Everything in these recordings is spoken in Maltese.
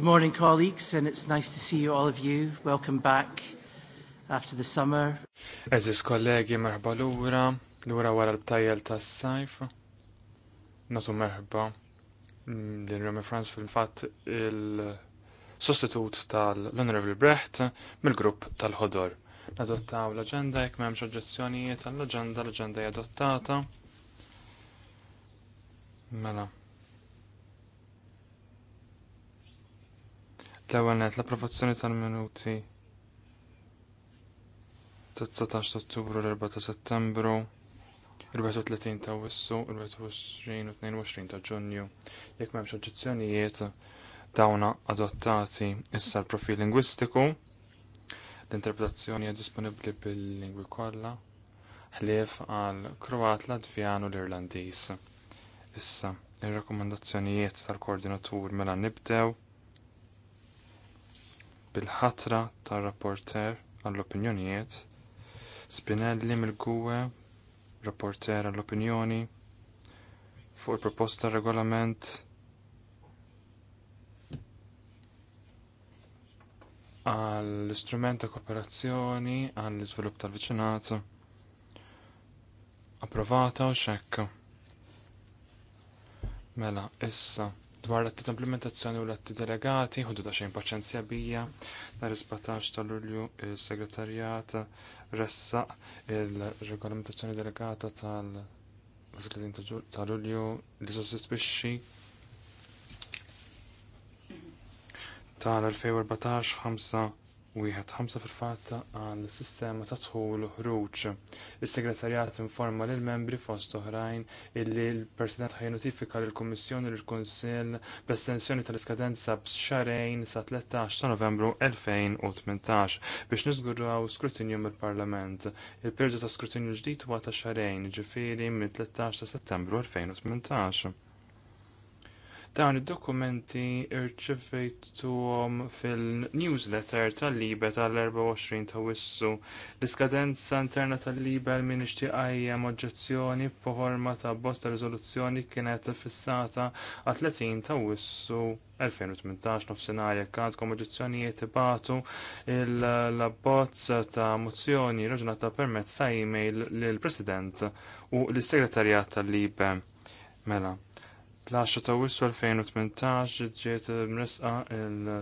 Good morning, colleagues, and it's nice to see you, all of you. Welcome back after the summer. Eżis kollegi, merħba l-ura, l-ura wara l ta' tas sajf Natu merħba l-Remi Franz fil-fat il-sostitut tal-Honorable Brecht mill-grupp tal-ħodor. Nadottaw l-agenda, jek memx oġġezzjonijiet tal-agenda, l-agenda jadottata. Mela, L-ewwel nett l-approvazzjoni tal-minuti ta' 19 Ottubru l-4 ta' Settembru 34 ta' Wissu, 24 u 22 ta' Ġunju. Jekk m'hemmx oġġezzjonijiet dawna adottati issa l-profil lingwistiku l-interpretazzjoni hija disponibbli bil-lingwi kollha ħlief għal Kroat, Latvjan u l-Irlandiż. Issa, ir-rakkomandazzjonijiet tal-koordinatur mela nibdew bil-ħatra tar rapporter għall-opinjonijiet, Spinelli mill-Gwe, rapporter għall-opinjoni, fuq il-proposta regolament għall-istrument ta' kooperazzjoni għall-iżvilupp tal-viċinat approvata u xekk. Mela, issa dwar l-atti ta' implementazzjoni u l-atti delegati, ħuddu ta' xejn paċenzja bija, nar 17 ta' lulju il-segretarjat ressa il-regolamentazzjoni delegata tal-30 ta' lulju li sostitwixxi mhm. tal-2014-5 wieħed ħamsa fil-fatt għal sistema ta' tħul ħruġ. Is-segretarjat informa lil membri fost oħrajn illi l-President ħaj notifika lill kummissjoni l kunsill b'estensjoni tal-iskadenza b'xarejn sa' 13 ta' Novembru 2018 biex nizguraw skrutinju mill-Parlament. Il-perdu ta' skrutinju ġdid huwa ta' xarejn, ġifiri mill-13 ta' Settembru 2018. Dawn id-dokumenti irċevejtuhom fil-newsletter tal-Libe tal-24 ta' Wissu. L-iskadenza interna tal-Libe min ixtieq oġġezzjoni b'forma ta' bosta riżoluzzjoni kienet fissata għal 30 ta' Wissu 2018 nofsinhar jekk għandkom oġġezzjonijiet ibatu l-abbozz ta' mozzjoni raġunata permezz ta' email lill-President u l-Segretarjat tal-Libe. Mela, L-10 ta' wissu 2018 ġiet mresqa il-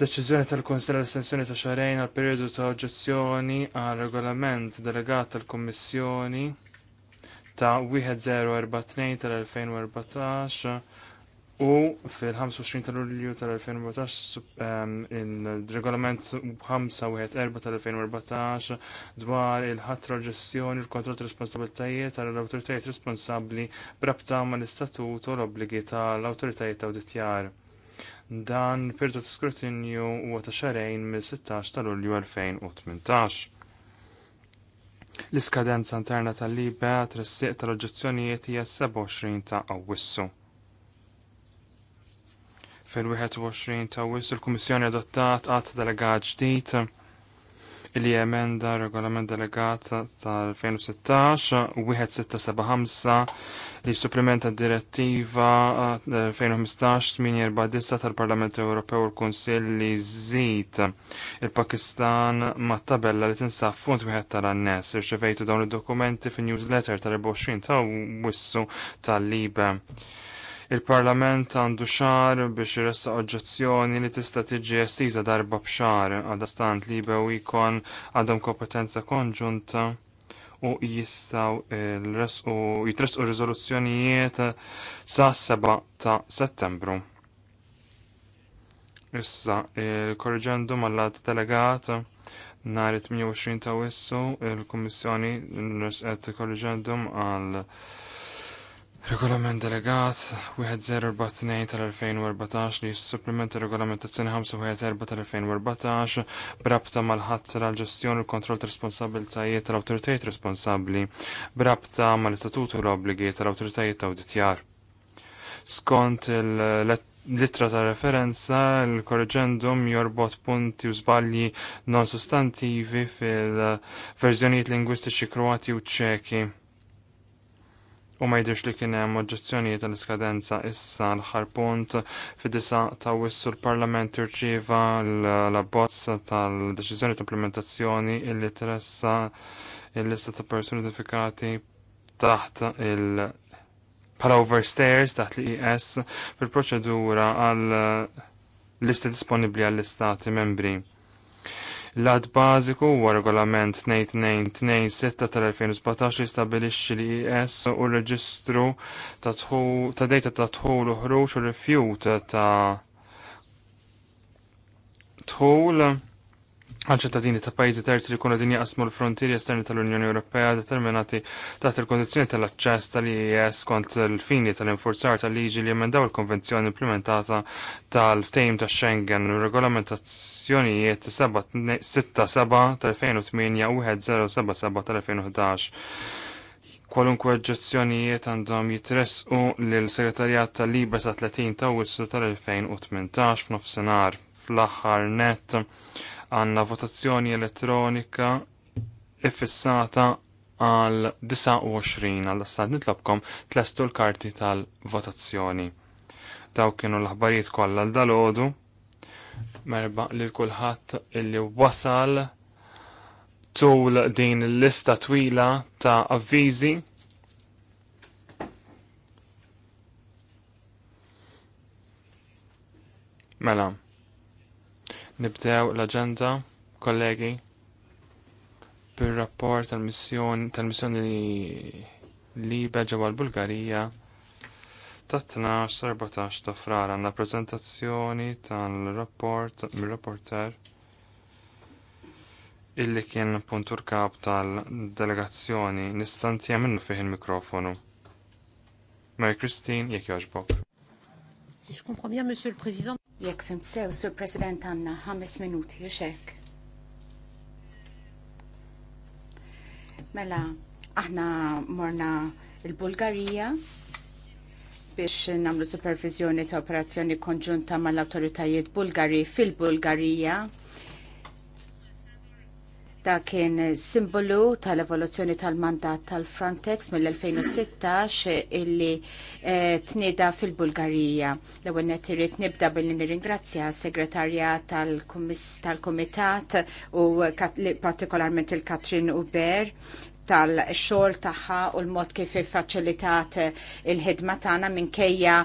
Deċiżjoni tal-Kunsell l-estensjoni ta' xarejn għal periodu ta' oġġezzjoni għal regolament delegat tal-Kommissjoni ta' 1042 tal-2014 U fil-25 ta' Lulju tal-2014 il-regolament 514 tal-2014 dwar il-ħatra ġestjoni l-kontroll responsabiltajiet tal-autoritajiet responsabli brabta ma l-istatut u l-obbligi tal-autoritajiet awditjar. Dan perdu ta' skrutinju huwa ta' xarejn mill-16 ta' Lulju 2018. L-iskadenza interna tal-liba tressiq tal-oġġezzjonijiet hija 27 ta' Awwissu fil-21 ta' wis il-Kummissjoni adottat għat delegat ġdid li emenda regolament delegat tal-2016 1675 li supplementa direttiva 2015-849 eh, eh, tal-Parlament Ewropew u l-Kunsill li żid il-Pakistan ma' tabella li tinsab font wieħed tal-annes. Irċevejtu dawn id-dokumenti fin-newsletter tal-24 ta' wissu tal-Libe. Il-Parlament għandu xar biex jressa oġġezzjoni li tista' tiġi estiża darba b'xar għadastant li bew ikon għadhom kompetenza konġunta u jistaw jitresqu riżoluzzjonijiet sa' 7 ta' settembru. Issa, il korreġendu mal-lat delegat nhar 28 ta' wissu il-Kummissjoni nresqet korriġendum għal Regolament delegat 1042 tal-2014 li supplementa regolamentazzjoni 54 tal-2014 brabta mal-ħatra l-ġestjoni u kontroll responsabiltajiet tal-autoritajiet responsabli brabta mal-istatutu l-obligi tal-autoritajiet awditjar. Skont il-lett Littra ta' referenza, l-korreġendum jorbot punti u zbalji non-sustantivi fil-verżjonijiet lingwistiċi kroati u ċeki u ma jidirx li kien hemm oġġezzjonijiet tal-iskadenza issa l ħarpunt fid-disa ta' wissu l-Parlament irċieva l-abbozz tal-deċiżjoni ta' implementazzjoni illi tressa il-lista ta' persuni taħt il- bħala overstairs taħt l-IS fil-proċedura għal lista disponibli għall-istati membri. L-għad bażiku huwa regolament 2226 tal-2017 li stabilixxi li IS e u r-reġistru ta' dejta ta' tħul u ħruġ u rifjut ta' tħul għal ċittadini ta' pajjiżi terzi li kuna din jaqsmu l-frontieri esterni tal-Unjoni Ewropea determinati taħt il kondizjoni tal-aċċess tal-IES kont l-fini tal-infurzar tal-liġi li jemendaw il-konvenzjoni implementata tal-ftejm ta' Schengen u regolamentazzjonijiet 67 tal-2008 u 1077 tal-2011 kwalunkwe oġġezzjonijiet għandhom u l segretarjat tal libes 30 ta' Wissu tal-2018 f'nofsinhar fl-aħħar net għanna votazzjoni elettronika effissata għal 29 għal stad nitlobkom tlestu l-karti tal-votazzjoni. Daw kienu l-aħbarijiet kollha l dalodu merba li kulħadd illi wasal tul din l-lista twila ta' avviżi Mela, Nibdew l-agenda, kollegi, bil-rapport tal-missjoni tal-missjoni li libe ġewwa l-Bulgarija ta' 12-14 ta' frar għandna preżentazzjoni tal-rapport mir-rapporter illi kien puntur kap tal-delegazzjoni nistantija minnu fiħ il-mikrofonu. Mary Christine, jekk jogħġbok. Si je comprends bien, Monsieur le Président. Jekk fim sew, Sur President għanna ħames minuti u Mela, aħna morna il-Bulgarija biex namlu supervizjoni ta' operazzjoni konġunta mal-autoritajiet Bulgari fil-Bulgarija Da kien simbolu tal-evoluzzjoni tal-mandat tal-Frontex mill-2016 illi eh, tnida fil-Bulgarija. L-ewwel net irid nibda billi nirringrazzja s-segretarja tal-Kumitat tal u partikolarment il-Katrin Uber tal-xogħol tagħha u l-mod kif iffaċilitat il-ħidma tagħna minkejja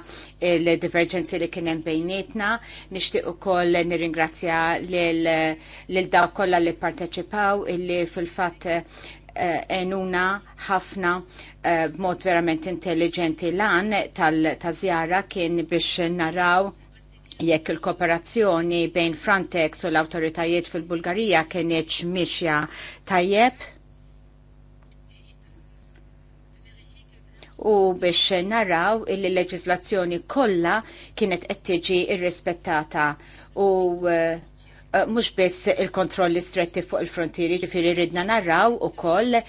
l-divergenzi li kien hemm bejnietna. Nixtieq ukoll nirringrazzja lil dawk kollha li parteċipaw illi fil-fatt eh, enuna ħafna eh, b'mod verament intelligenti lan tal-żjara kien biex naraw jekk il kooperazzjoni bejn Frontex u l-autoritajiet fil-Bulgarija kienieċ mixja tajjeb u biex naraw il leġislazzjoni kollha kienet qed tiġi irrispettata u eh, eh, mhux biss il-kontrolli stretti fuq il-frontieri, ġifieri ridna naraw ukoll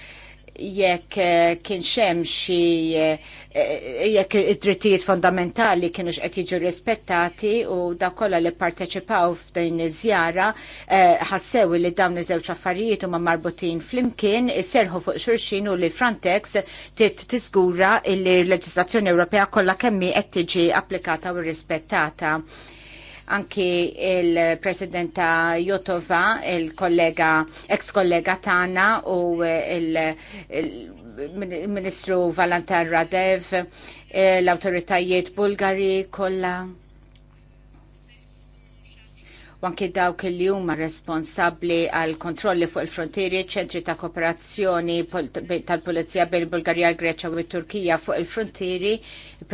jekk eh, kien xem xi eh, eh, jekk id-drittijiet fondamentali kienu x'qed jiġu rispettati u da kollha li parteċipaw f'din iż-żjara ħassew li dawn iż-żewġ affarijiet huma marbutin flimkien is-serħu fuq xulxin u li Frontex tit tiżgura li l-leġiżlazzjoni Ewropea kollha kemm qed tiġi applikata u rispettata anki il-presidenta Jotova, il-kollega, ex-kollega tana u il-ministru Valantar Radev, eh, l-autoritajiet bulgari kolla anke dawk li huma responsabbli għal kontrolli fuq il-frontieri, ċentri ta' kooperazzjoni tal-Pulizija bejn Bulgarija, l-Greċja u t-Turkija fuq il-frontieri,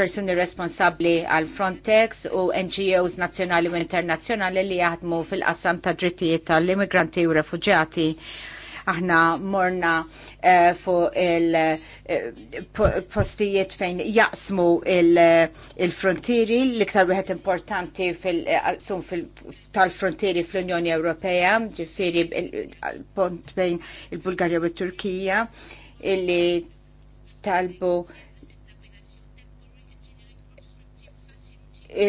persuni responsabbli għal Frontex u NGOs nazzjonali u internazzjonali li jaħdmu fil-qassam ta' drittijiet tal-immigranti u refuġjati Aħna morna fu eh, fuq il-postijiet eh, fejn jaqsmu eh, il-frontieri, il frontieri l iktar wieħed importanti fil-qsum fil qsum tal fl-Unjoni Ewropea, ġifiri pont bejn il-Bulgarja u t-Turkija, illi talbu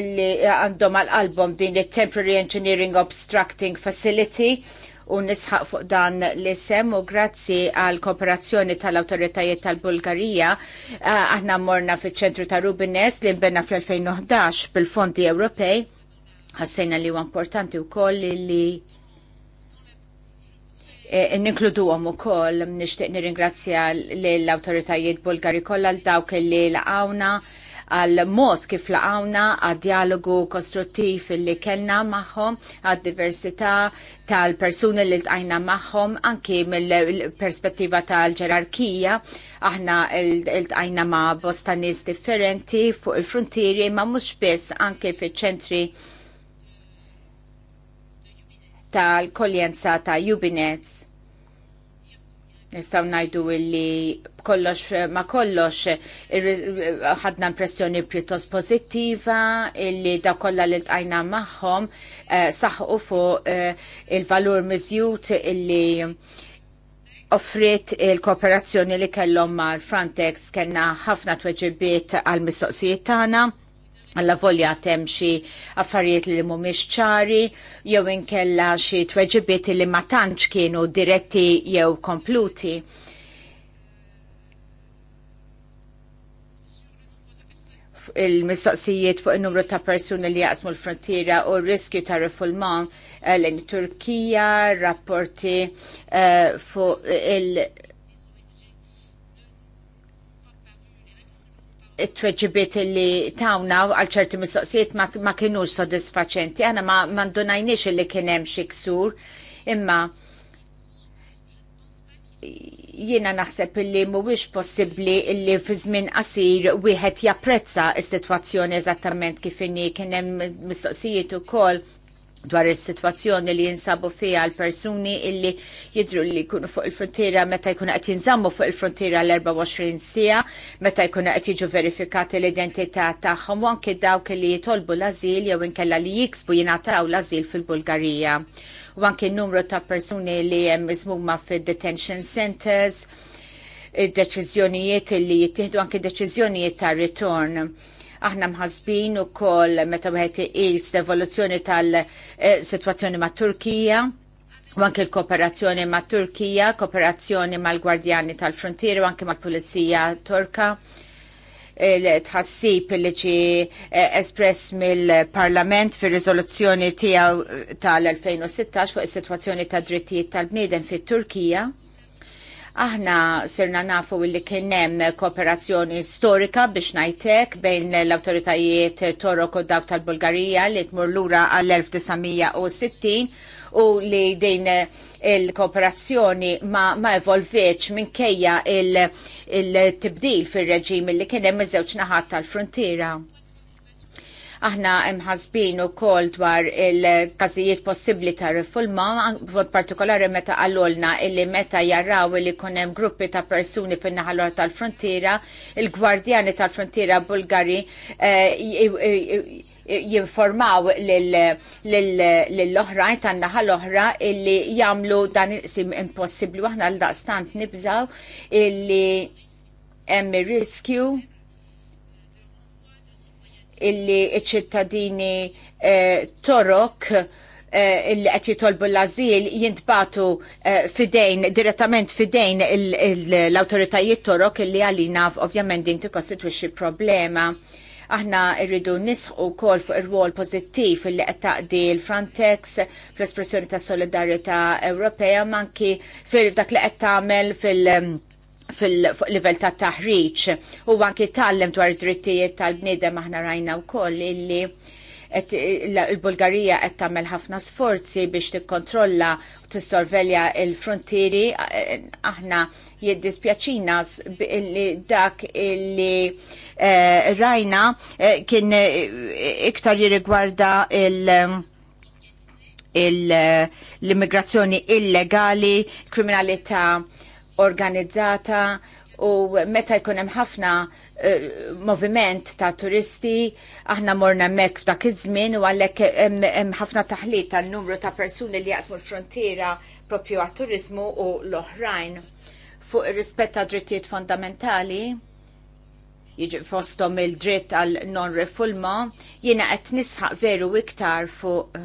illi għandhom għal-album din il-Temporary Engineering Obstructing Facility u nisħaq fuq dan l-isem u grazzi għal kooperazzjoni tal-autoritajiet tal-Bulgarija aħna morna fiċ ċentru ta' Rubines li nbenna fl-2011 bil-fondi Ewropej ħassejna li huwa importanti wkoll li e, Ninkludu għom u koll, nishtiq nir-ingrazzja l-autoritajiet bulgari kollha għal dawk li l-għawna, għal mos kif laqawna għad dialogu kostruttiv li kellna magħhom għad diversità tal-persuni li tqajna magħhom anki mill-perspettiva tal-ġerarkija aħna il-tajna ma' bostanis differenti fuq il-frontieri ma' mhux biss anke fiċ-ċentri tal-koljenza ta' Jubinets Nistaw najdu illi kollox ma kollox ħadna impressjoni pjuttost pozittiva illi da kollha li tqajna magħhom eh, saħqu fuq eh, il-valur miżjut illi offrit il-kooperazzjoni li kellhom mal Frontex kellna ħafna tweġibiet għal mistoqsijiet tagħna għalla volja tem xi affarijiet li mhumiex ċari jew inkella xi tweġibiet li ma tantx kienu diretti jew kompluti. il-mistoqsijiet fuq il-numru ta' persuni li jaqsmu l-frontiera u r-riskju ta' rifulman eh, l-Turkija, rapporti eh, fuq il- it-tweġibiet li tawna għal ċerti mistoqsijiet ma kienux sodisfaċenti. Għana ma mandunajniex li kienem xi ksur, imma jiena naħseb li mhuwiex possibbli li fi żmien qasir wieħed japprezza s-sitwazzjoni eżattament kif inhi kien hemm mistoqsijiet ukoll dwar is-sitwazzjoni li jinsabu fiha l-persuni illi jidru li jkunu fuq il-frontiera meta jkunu qed jinżammu fuq il-frontiera l-24 sija, meta jkunu qed jiġu verifikati l-identità tagħhom u anke dawk li jitolbu l-ażil jew inkella li jiksbu jingħataw l-ażil fil-Bulgarija. U anke n-numru ta' persuni li hemm iżmuma fid-detention centers, id-deċiżjonijiet li jittieħdu anke deċizjonijiet ta' ritorn Aħna mħasbin ukoll meta wieħed iqis l-evoluzzjoni tal-sitwazzjoni mat Turkija. U anke l-kooperazzjoni ma' Turkija, kooperazzjoni mal-Gwardjani tal-Frontier u anke mal-Pulizija l tħassib li ġi eh, espress mill-Parlament fir riżoluzzjoni tiegħu tal-2016 fuq is-sitwazzjoni ta' drittijiet tal-bniedem fit-Turkija Aħna sirna nafu li kien hemm kooperazzjoni storika biex ngħidlek bejn l-awtoritajiet Torok u dawk tal-Bulgarija li tmur lura għall-1960 u li din il-kooperazzjoni ma, ma evolveċ minkejja il-tibdil il fil-reġim li kien hemm iż-żewġ naħat tal-frontiera. Aħna u ukoll dwar il-każijiet possibbli ta' rifulma, partikolari meta għallolna illi meta jarraw li kunem gruppi ta' persuni fin naħalor tal-frontiera, il-gwardjani tal-frontiera Bulgari eh, jinformaw l-oħrajn tan-naħa l-oħra illi jagħmlu dan il sim impossibbli waħna l-daqstant nibżaw illi hemm riskju illi ċittadini eh, torok eh, illi qed jitolbu l-azil jintbatu eh, fidejn, direttament fidejn l-autoritajiet torok illi għalina ovvjament din tikkostitwixxi problema. Aħna rridu nisħu kol fuq ir-rwol pożittiv illi qed taqdi l-Frontex fl-espressjoni ta' solidarjetà Ewropea manki fil dak li qed tagħmel fil-, -fil fuq livell ta' taħriġ u anki lem dwar id-drittijiet tal-bniedem aħna rajna wkoll illi il-Bulgarija qed tagħmel ħafna sforzi biex tikkontrolla u tissorvelja l-frontieri aħna jiddispjaċina dak illi eh, rajna eh, kien eh, iktar jirrigwarda il- l-immigrazzjoni illegali, kriminalità organizzata u meta jkun hemm ħafna uh, moviment ta' turisti, aħna morna hemmhekk f'dak iż-żmien u għalhekk hemm ħafna taħlit tan-numru ta' persuni li jaqsmu l-frontiera propju għat-turizmu u l-oħrajn fuq ir-rispett ta' drittijiet fondamentali jiġi fostom il-dritt għal non-refulma, jiena qed nisħaq veru iktar fuq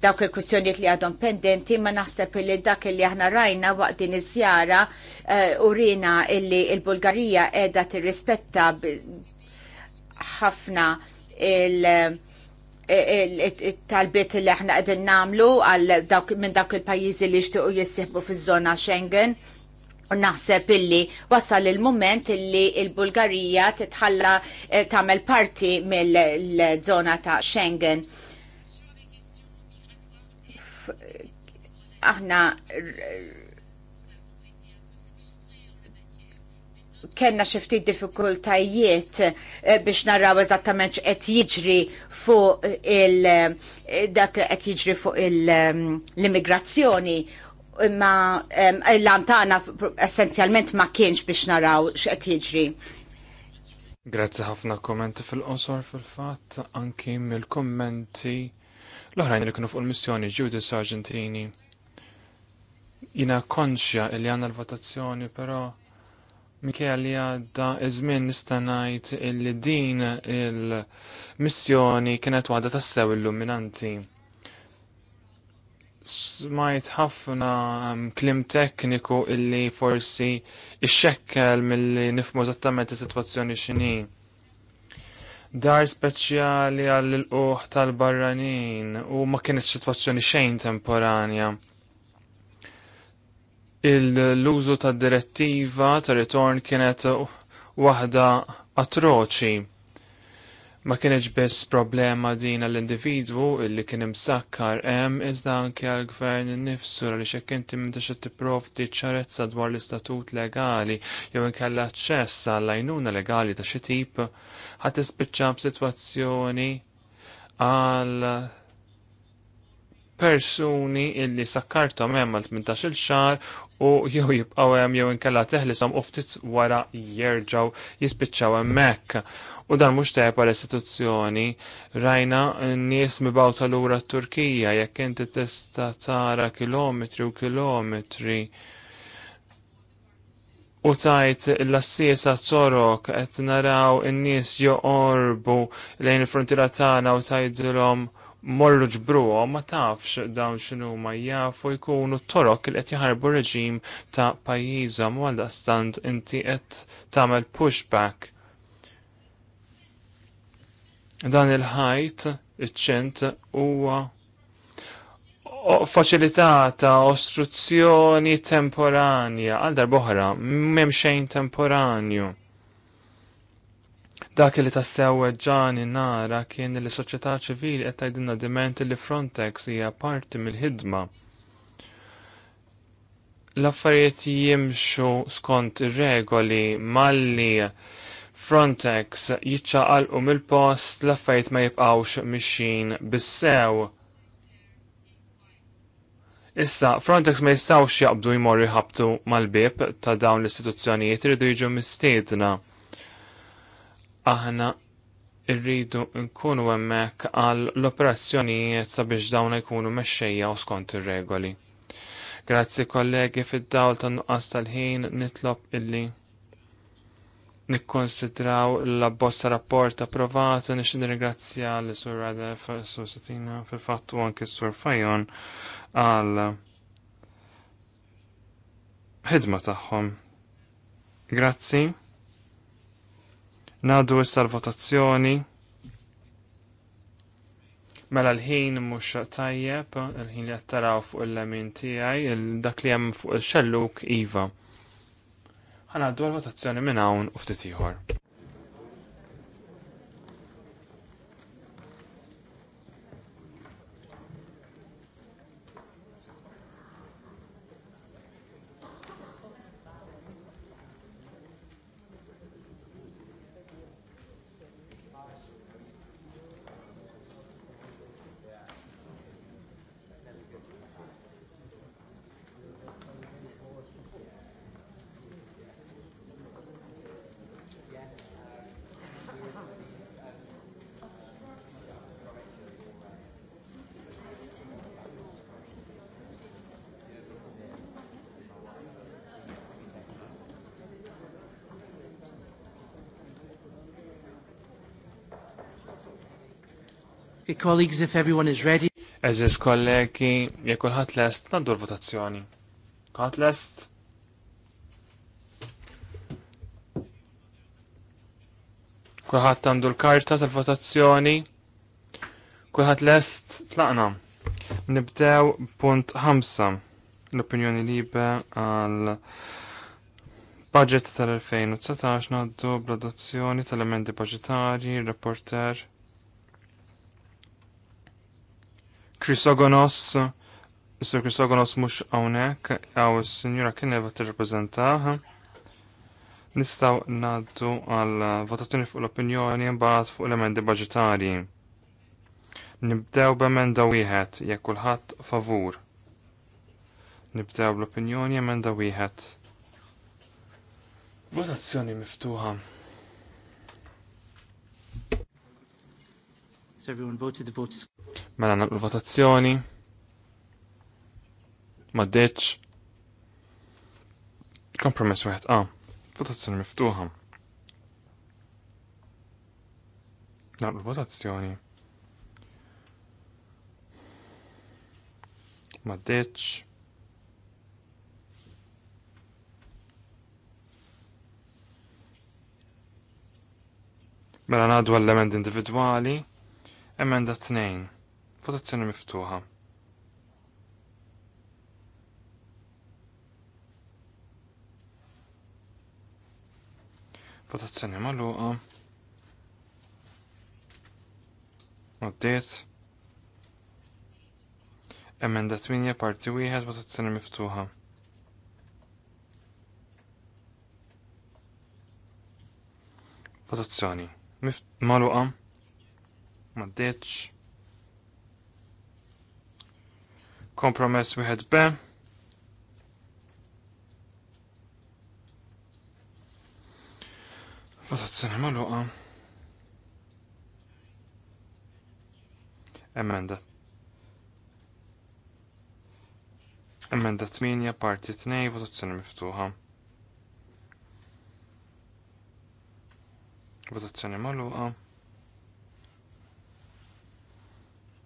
dawk il-kwistjoniet li għadhom pendenti ma naħseb li dak li aħna rajna waqt din iż-żjara uh, eh, rina illi il-Bulgarija qiegħda tirrispetta ħafna il- talbiet li aħna qegħdin nagħmlu għal minn dawk il-pajjiżi li jixtiequ jissieħbu fiż-żona Schengen. U naħseb illi wasal il-moment illi il-Bulgarija titħalla eh, tagħmel parti mill-żona ta' Schengen aħna kenna xifti diffikultajiet eh, biex narraw eżattament eh, qed jiġri fuq il dak qed jiġri fuq l-immigrazzjoni imma eh, l tagħna essenzjalment ma kienx biex naraw x'qed jiġri. Grazzi ħafna kommenti fil-qosor fil-fatt anki mill-kommenti L-oħrajn li kienu fuq il-missjoni Judith Sargentini. Jina konxja li għanna l-votazzjoni, pero Mikja li għadda iżmin nistanajt illi din il-missjoni kienet għadda tassew illuminanti. Smajt ħafna um, klim tekniku illi forsi ixxekkel mill-li nifmu zattament il-situazzjoni dar speċjali għall uħ tal-barranin u ma kienet situazzjoni xejn temporanja. L-użu ta' direttiva ta' ritorn kienet waħda atroċi. Ma kienieġ biss problema din għall-individwu illi kien imsakkar hemm iżda anke għall-gvern nifsu li xekk inti m'intix qed tipprovdi ċarezza dwar l-istatut legali jew inkella aċċess għall-għajnuna legali ta' xi tip ħat tispiċċa b'sitwazzjoni għal persuni illi sakkartom hemm għal 18-il xar u jew jibqgħu hemm jew inkella teħlisom u ftit wara jerġgħu jispiċċaw hemmhekk. U dan mhux tajjeb l istituzzjoni rajna n-nies mibgħu tal-ura t-Turkija jekk inti tista' tara kilometri u kilometri u tajt l-assiesa torok qed naraw in-nies joqorbu lejn il-frontiera tagħna u tajdilhom morru ġbruhom ma tafx dawn xinu ma jafu jkunu torok li qed jaħarbu reġim ta' pajjiżhom u stand inti qed tagħmel pushback. Dan il-ħajt iċ-ċent huwa faċilitata ostruzzjoni temporanja għal darboħra m'hemm xejn temporanju. Dak li tassew ġani nara kien li soċjetà ċivili qed tgħidilna diment li Frontex hija parti mill-ħidma. L-affarijiet jimxu skont ir-regoli malli Frontex jiċċaqalqu mill-post l-affarijiet ma jibqgħux mixin bis-sew Issa, Frontex ma jistawx jaqbdu jmorru jħabtu mal-bib ta' dawn l-istituzzjonijiet irridu jiġu mistiedna. Aħna irridu nkunu hemmhekk għal l-operazzjonijiet sabiex dawn jkunu mexxejja u skont ir-regoli. Grazzi kollegi fid-dawl tan nuqqas tal-ħin nitlob illi nikkonsidraw l-abbozza rapport approvata nix nirringrazzja l sur fil sur Satina, fil-fattu anki sur Fajon għal ħidma tagħhom. Grazzi. Nadu issa l-votazzjoni. Mela l-ħin mhux tajjeb, il-ħin li qed taraw fuq il-lemin tiegħi, dak li hemm fuq il-xelluk iva ħanaddu għal-votazzjoni minn hawn u ftit ieħor. colleagues, if everyone is ready. Eżis kollegi, jekk kulħadd lest nandu l-votazzjoni. Kulħadd lest? Kulħadd għandu l-karta tal-votazzjoni. Kulħadd lest tlaqna. Nibdew punt 5 l-opinjoni libe għal budget tal-2019 naddu bl-adozzjoni tal-emendi budgetari, reporter Krisogonos, Sir Krisogonos mux għawnek, għaw s-signora kieneva t-reprezentaħ. Nistaw naddu għal votazzjoni fuq l-opinjoni mbaħt fuq l-emendi budgetari. Nibdew b'emenda wieħed jekk kulħadd favur. Nibdew bl-opinjoni emenda wieħed. Votazzjoni miftuħa. So everyone voted the vote is... Mela nagħmlu votazzjoni. Ma deċ. Kompromess wieħed Ah, Votazzjoni miftuħa. Nagħmlu votazzjoni. Ma deċ. Mela ngħadu element individwali. Emenda 2. Votazzjoni miftuħa. Votazzjoni maluqa. Għaddiet. Emenda 8 parti 1, votazzjoni miftuħa. Votazzjoni. Mif maluqa ma maddeċ. Kompromess wieħed B. Votazzjoni magħluqa. Emenda. Emenda 8, parti 2, votazzjoni miftuħa. Votazzjoni magħluqa.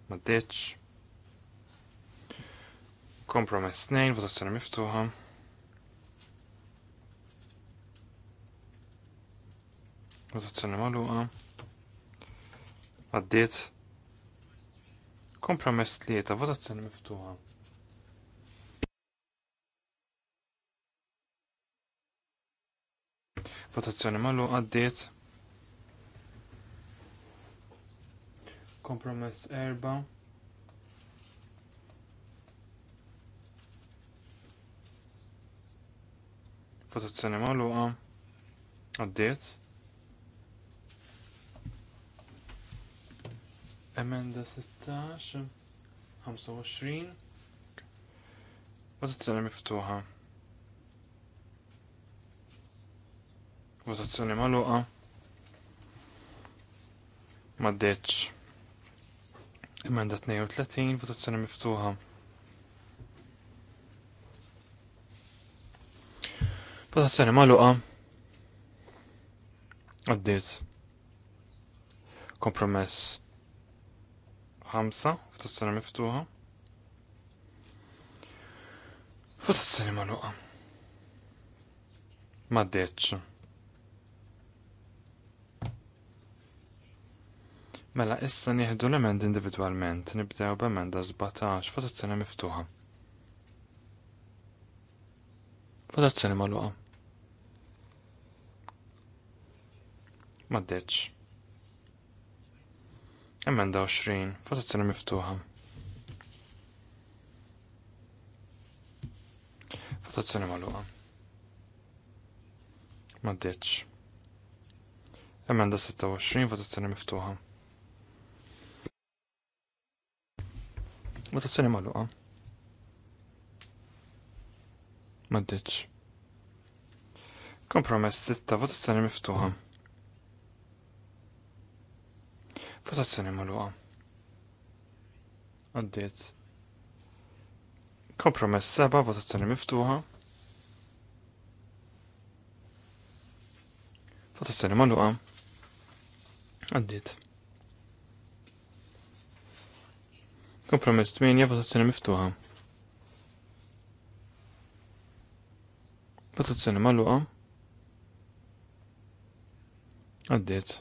ma ddeċ. Kompromess 2, votazzjoni miftuħa. Votazzjoni magħluqa. Għaddiet. Kompromess 3, votazzjoni miftuħa. Votazzjoni magħluqa għaddiet. kompromess erba' votazzjoni magħluqa għaddiet. Emenda 16, 25, votazzjoni miftuħa. Votazzjoni magħluqa ma ddeċ. Emenda 32, votazzjoni miftuħa. Votazzjoni maluqa. Għaddiet. Kompromess 5, votazzjoni miftuħa. Votazzjoni maluqa. Ma ddeċ. Mela, issa nieħdu l-emend individwalment, nibdew b'emenda 17, votazzjoni miftuħa. Votazzjoni magħluqa. Maddeċ. Emenda 20, votazzjoni miftuħa. Votazzjoni magħluqa. Maddeċ. Emenda 26, votazzjoni miftuħa. Ma ma tazzani luqa. Ma Maddiċ. Kompromess sitta votazzjoni miftuħa. Votazzjoni magħluqa. Għaddiet. Kompromess seba votazzjoni miftuħa. ma Votazzjoni magħluqa. Għaddiet. Kompromess ja votazzjoni miftuħa. Votazzjoni magħluqa. Għaddiet.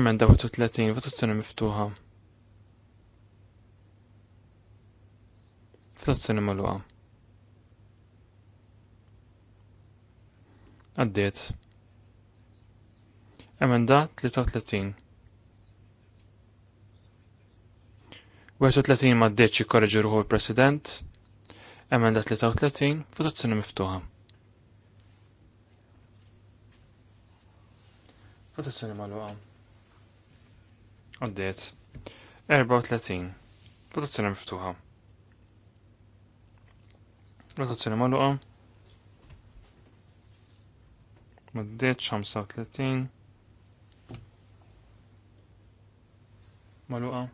Emenda 30, votazzjoni miftuħa. Votazzjoni magħluqa. Għaddiet. Emenda 33. 31 ma d deċ jikorreġi ruħu il-President, emenda 33, votazzjoni miftuħa. Votazzjoni maluqa. Għaddiet. 34, votazzjoni miftuħa. Votazzjoni maluqa. Ma d-deċ 35. Maluqa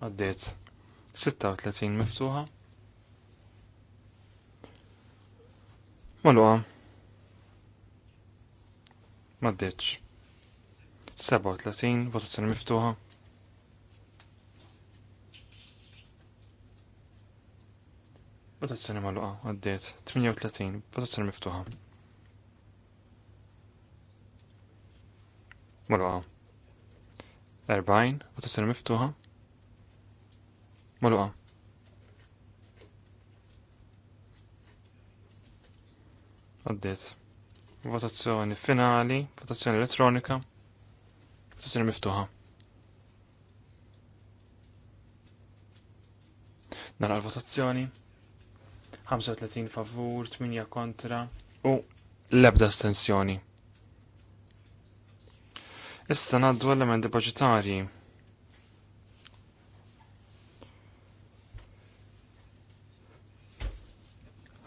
għaddiet 36 miftuħa Maluqa Maddiċ 37 votazzjoni miftuħa Votazzjoni maluqa għaddiet 38 votazzjoni miftuħa Maluqa 40 votazzjoni miftuħa Maluqa. Għaddit. Votazzjoni finali, votazzjoni elettronika, votazzjoni miftuħa. Nara l-votazzjoni. 35 favur, 8 kontra u l-ebda astensjoni. Issa naddu l-elementi budgetari.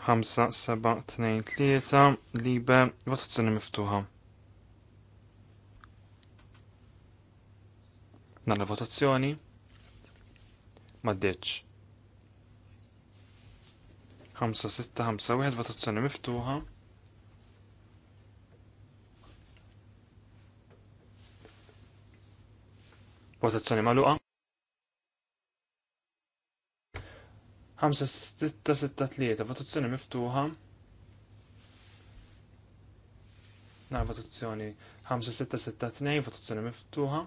5-7-2-3 libe votazzjoni miftuħa. Nalla votazzjoni maddeċ. 5-6-5-1 votazzjoni miftuħa. Votazzjoni maluqa. 5-6-3, votazzjoni miftuħa Na, votazzjoni 5-6-6-2, votazzjoni miftuħa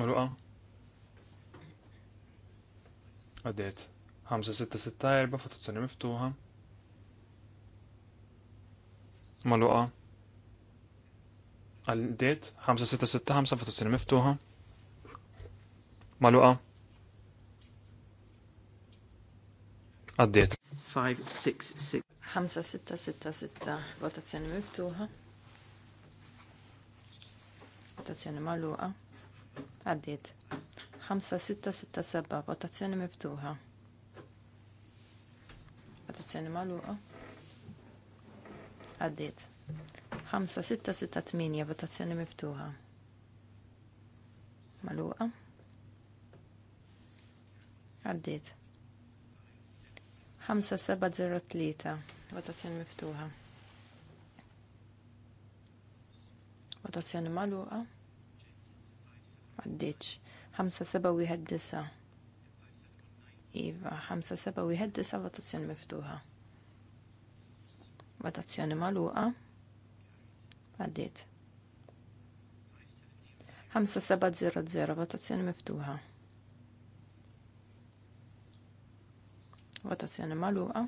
Maluqa Għaddiet 5-6-6-4, votazzjoni miftuħa Maluqa Għaddiet 5-6-6-5, votazzjoni miftuħa Maluqa Għaddiet. 5-6-6. 5-6-6-6. Votazzjoni miftuħa. Votazzjoni maluqa. Għaddiet. 5-6-6-7. Votazzjoni miftuħa. Votazzjoni maluqa. Għaddiet. 5-6-6-8. Votazzjoni miftuħa. Maluqa. Għaddiet. 5-6-6-8. 5703 votazzjoni miftuħa. Votazzjoni maluqa. Għaddiċ. 5719. Iva, 5719 votazzjoni miftuħa. Votazzjoni maluqa. Għaddiet. 5700 votazzjoni miftuħa. Votazzjoni maluqa.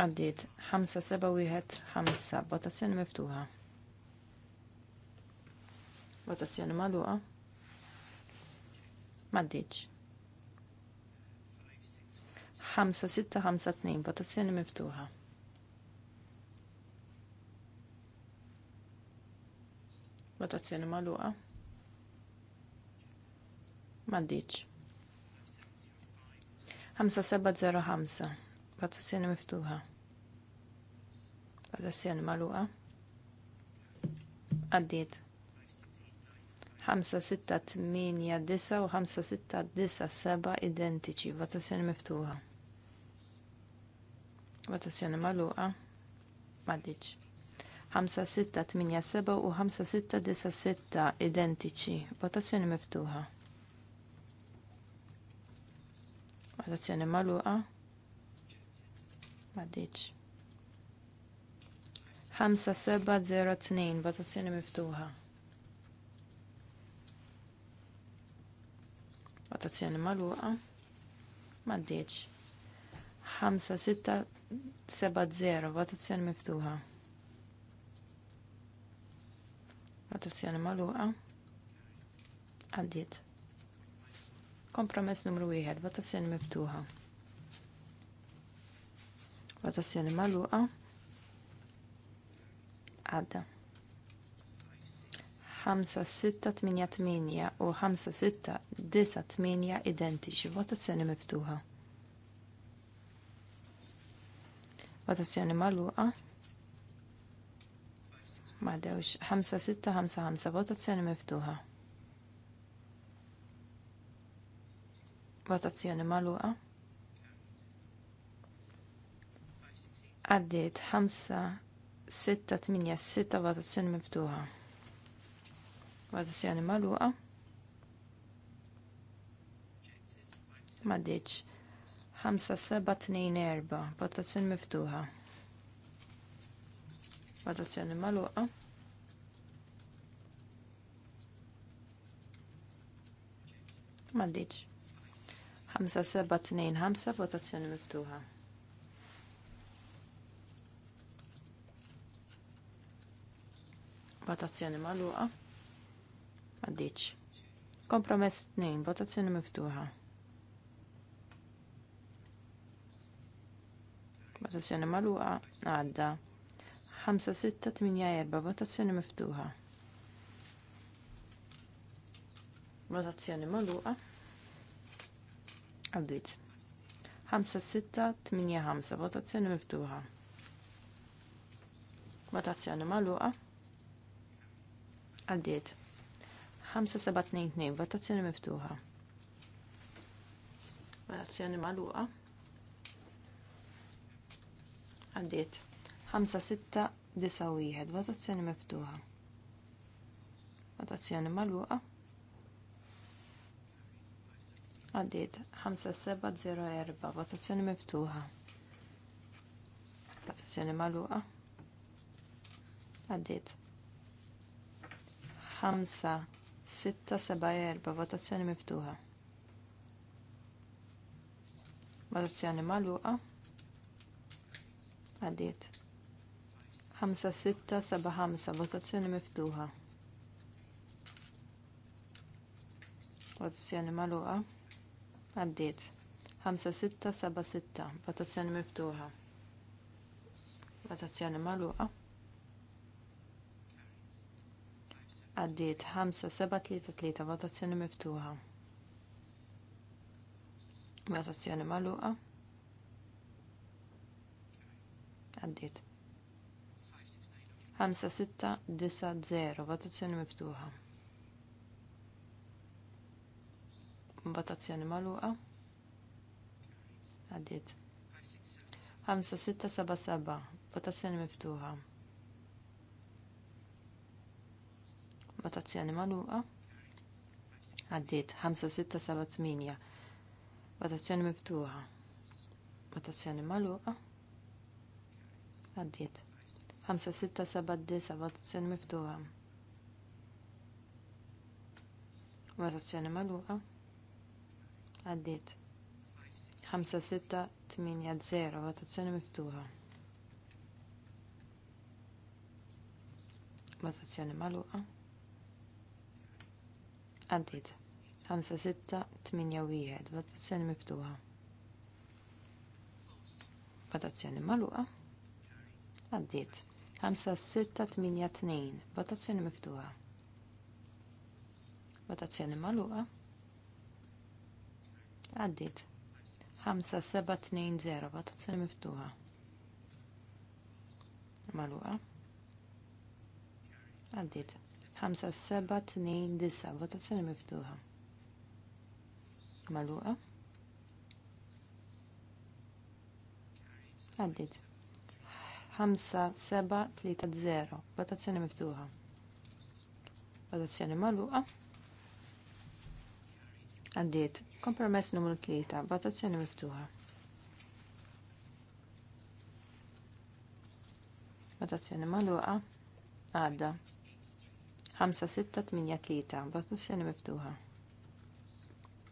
Għaddit 5-7-1-5. Votazzjoni miftuħa. Votazzjoni maluqa. Maddiċ. 5-6-5-2. Votazzjoni miftuħa. Votazzjoni maluqa. Maddiċ. 5705 votazzjoni miftuħa votazzjoni maluqa għaddiet 5689 u 5697 identiċi votazzjoni miftuħa votazzjoni maluqa m'għaddiċ 5687 u 5696 identiċi votazzjoni miftuħa Votazzjoni maluqa. Maddiċ. 5702 votazzjoni miftuħa. Votazzjoni maluqa. Maddiċ. 5670 votazzjoni miftuħa. Votazzjoni maluqa. Għaddiet. Kompromess numru 1, votazzjoni miftuħa. Votazzjoni magħluqa. Għadda. 5688 u 5698 identiċi. Votazzjoni miftuħa. Votazzjoni magħluqa. Ma dewx 5655 votazzjoni miftuħa. Votazzjoni maluqa. Għaddiet 5, 6, 8, votazzjoni miftuħa. Votazzjoni maluqa. Maddiċ. 5, 7, 2, 4. Votazzjoni miftuħa. Votazzjoni maluqa. Maddiċ. 5-7-2-5, votazzjoni miftuħa. Votazzjoni magħluqa. Għaddiċ. Kompromess 2, votazzjoni miftuħa. Votazzjoni maluqa. għadda. 5-6-8-4, votazzjoni miftuħa. Votazzjoni maluqa. Għaddit. 5-6-8-5 votazzjoni miftuħa. Votazzjoni maluqa. Għaddiet. 5-7-2-2 votazzjoni miftuħa. Votazzjoni maluqa. Għaddiet. 5-6-9-1 votazzjoni miftuħa. Votazzjoni maluqa. Għaddit 5704 votazzjoni miftuħa. Votazzjoni maluqa. Għaddit 5674 votazzjoni miftuħa. Votazzjoni maluqa. Għaddit 5675 votazzjoni miftuħa. Votazzjoni maluqa. Għaddiet. 5-6-7-6. Votazzjoni miftuħa. Votazzjoni maluqa. Għaddiet. 5-7-3-3. Votazzjoni miftuħa. Votazzjoni maluqa. Għaddiet. 5-6-9-0. Votazzjoni miftuħa. votazzjoni maluqa. Għaddit. 5677 votazzjoni miftuħa. Votazzjoni maluqa. Għaddit. 5678 votazzjoni miftuħa. Votazzjoni maluqa. Għaddit. 5-6-7-10. votazzjoni miftuħa. Votazzjoni maluqa għaddiet 5-6-8-0 votazzjoni miftuħa. Votazzjoni maluqa. għaddiet 5-6-8-1 votazzjoni miftuħa. Votazzjoni maluqa. għaddiet 5-6-8-2 votazzjoni miftuħa. Votazzjoni maluqa. Għaddit. 5720 votazzjoni miftuħa. Maluqa. Għaddit. 5729 votazzjoni miftuħa. Maluqa. Għaddit. 5730 votazzjoni miftuħa. Votazzjoni maluqa. Għaddiet. Kompromess numru 3. Votazzjoni miftuħa. Votazzjoni maluqa. Għadda. 5-6-8-3. Votazzjoni miftuħa.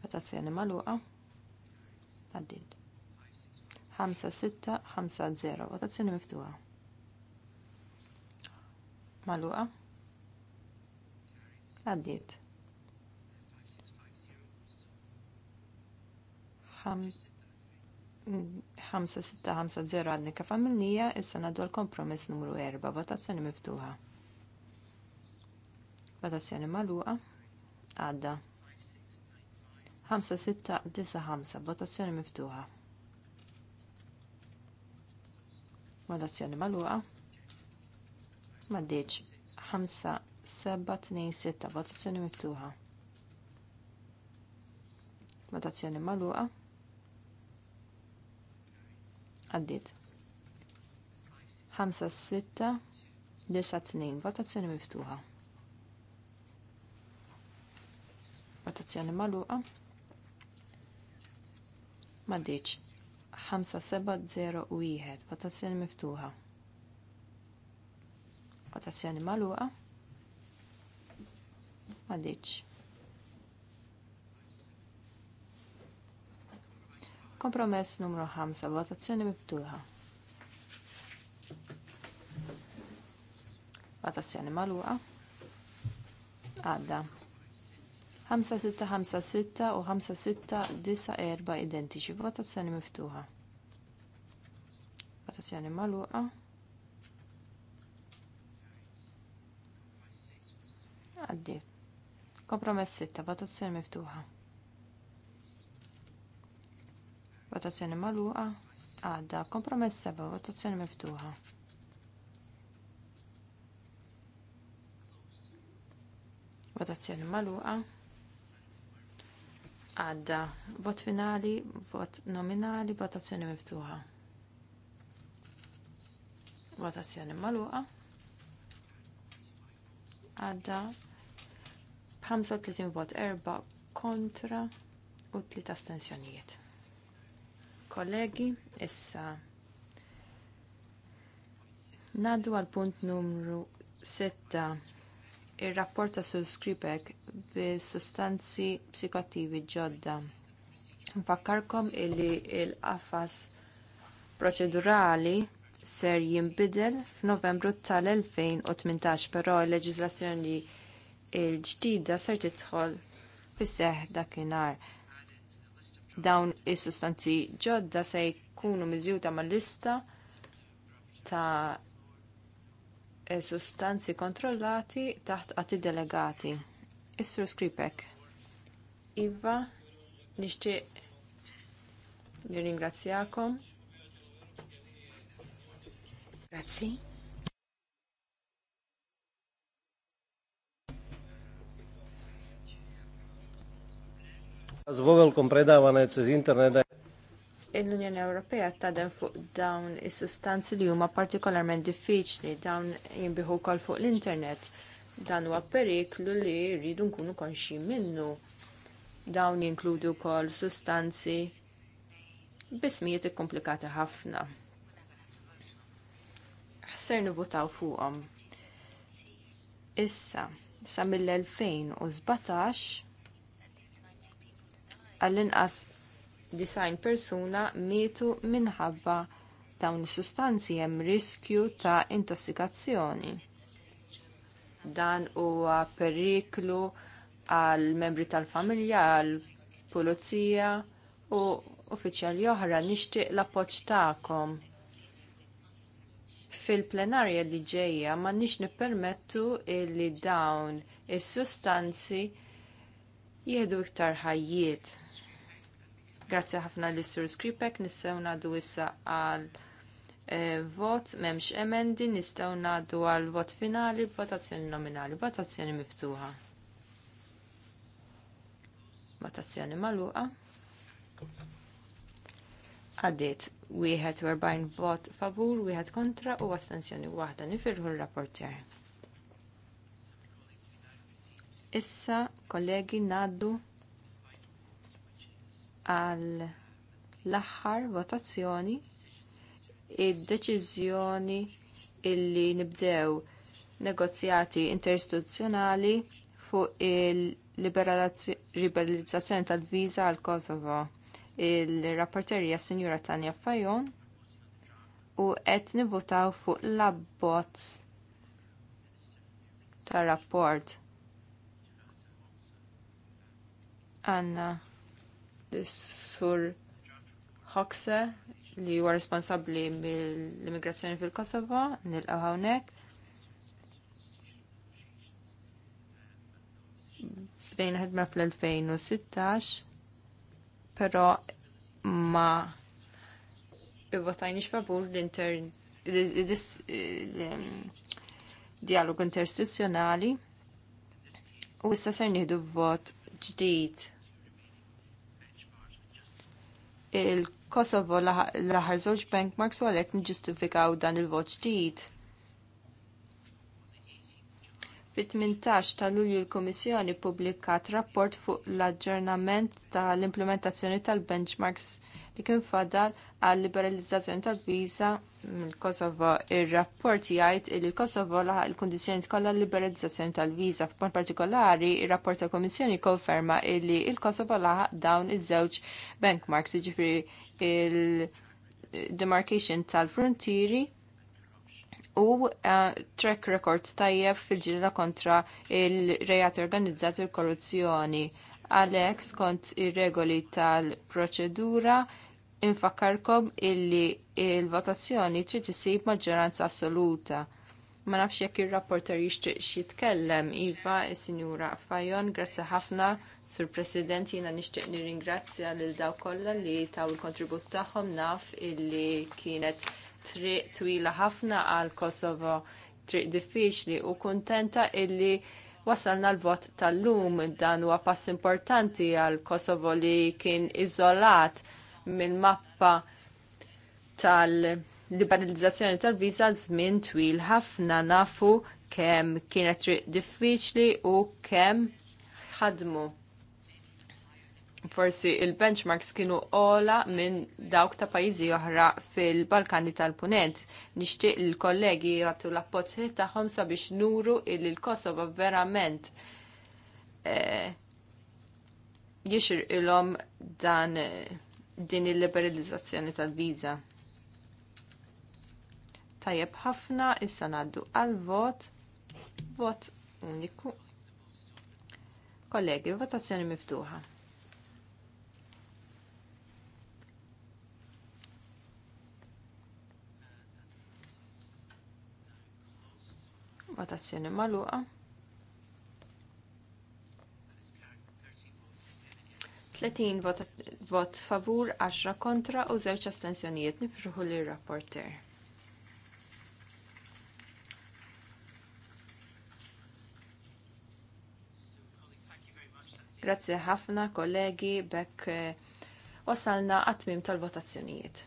Votazzjoni maluqa. Għaddiet. 5-6-5-0. Votazzjoni miftuħa. Maluqa. Għaddiet. 5-6-5-0. 5650 għadni kif għamilnija, issa naddu l-kompromess numru 4, votazzjoni miftuħa. Votazzjoni maluqa, għadda. 5695, votazzjoni miftuħa. Votazzjoni maluqa, maddiċ. 5726, votazzjoni miftuħa. Votazzjoni maluqa, Għaddit. 5-6-9-2. Votazzjoni miftuħa. Votazzjoni maluqa. Maddiċ. 5-7-0-1. Votazzjoni miftuħa. Votazzjoni maluqa. Maddiċ. 5-7-0-1 Kompromess numru 5, votazzjoni miftuħa. Votazzjoni maluqa. Għadda. 5656 u 5694 identiċi. Votazzjoni miftuħa. Votazzjoni maluqa. Għaddi. Kompromess 6, votazzjoni miftuħa. Votazzjoni magħluqa. Għadda. Kompromess seba Votazzjoni miftuħa. Votazzjoni magħluqa. Għadda. Vot finali, vot nominali, votazzjoni miftuħa. Votazzjoni magħluqa. Għadda. 35 vot erba' kontra u tlita astensjonijiet. Kollegi, issa Nadu għal punt numru 6. Ir-rapport Sul Skripek bil-sustanzi psikotivi ġodda. Nfakkarkom illi il-qafas proċedurali ser jinbidel f'Novembru tal-2018, però l leġizlazzjoni l ġdida ser tidħol fis-seħ dakinhar. Dawn is-sustanzi ġodda se jkunu miżjuta mal-lista ta' sustanzi kontrollati taħt għati delegati. is skripek. Iva, nixtieq nirringrazzjakom. Grazzi. Eh. il unjoni Ewropea tadem fuq dawn is-sustanzi li huma partikolarment diffiċli dawn jinbiħu wkoll fuq l-internet. Dan huwa periklu li rridu nkunu konxi minnu. Dawn jinkludu wkoll sustanzi bismijiet ikkomplikati ħafna. Ħser nivutaw fuqhom. Issa, sa mill-2017 għall-inqas 90 persuna mietu minħabba dawn is-sustanzi hemm riskju ta' intossikazzjoni. Dan huwa periklu għal membri tal-familja, għal pulizija u uffiċjali oħra nixtieq l-appoġġ tagħkom. Fil-plenarja li ġejja ma nix nippermettu li dawn is-sustanzi jieħdu iktar ħajjiet. Grazzi ħafna li sur Skripek, nissew nadu issa għal eh, vot, memx emendi, nistaw nadu għal vot finali, votazzjoni nominali, votazzjoni miftuħa. Votazzjoni maluqa. Għaddit, wieħed 40 vot favur, wieħed kontra u astensjoni waħda nifirħu l-rapporter. Issa, kollegi, naddu għal l-aħħar votazzjoni id-deċiżjoni illi nibdew negozjati interistituzzjonali fuq il-liberalizzazzjoni tal-viża għal Kosovo. Il-rapporterja Sinjura Tanja Fajon u qed nivvotaw fuq l-abbozz tar rapport. Anna sur Hoxe li huwa responsabbli mill-immigrazzjoni fil-Kosovo, nilqgħu hawnhekk. Bdejna ħedma fl-2016, però ma votajniex favur l-inter dialog interstituzzjonali u issa ser nieħdu vot ġdid il-Kosovo laħar żewġ benchmarks u għalhekk niġġustifikaw dan il-vot ġdid. Fit-18 ta' Lulju l-Kummissjoni ppubblikat rapport fuq l-aġġornament tal-implementazzjoni tal-benchmarks li kien fadal għal liberalizzazzjoni tal-viża mill-Kosovo. Ir-rapport jgħid li l-Kosovo laħaq il-kundizzjoni tkollha liberalizzazzjoni tal-viża. F'mod partikolari, ir-rapport tal-Komissjoni konferma li l-Kosovo laħaq dawn iż-żewġ benchmarks, jiġifieri il-demarcation tal-frontieri u uh, track records tajjeb fil-ġilda kontra il-rejat organizzat il-korruzzjoni. Alex kont ir-regoli tal-proċedura infakkarkom illi il-votazzjoni trid isib maġġoranza assoluta. Ma nafx jekk ir-rapporter jixtieq jitkellem iva is-Sinjura Fajon, grazzi ħafna sur President jiena nixtieq nirringrazzja lil daw kollha li taw il-kontribut tagħhom naf illi kienet triq twila ħafna għal Kosovo triq diffiċli u kuntenta illi wasalna l-vot tal-lum dan huwa pass importanti għal Kosovo li kien iżolat minn mappa tal-liberalizzazzjoni tal visa żmien twil ħafna nafu kemm kienet triq diffiċli u kemm ħadmu. Forsi il-benchmarks kienu ola minn dawk ta' pajjiżi oħra fil-Balkani tal-Punent. Nixtieq il-kollegi jagħtu l-appoġġ tagħhom sabiex nuru il il-Kosova verament e, jixir ilhom dan eh, din il-liberalizzazzjoni tal-viża. Tajjeb ħafna issa ngħaddu għal vot vot uniku. Kollegi, votazzjoni miftuħa. Votazzjoni maluqa. 30 vot, vot favur, 10 kontra u 0 astensjonijiet nifruħu li rapporter. Grazie ħafna kollegi bekk eh, wasalna għatmim tal-votazzjonijiet.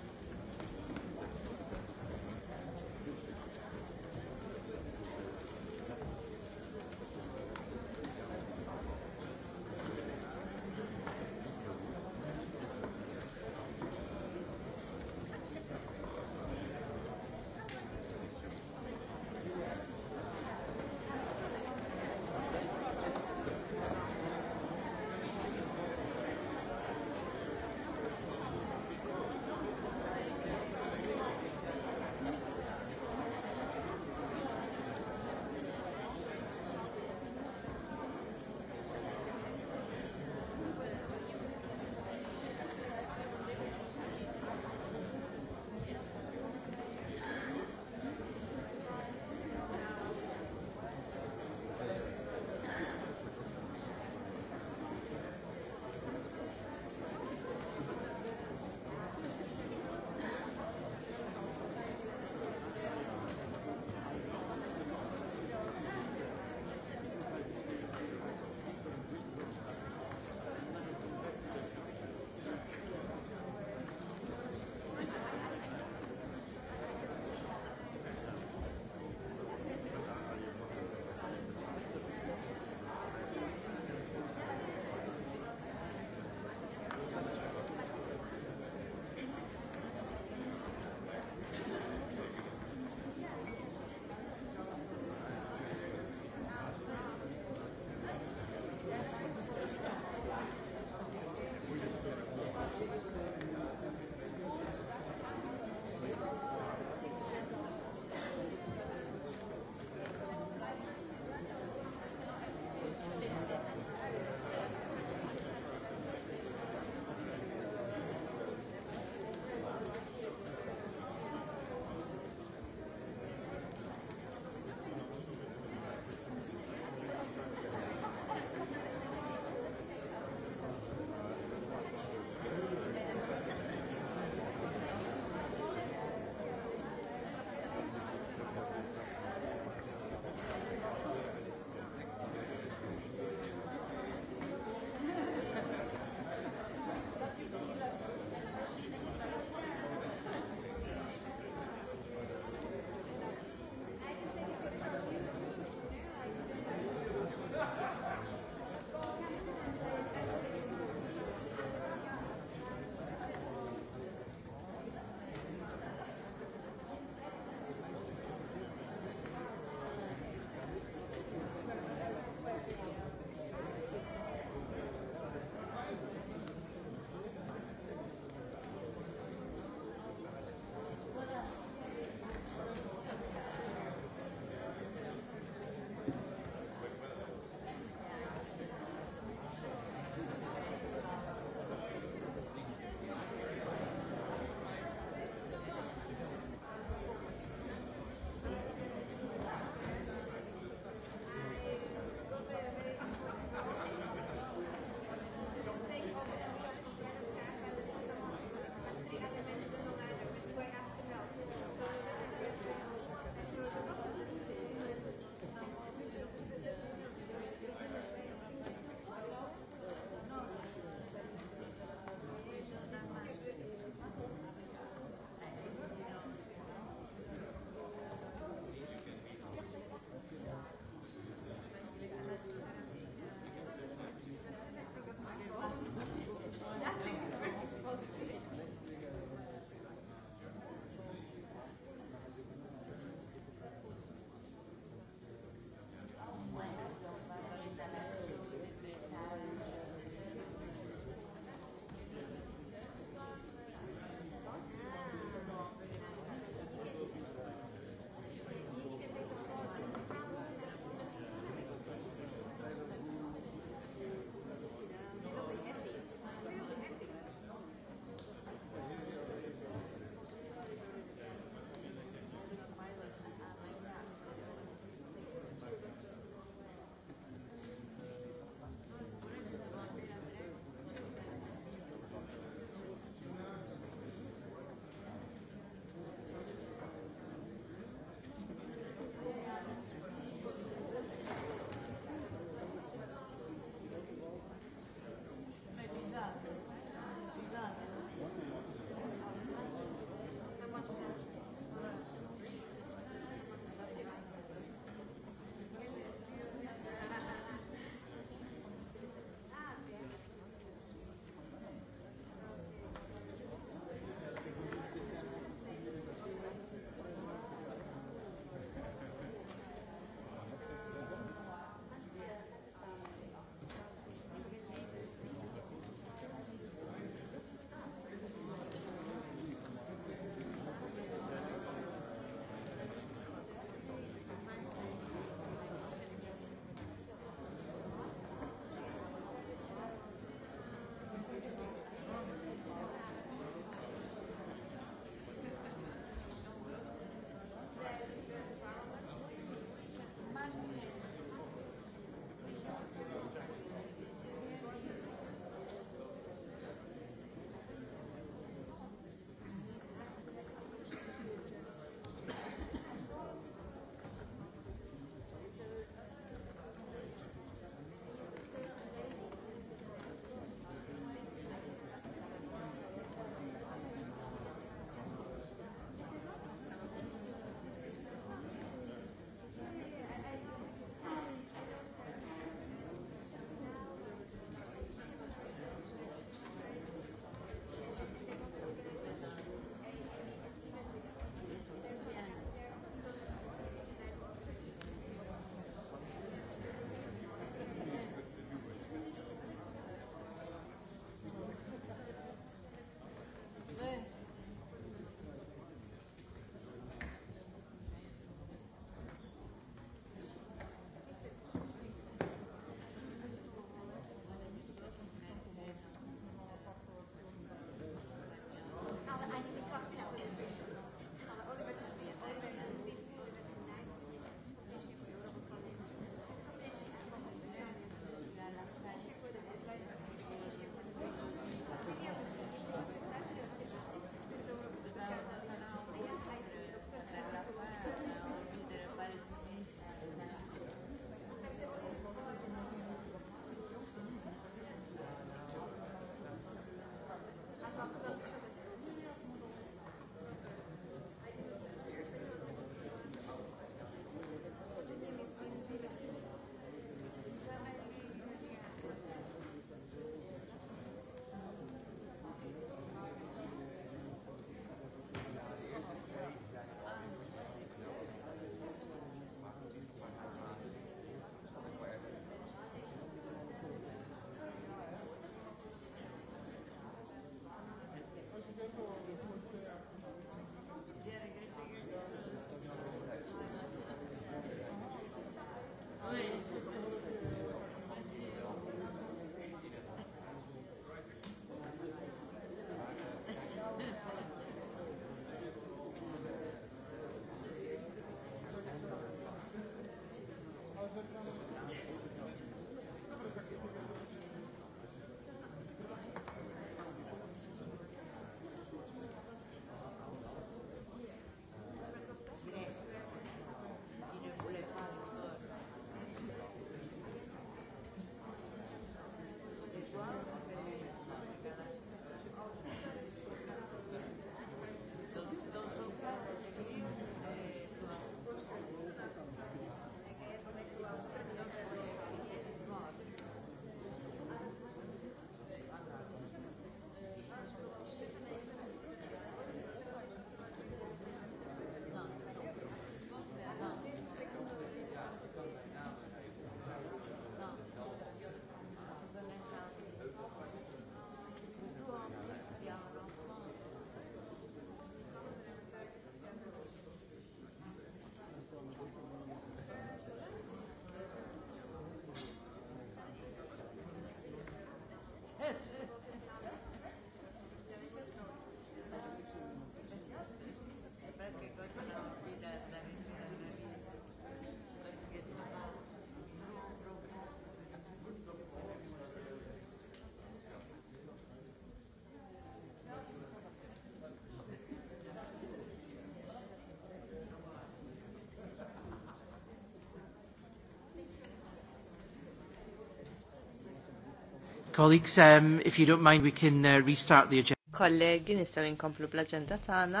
Colleagues, um, if you don't mind, we can uh, restart the agenda. Kollegi, nistaw inkomplu bl-agenda tagħna.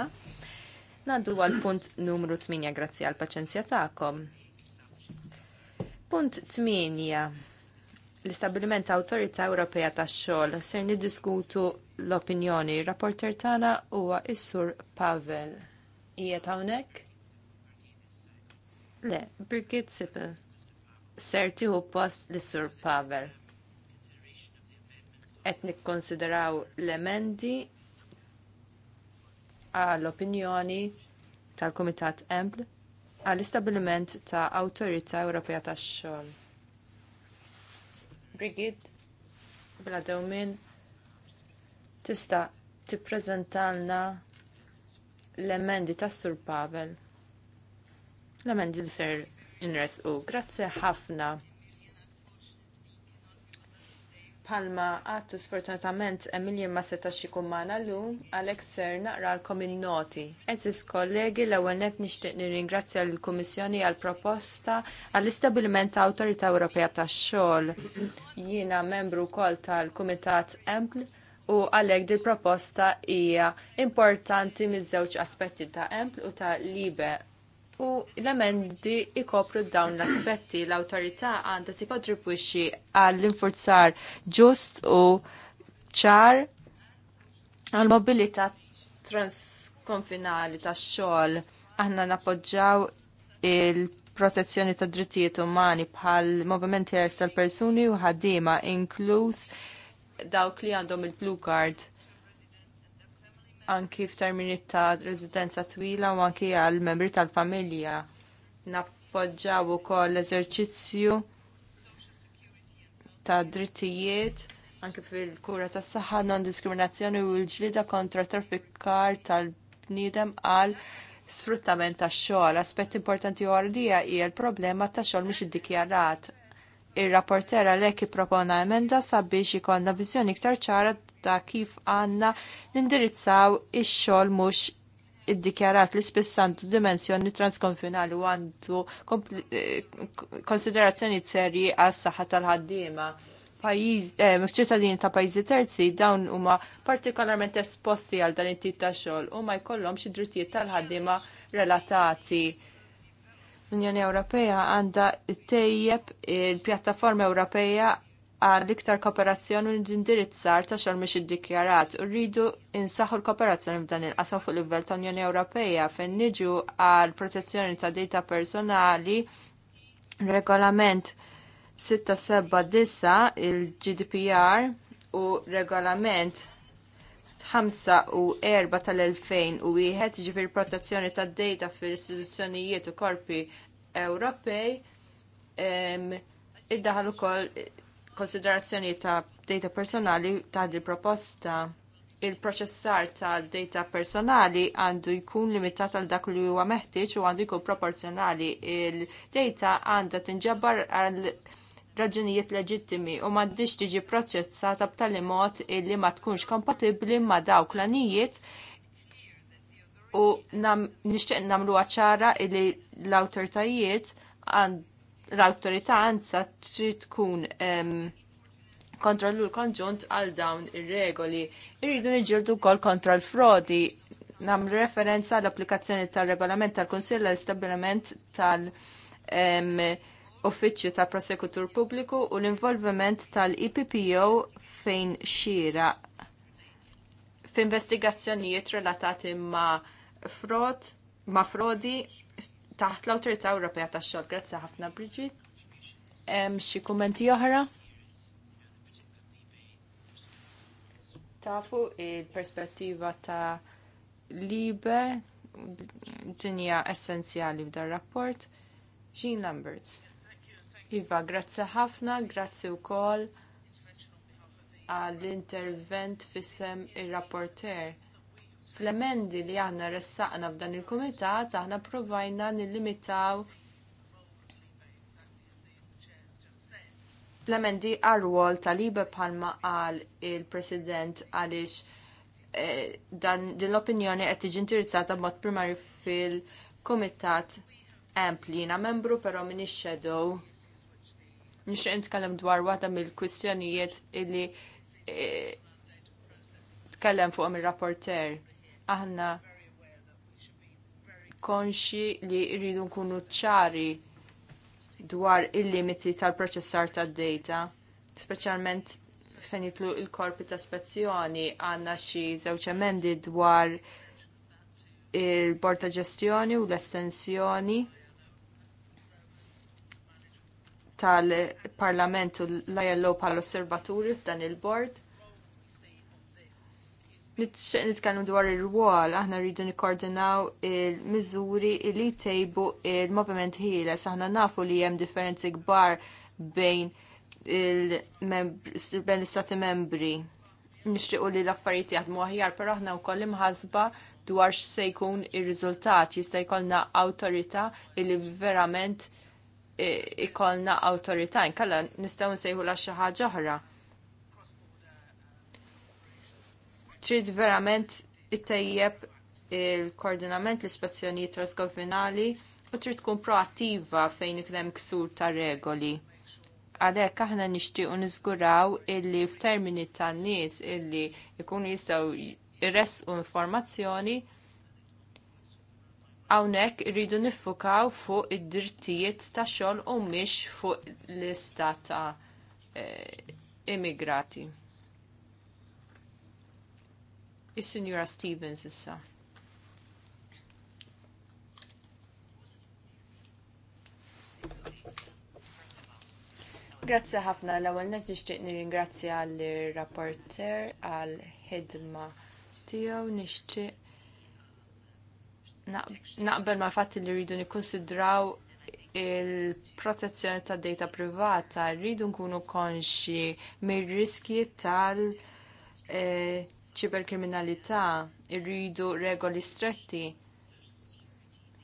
Naddu għal punt numru 8, grazzi għal paċenzja tagħkom. Punt 8. L-istabiliment Awtorità Ewropea tax-xogħol ser niddiskutu l-opinjoni. Rapporter tagħna huwa is-Sur Pavel. Qiegħed hawnhekk? Le, Birgit Sipel. Ser tieħu post l-Sur Pavel qed nikkonsideraw l-emendi għall-opinjoni tal-Kumitat Empl għall-istabiliment ta' Awtorita' Ewropea tax-xogħol. Brigid bla dewmin tista' tippreżentalna l-emendi tas Sur Pavel. L-emendi li ser inresqu. Grazzi ħafna. Palma għattu sfortunatament Emilien ma setax ikun l-lum, għalek ser naqralkom in-noti. Eżis kollegi l-ewwel nett nixtieq nirringrazzja l-Kummissjoni għall proposta għall-istabilment ta' Awtorità Ewropea tax-xogħol. Jiena membru wkoll tal-Kumitat Empl u għalhekk dil proposta hija importanti miż-żewġ aspetti ta' Empl u ta' Libe U l-emendi ikopru dawn l-aspetti l-autorità għandha tikkontribwixxi għall-infurzar ġust u ċar għall-mobilità transkonfinali tax-xogħol. Aħna nappoġġaw il-protezzjoni ta' drittijiet umani bħal movimenti tal-persuni u ħaddiema inkluż dawk li għandhom il-blue card anki f'termini ta' residenza twila u anki għal membri tal-familja. Nappoġġaw ukoll l-eżerċizzju ta' drittijiet anki fil-kura tas saħħa non-diskriminazzjoni u l-ġlida kontra traffikar tal-bniedem għal sfruttament tax xogħol. Aspett importanti li hija l-problema tax xogħol mhix iddikjarat. Ir-rapportera lek propona emenda sabiex ikollna viżjoni iktar ċara ta' kif għanna nindirizzaw ix-xogħol mhux iddikjarat li spiss għandu dimensjoni transkonfinali u għandu eh, konsiderazzjoni serji għas saħħa tal-ħaddiema. Eh, ċittadini ta' pajjiżi terzi dawn huma partikolarment esposti għal dan it-tip ta' xogħol u ma jkollhomx id-drittijiet tal-ħaddiema relatati l-Unjoni Ewropea għandha tejjeb il-pjattaforma Ewropea għar liktar kooperazzjoni l-indirizzar ta' xogħol mhix dikjarat u rridu insaħħu l-kooperazzjoni f'dan il-qasam fuq livell ta' Unjoni Ewropea fejn niġu għar protezzjoni ta' data personali regolament 679 il-GDPR u regolament 5 u 4 tal wieħed ġifir protezzjoni ta' data fil-istituzzjonijiet u korpi Ewropej id iddaħal ukoll konsiderazzjoni ta' data personali ta' di proposta il-proċessar tal-data personali għandu jkun limitat għal dak li huwa meħtieġ u għandu jkun proporzjonali. Il-data għandha tinġabar għal raġunijiet leġittimi u m'għandix tiġi proċessata b'tali mod li ma tkunx kompatibbli ma' dawk l-anijiet u nam, nagħmluha ċara li l-awtoritajiet għandu l-autorità anza trid tkun kontrollu l-konġunt għal dawn ir-regoli. Irridu nġildu wkoll kontra l-frodi. Namlu referenza l-applikazzjoni tal-regolament tal konsil l establiment tal-, tal uffiċċju tal prosekutur pubbliku u l-involviment tal-IPPO fejn xira f'investigazzjonijiet relatati ma' frod, ma' frodi taħt l-Awtorità Ewropea tax-xogħol. Grazzi ħafna Bridget. Hemm xi kummenti oħra? Tafu il-perspettiva ta' libe dinja essenzjali f'dar rapport. Jean Lamberts. Iva, grazzi ħafna, grazzi wkoll għall-intervent fissem ir rapporter Fl-emendi li aħna ressaqna f'dan il-komitat aħna provajna nillimitaw fl emendi għarwol tal-ibe palma għal il-president għalix eh, dan dan l-opinjoni qed tiġi intirizzata b'mod primarju fil-komitat amplina membru però minix shadow nixtieq nitkellem dwar waħda mill-kwistjonijiet illi eh, tkellem fuq mill rapporter aħna konxi li rridu nkunu ċari dwar il-limiti tal-proċessar tad-data, speċjalment fejn jitlu il-korpi ta' spezzjoni għandna xi żewġ emendi dwar il-bord ta' ġestjoni u l-estensjoni tal parlamentu l-ILO pal osservaturi f'dan il-bord. Nitxeq nitkellmu dwar ir-rwol, aħna rridu nikkoordinaw il-miżuri li tejbu il-moviment ħieles, aħna nafu li hemm differenzi kbar bejn bejn l-istati membri. Nixtiequ li l-affarijiet jaħdmu aħjar, però aħna wkoll imħasba dwar x'se jkun ir-riżultat, jista' jkollna awtorità li verament eh, ikollna awtorità, inkella nistgħu nsejħu xi ħaġa oħra trid verament ittejjeb il-koordinament l-ispezzjonijiet transkonfinali u trid tkun proattiva fejn ikrem hemm ksur ta' regoli. Għalhekk aħna nixtiequ niżguraw illi f'termini tan-nies illi jkunu jistgħu jressqu informazzjoni hawnhekk irridu niffukaw fuq id-drittijiet tax xogħol u mhix fuq l-istat ta' eh, immigrati. Is-Sinjura Stevens issa. Grazzi ħafna l-ewwel net nixtieq nirringrazzja għall rapporter għal ħidma tiegħu nixtieq naqbel ma' fatti li rridu nikkonsidraw il-protezzjoni tad data privata, rridu nkunu konxi mir riskji tal- eh, ċiberkriminalità irridu regoli stretti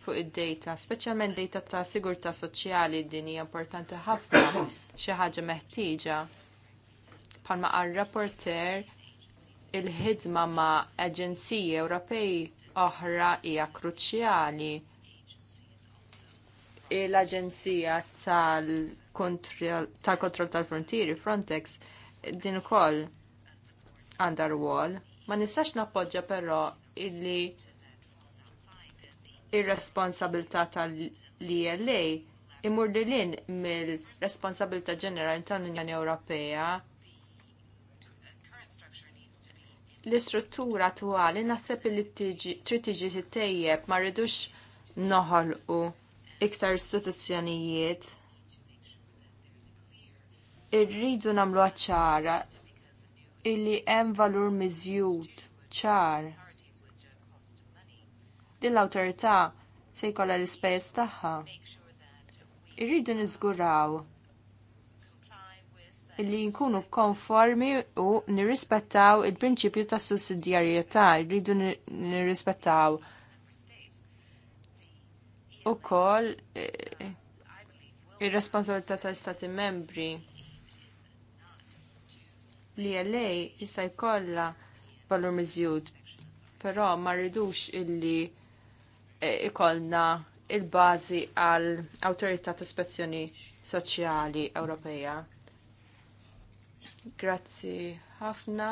fuq id-data, speċjalment data ta' sigurtà soċjali din hija importanti ħafna xi ħaġa meħtieġa. Bħalma għal rapporter il-ħidma ma' aġenziji Ewropej oħra hija kruċjali. L-Aġenzija tal-Kontroll tal-Frontieri, Frontex, din ukoll għandha wall. ma nistax nappoġġa però illi ir-responsabilità tal-ILA imur li lin mill-responsabilità ġenerali tal-Unjoni Ewropea. L-istruttura attwali naħseb li trid tiġi tittejjeb ma rridux noħolqu iktar istituzzjonijiet. Irridu nagħmlu ċara illi hemm valur miżjud ċar. Din l-awtorità se jkollha l-ispejjeż tagħha. Irridu niżguraw illi nkunu konformi u nirrispettaw il-prinċipju ta' sussidjarjetà, irridu nirrispettaw ukoll eh, ir-responsabilità tal-Stati membri li għallej jista' jkollha valur miżjud, però ma rridux illi e, ikollna il-bażi għal awtorità ta' spezzjoni soċjali Ewropea. Grazzi ħafna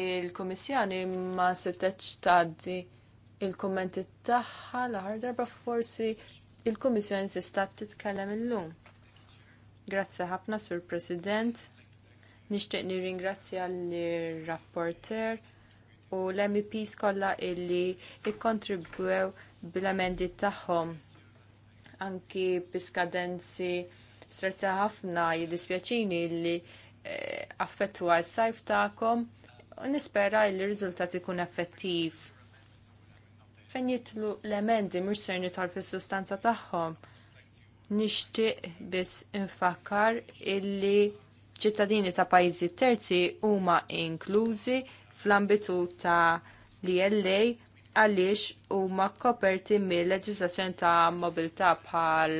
il-Komissjoni ma setteċ tgħaddi il-kommenti tagħha l-aħħar darba forsi il-Komissjoni tista' titkellem illum. Grazzi ħafna, Sur President. Nixtieq nirringrazzja l-rapporter u l-MEPs kollha illi ikkontribwew bil-emendi tagħhom. Anki biskadenzi stretta ħafna jiddispjaċini li eh, affettwa s-sajf tagħkom u nispera li r-riżultat ikun effettiv. Fejn jitlu l-emendi mhux ser nitħol fis-sustanza tagħhom. Nixtieq biss infakkar illi ċittadini ta' pajjiżi terzi huma inklużi fl-ambitu ta' l-ILA għaliex huma koperti mill leġiżlazzjoni ta' mobilità bħal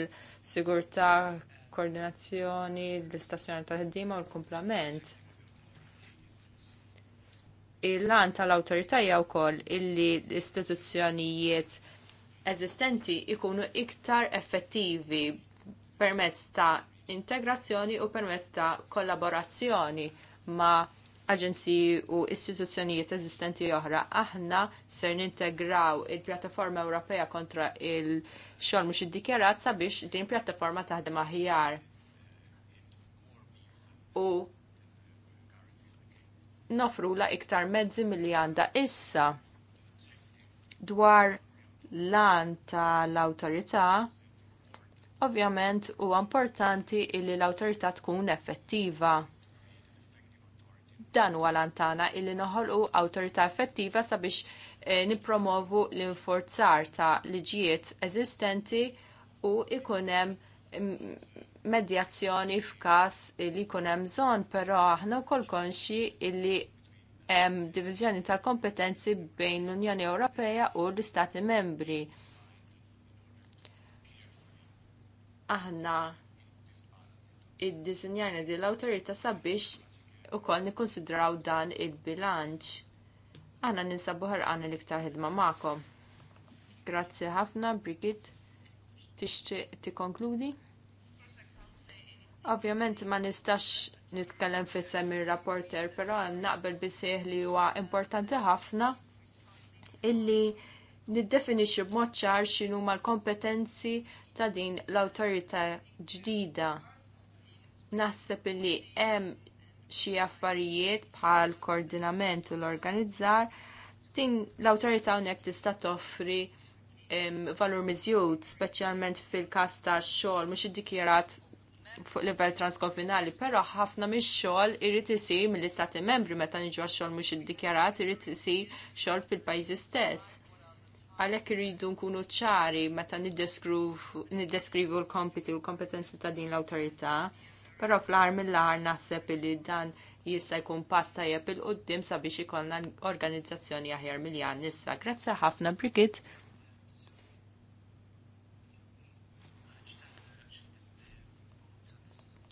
sigurtà, koordinazzjoni, l-istazzjoni ta' ħaddiema u l-kumplament. Il-lan tal-awtoritajja koll illi l-istituzzjonijiet eżistenti ikunu iktar effettivi permezz ta' integrazzjoni u permezz ta' kollaborazzjoni ma' aġenziji u istituzzjonijiet eżistenti oħra. Aħna ser nintegraw il-pjattaforma Ewropea kontra il-xogħol mhux iddikjarat sabiex din pjattaforma taħdem aħjar. U nofrula iktar mezzi milli għandha issa dwar lan tal-awtorità Ovvjament huwa importanti illi l-awtorità tkun effettiva. Dan huwa lantana illi noħolqu awtorità effettiva sabiex e, nippromovu l-infurzar ta' liġijiet eżistenti u ikun hemm mm, medjazzjoni f'każ li jkun hemm bżonn, però aħna wkoll konxi illi hemm diviżjoni tal-kompetenzi bejn l-Unjoni Ewropea u l-Istati Membri aħna id-disinjajna di l-autorita sabiex u kol nikonsidraw dan il-bilanċ. Aħna ninsabu ħarqan l-iktar ħidma ma'kom. Grazzi ħafna, Brigitte. ti tikkonkludi? Ovvjament ma nistax nitkellem fi il-rapporter, però naqbel bisieħ li huwa importanti ħafna illi niddefinixxi b'mod ċar x'inhuma l-kompetenzi ta' din l-awtorità ġdida. Naħseb li hemm xi affarijiet bħal koordinament u l-organizzar, din l-awtorità hawnhekk tista' toffri valur miżjud, speċjalment fil-każ ta' xogħol mhux iddikjarat fuq livell transkonfinali, però ħafna mix-xogħol irid isir mill-istati membri meta niġu għax-xogħol mhux iddikjarat irid isir xogħol fil-pajjiżi stess għalhekk irridu nkunu ċari meta niddeskrivu l-kompiti u l-kompetenzi ta' din l-awtorità, però fl-ar mill-ar naħseb li dan jista' jkun pass tajjeb il-qoddim sabiex ikollna organizzazzjoni aħjar miljan issa. Grazzi ħafna Brigitte.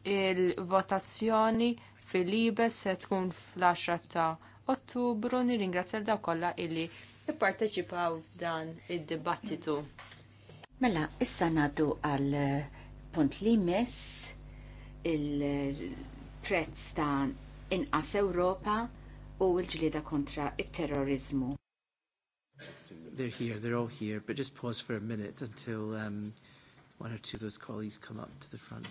il-votazzjoni fil-libes se tkun fl-10 ta' ottubru nirringrazzja da daw kollha illi ipparteċipaw dan id-dibattitu. Mela, issa naddu għal punt li mess il-prezz ta' inqas Ewropa u l-ġlieda kontra it-terrorizmu. They're here, they're all here, but just pause for a minute until um, one or two of those colleagues come up to the front.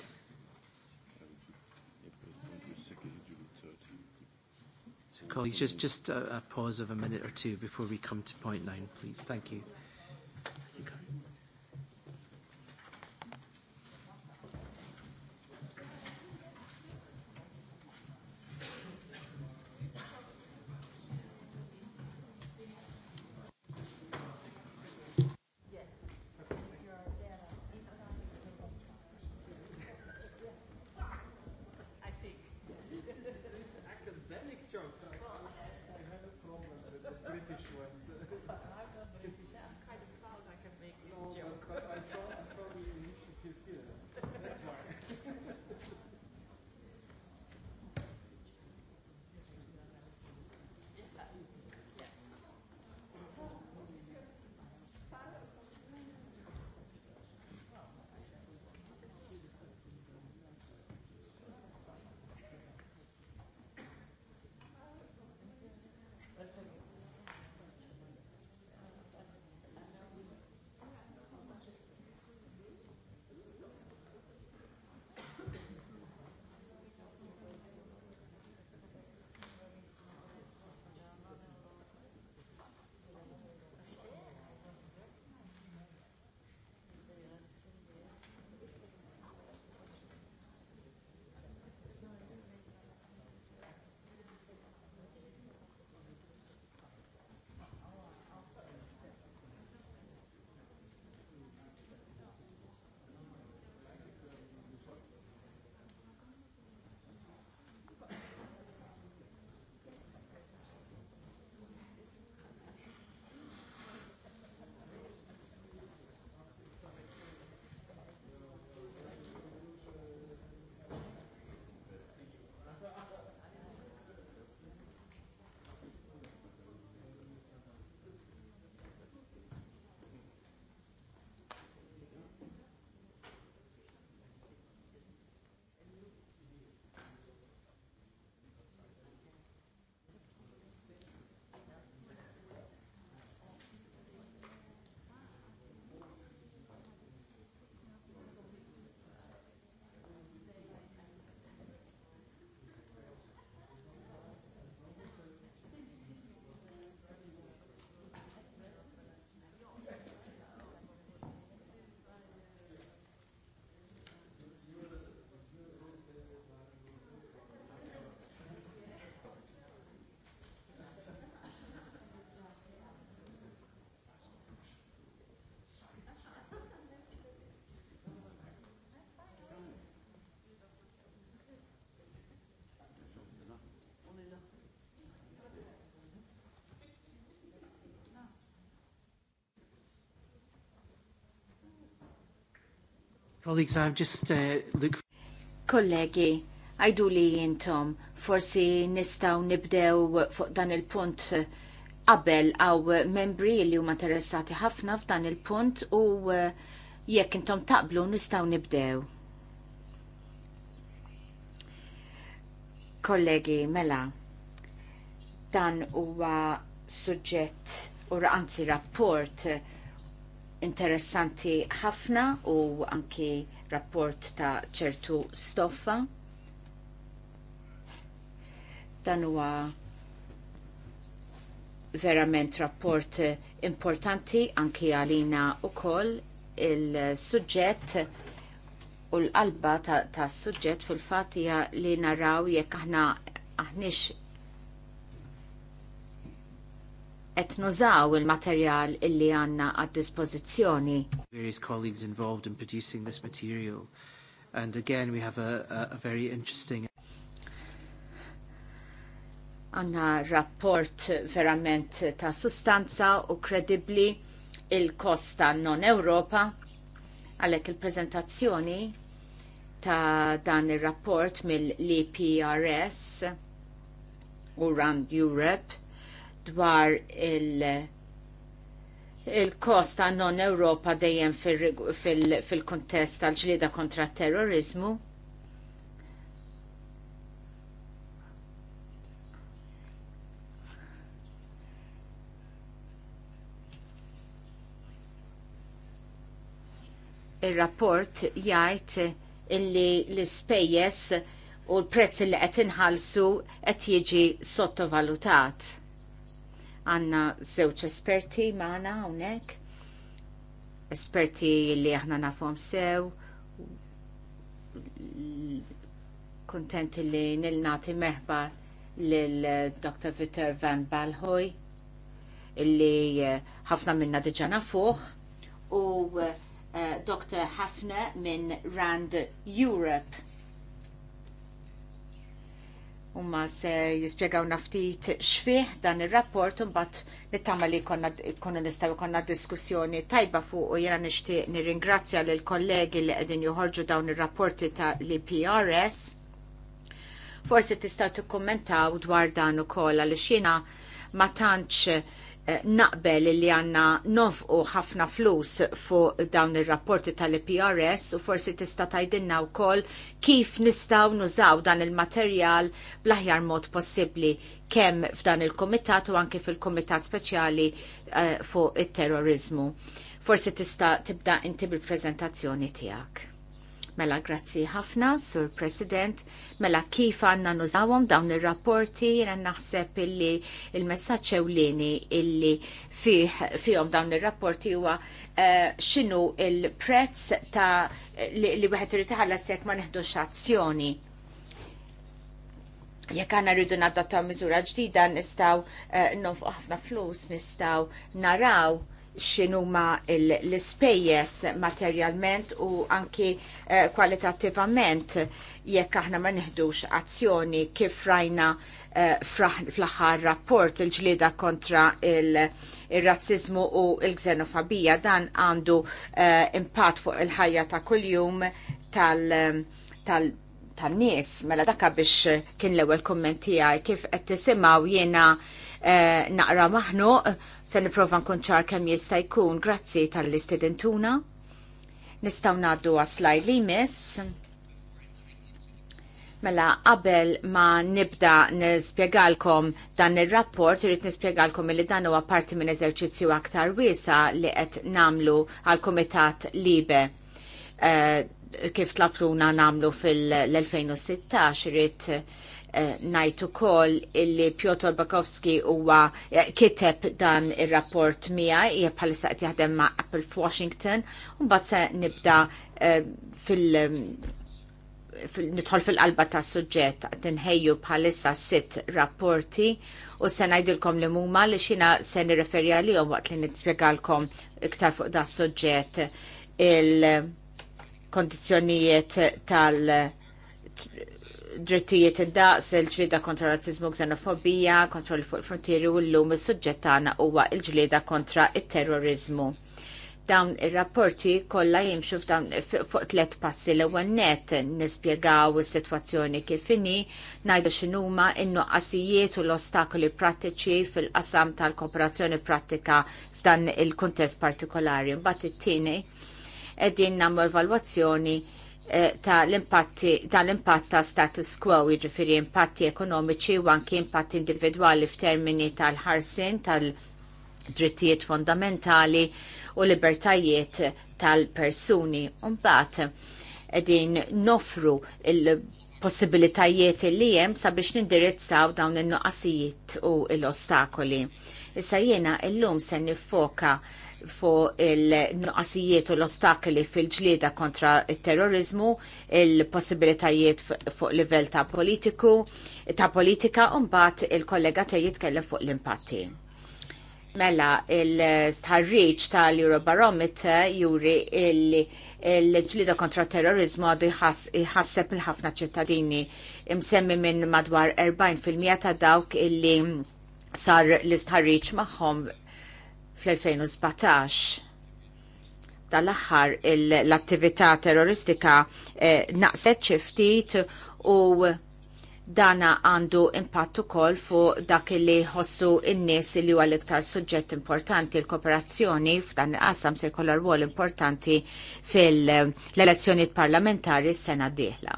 colleagues, just, just a, a pause of a minute or two before we come to point nine, please. Thank you. Colleagues, I've just uh, looked... Kollegi, għajdu li jintom, forsi nistaw nibdew fuq dan il-punt qabel għaw membri li huma interessati ħafna f'dan il-punt u uh, jekk intom taqblu nistaw nibdew. Kollegi, mela, dan huwa suġġett u anzi rapport interessanti ħafna u anki rapport ta' ċertu stoffa. Dan huwa verament rapport importanti anki għalina u koll il sujġet u l-qalba ta', ta suġġett fil-fatija li naraw jekk aħna aħnix qed nużaw il-materjal illi għandna għad-dispożizzjoni. Various colleagues involved in producing this material. And again, we have a, a, a very interesting għanna rapport verament ta' sustanza u kredibli il-kosta non-Europa għalek il-prezentazzjoni ta' dan il-rapport mill-EPRS u Rand Europe dwar il- il-kost għan non Ewropa dejjem fil-kontest tal ġlieda kontra t terrorizmu. Ir-rapport il jgħid illi l-ispejjeż u l-prezz li qed inħallsu qed jiġi sottovalutat. Għanna żewġ esperti maħna hawnhekk, esperti li aħna nafhom sew, kontenti li nil-nati merħba l-Dr. Vitter Van Balhoy illi eh, ħafna minna diġa nafuħ u uh, eh, Dr. Hafna minn Rand Europe Umma se jispiegaw naftit xfih dan il-rapport un bat nittama li konna nistaw konna diskussjoni tajba fuq u jena nishti nirringrazzja l kollegi li għedin juħorġu dawn il-rapporti ta' li PRS. Forse tistaw t-kommentaw dwar dan u kolla li xina ma tantx naqbel li għanna nofqu ħafna flus fuq dawn il-rapporti tal-PRS u forsi tista' tajdinna wkoll kif nistgħu nużaw dan il-materjal bl-aħjar mod possibbli kemm f'dan il-kumitat u anke fil-kumitat speċjali uh, fuq it-terrorizmu. Forsi tista' tibda inti bil prezentazzjoni tiegħek. Mela grazzi ħafna, Sur President, mela kif għanna nużawhom dawn ir-rapporti jiena naħseb illi il-messaġġ ewlieni illi fihom dawn ir-rapporti huwa xinu eh, x'inhu il-prezz ta' li, wieħed irid iħallas jekk ma neħdux azzjoni jekk għanna rridu nadattaw miżura ġdida nistgħu eh, nofqu ħafna flus, nistgħu naraw x'inhuma l-ispejjeż materjalment u anki uh, kwalitattivament jekk aħna ma neħdux azzjoni kif rajna eh, fl-aħħar rapport il-ġlieda kontra il-razzizmu u il-xenofobija dan għandu uh, impatt fuq il-ħajja ta' kuljum tal-nies, mela dakka biex kien l-ewwel kumment tiegħi kif qed tisimgħu jiena Eh, naqra maħnu, se niprofa nkun ċar kemm jista' jkun grazzi tal-istidentuna. Nistgħu ngħaddu għaslaj li miss. Mela, qabel ma nibda nispjegalkom dan ir rapport irid nispjegalkom li dan huwa parti minn eżerċizzju aktar wiesa li qed namlu għal Kumitat Libe. Eh, kif tlabtuna namlu fil-2016 irrid Eh, najtu kol illi Piotr Bakowski huwa eh, kiteb dan il-rapport mija bħalissa qed jaħdem ma' Apple f'Washington u mbagħad se nibda eh, fil- nidħol fil-qalba ta' suġġett għad inħejju bħalissa sitt rapporti u se ngħidilkom li huma li xina se nirreferi għalihom waqt li nispjegalkom iktar fuq da' suġġett il-kondizzjonijiet tal- drittijiet id-daqs, il-ġlieda kontra razzizmu, xenofobija, kontroll fuq il-frontieri u l-lum il-suġġett tagħna huwa il-ġlieda kontra il terrorizmu Dawn ir-rapporti kollha jimxu fuq tliet passi l-ewwel net nispjegaw is-sitwazzjoni kif inhi, ngħidu x'inhuma in-nuqqasijiet u l-ostakoli prattiċi fil-qasam tal-kooperazzjoni prattika f'dan il-kuntest partikolari. Mbagħad it-tieni qegħdin nagħmlu evalwazzjoni Eh, tal-impatti tal-impatt ta' status quo, jiġifieri impatti ekonomiċi u anki impatt individwali f'termini tal-ħarsin tal-drittijiet fondamentali u libertajiet tal-persuni. Mbagħad qegħdin nofru il possibilitajiet li jem sabiex nindirizzaw dawn il nuqqasijiet u l-ostakoli. Issa jiena lum se nifoka fuq il-nuqqasijiet u l-ostakli fil-ġlieda kontra il-terrorizmu, il-possibilitajiet fuq livell ta' politiku, ta' politika, un bat il-kollega te jitkellem fuq l-impatti. Mela, il-starriċ tal-Eurobarometer juri illi l-ġlida kontra terrorizmu għadu jħasseb il-ħafna ċittadini imsemmi minn madwar 40% ta' dawk illi sar l-istħarriċ maħħom fl-2017 dal axħar l-attività terroristika eh, naqset ċiftit u dana għandu impatt ukoll fuq dak li ħossu n nies li huwa l-iktar suġġett importanti l-kooperazzjoni f'dan il-qasam se jkollha rwol importanti fil-elezzjonijiet parlamentari s-sena d-dieħla.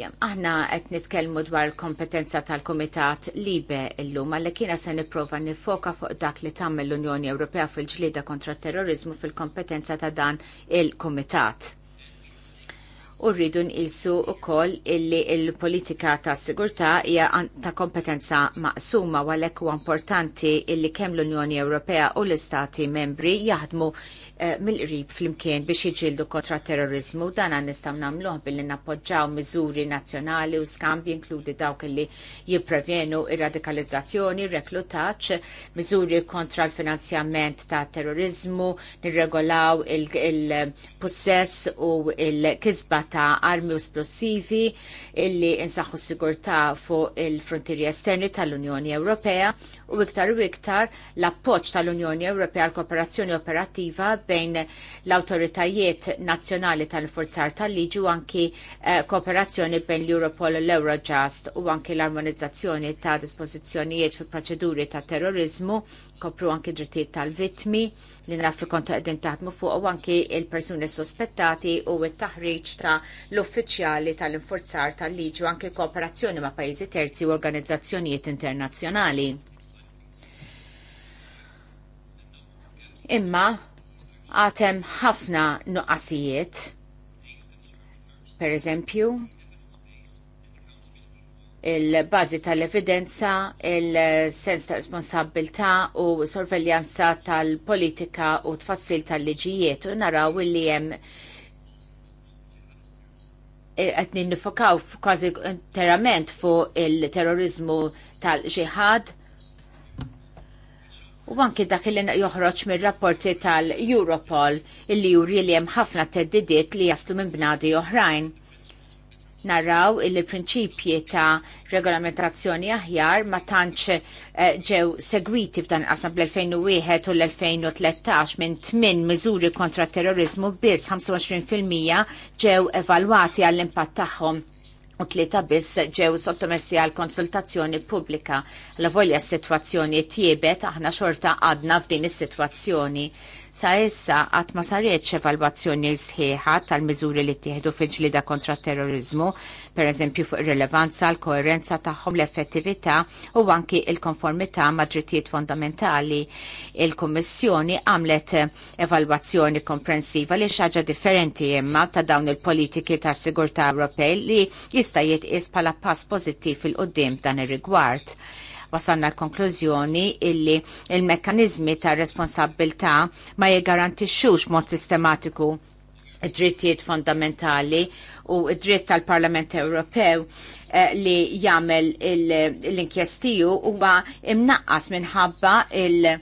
Aħna qed nitkellmu dwar il-kompetenza tal-Kumitat Libe illum għalhekk kiena se nipprova nifoka fuq dak li tagħmel l-Unjoni Ewropea fil-ġlieda kontra t terrorizmu fil-kompetenza ta' dan il-Kumitat u rridu nqisu wkoll illi l-politika ta' sigurtà hija ta' kompetenza maqsuma għalhekk huwa importanti illi kemm l-Unjoni Ewropea u l-Istati membri jaħdmu Eh, mill-qrib flimkien biex iġildu kontra terrorizmu dan għan nistaw namluħ billi nappoġġaw miżuri nazzjonali u skambi inkludi dawk li jipprevenu ir-radikalizzazzjoni, reklutaċ, miżuri kontra l-finanzjament ta' terrorizmu, nirregolaw il-possess il u il-kizba ta' armi u esplosivi illi insaħħu s-sigurta fuq il-frontieri esterni tal-Unjoni Ewropea u iktar u iktar l-appoċ tal-Unjoni Ewropea għal kooperazzjoni operattiva bejn l-autoritajiet nazzjonali tal-forzar tal-liġi u anki eh, kooperazzjoni bejn l-Europol u l-Eurojust u anki l-armonizzazzjoni ta' dispozizjonijiet fil proċeduri ta' terrorizmu kopru anki drittijiet tal-vitmi li naf kontu għedin taħdmu fuq u anki il-persuni sospettati u il-taħriċ ta' l-uffiċjali tal-infurzar tal-liġi u anki kooperazzjoni ma' pajizi terzi u organizzazzjonijiet internazzjonali. imma għatem ħafna nuqqasijiet. Per eżempju, il-bazi tal-evidenza, il-sens ta' responsabilta u sorveljanza tal-politika u tfassil tal-liġijiet u naraw li jem qed nifokaw kważi interament fuq il-terrorizmu tal-ġihad U anki dak li joħroġ mir-rapporti tal-Europol illi juri li hemm ħafna teddidiet li jaslu minn bnadi oħrajn. Naraw illi prinċipji ta' regolamentazzjoni aħjar ma tantx eh, ġew segwiti f'dan qasam bl 2001 u l-2013 minn tmien miżuri kontra terrorizmu biss 25% ġew evalwati għall-impatt tagħhom u tlieta biss ġew sottomessi għal konsultazzjoni pubblika. La volja s-sitwazzjoni tjiebet aħna xorta għadna f'din is-sitwazzjoni. Sa issa qatt ma saritx evalwazzjoni sħiħa tal-miżuri li tieħdu fil-ġlida kontra terrorizmu, pereżempju fuq ir-rilevanza, l-koerenza tagħhom l-effettività u anki il-konformità ma' drittijiet fondamentali. Il-Kummissjoni għamlet evalwazzjoni komprensiva li xaġa differenti imma ta' dawn il-politiki ta' sigurtà Ewropej li jista' jitqies bħala pass pożittiv fil-qudiem dan ir-rigward Wasanna l-konklużjoni illi il-mekkanizmi ta' responsabilta ma jgarantixxux mod sistematiku id-drittijiet fondamentali u id-dritt tal-Parlament Ewropew eh, li jagħmel l-inkjestiju huwa imnaqqas minħabba il-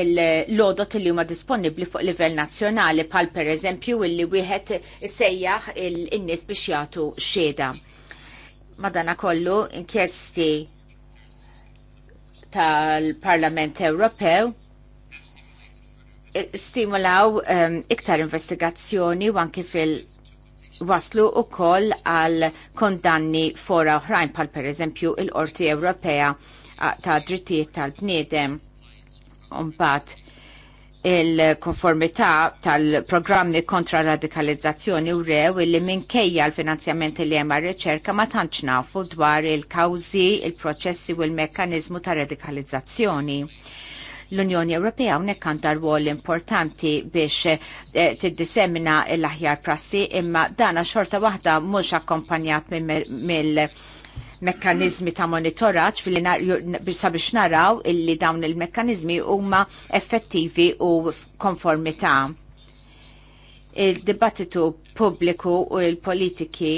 il-lodot li huma disponibli fuq livell nazzjonali pal per eżempju illi wieħed issejjaħ in-nies biex jagħtu xhieda. Madana kollu inkjesti tal-Parlament Ewropew e, stimulaw um, iktar investigazzjoni u anki fil waslu u koll għal kondanni fora oħrajn pal per eżempju il-Qorti Ewropea ta' drittijiet tal-bniedem. Umbat, il-konformità tal-programmi kontra radikalizzazzjoni u rew illi minkejja l-finanzjamenti li hemm riċerka ma tantx nafu dwar il-kawżi, il-proċessi u l-mekkaniżmu ta' radikalizzazzjoni. L-Unjoni Ewropea hawnhekk għandha rwol importanti biex eh, tiddisemina l-aħjar prassi imma dana xorta waħda mhux akkompanjat mill mekkanizmi ta' monitoraġġ billi sabiex naraw illi dawn il-mekkanizmi huma effettivi u konformità. Il-dibattitu pubbliku u l-politiki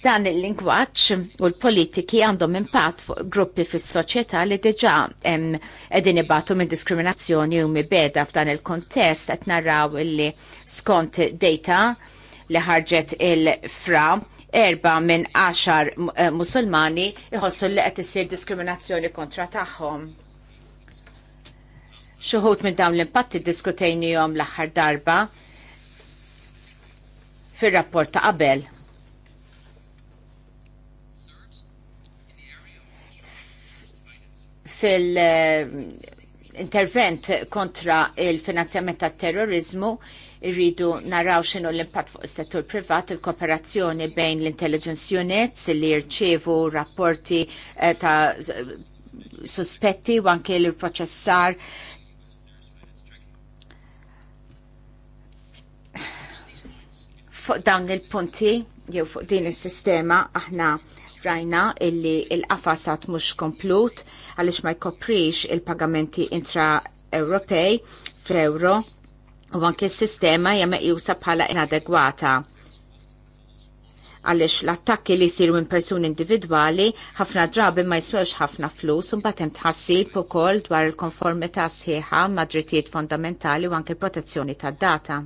Dan il-lingwaġġ u l-politiki għandhom impatt fuq gruppi fis-soċjetà li diġà hemm qegħdin ibatu minn diskriminazzjoni u mibeda f'dan il-kontest qed naraw illi skont data li ħarġet il-fra erba minn għaxar eh, musulmani iħossu li qed issir diskriminazzjoni kontra tagħhom xuħut minn dawn l-impatti diskutejni jom l-axħar darba fil-rapport ta' qabel. fil- intervent kontra il-finanzjament ta' terrorizmu irridu naraw xinu l-impatt fuq is-settur privat il-kooperazzjoni bejn l-intelligence units li jirċevu rapporti eh, ta' sospetti u anke l-proċessar fuq dawn il-punti jew fuq din is-sistema aħna Rajna illi il-qafasat mhux komplut għaliex ma jkoprix il-pagamenti intra-Ewropej fl-euro u anke s-sistema hija meqjusa bħala inadegwata għalix l-attakki li jisiru minn persuni individuali ħafna drabi ma jiswewx ħafna flus un batem tħassib u dwar il-konformita sħiħa ma drittijiet fondamentali u anke protezzjoni tad data.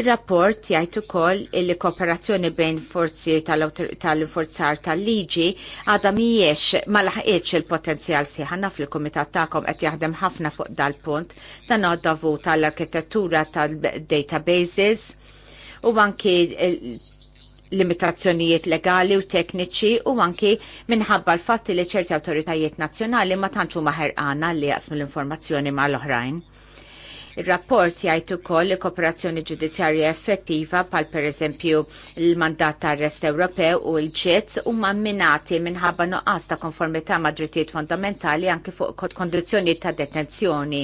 Il-rapport jgħid ukoll li kooperazzjoni bejn forzi tal forzar tal-liġi għadha mhijiex ma laħqitx il-potenzjal sieħ naf li kumitat qed jaħdem ħafna fuq dal-punt dan għadda vot tal-arkitettura tal-databases u anki limitazzjonijiet legali u tekniċi u anki minħabba l-fatti li ċerti autoritajiet nazzjonali ma tantxu għana li jaqsmu l-informazzjoni mal-oħrajn. Ir-rapport jgħid ukoll li kooperazzjoni ġudizzjarja effettiva pal pereżempju l-mandat ta' arrest Ewropew u l-ġitz huma minati minħabba nuqqas ta' konformità ma' drittijiet fondamentali anke fuq kondizzjoni ta' detenzjoni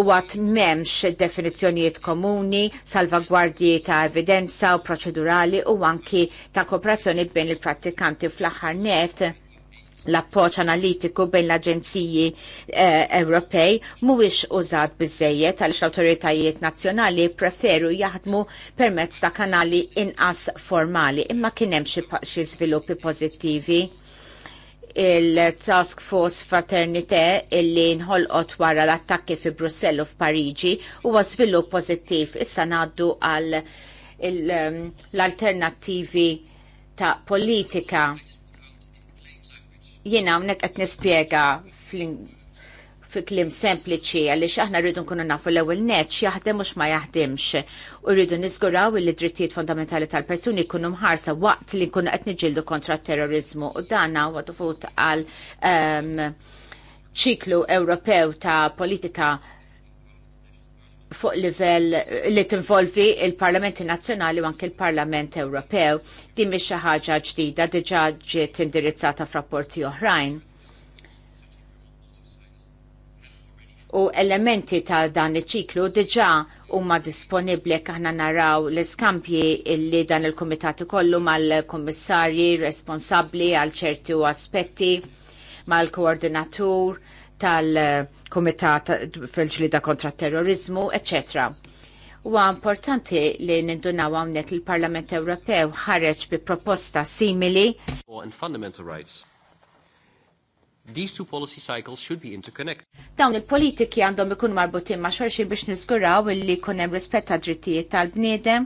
u għat memx definizjonijiet komuni, salvagwardji ta' evidenza u proċedurali u anki ta' kooperazzjoni bejn il-prattikanti fl-aħħar net l-appoċ analitiku bejn l-Aġenziji eh, Ewropej mhuwiex użat biżejjed għaliex l-awtoritajiet nazzjonali preferu jaħdmu permezz ta' kanali inqas formali imma kien hemm xi żviluppi pożittivi il-Task Force Fraternité illi nħolqot wara l-attakki fi Brussellu f'Pariġi huwa żvilupp pożittiv issa ngħaddu għal l-alternattivi ta' politika Jiena hawnhekk qed nispjega fi klim sempliċi għaliex aħna rridu nkunu nafu l-ewwel net jaħdem mhux ma jaħdimx u rridu niżguraw li drittijiet fundamentali tal-persuni jkunu mħarsa waqt li nkunu qed niġildu kontra t terrorizmu u dana huwa dovut għal ehm, ċiklu Ewropew ta' politika fuq livell li tinvolvi il-Parlamenti Nazzjonali u anke il-Parlament Ewropew. Din mhix xi ħaġa ġdida diġà ġiet indirizzata f'rapporti oħrajn. U elementi ta' dan iċ-ċiklu diġà huma disponibbli jekk aħna naraw l-iskampji li dan il-kumitat ikollu mal-kummissarji responsabbli għal ċerti aspetti mal-koordinatur tal-Komitat fil-ġlida kontra terrorizmu, etc. Huwa importanti li nindunaw hawnhekk il-Parlament Ewropew ħareġ bi proposta simili. These two policy cycles should be interconnected. Dawn il-politiki għandhom ikun marbutin ma' xorxin biex niżguraw illi jkun hemm rispett tad drittijiet tal-bniedem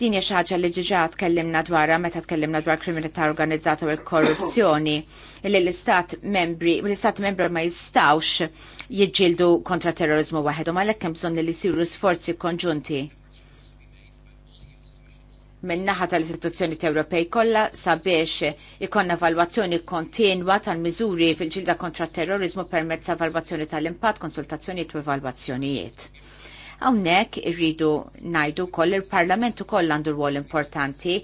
Din hija xi ħaġa li ġiġa tkellimna dwarha meta tkellimna dwar kriminalità organizzata u l-korruzzjoni li l-istat membri, l-istat membri ma jistawx jiġġieldu kontra terrorizmu waħedhom għalhekk hemm bżonn li jsiru sforzi konġunti minn naħa tal-istituzzjoni Ewropej kollha sabiex ikonna valwazzjoni kontinwa tal-miżuri fil-ġilda kontra terrorizmu permezz evalwazzjoni tal-impatt, konsultazzjonijiet u evalwazzjonijiet. Hawnhekk irridu ngħidu koll il-Parlament ukoll għandu rwol importanti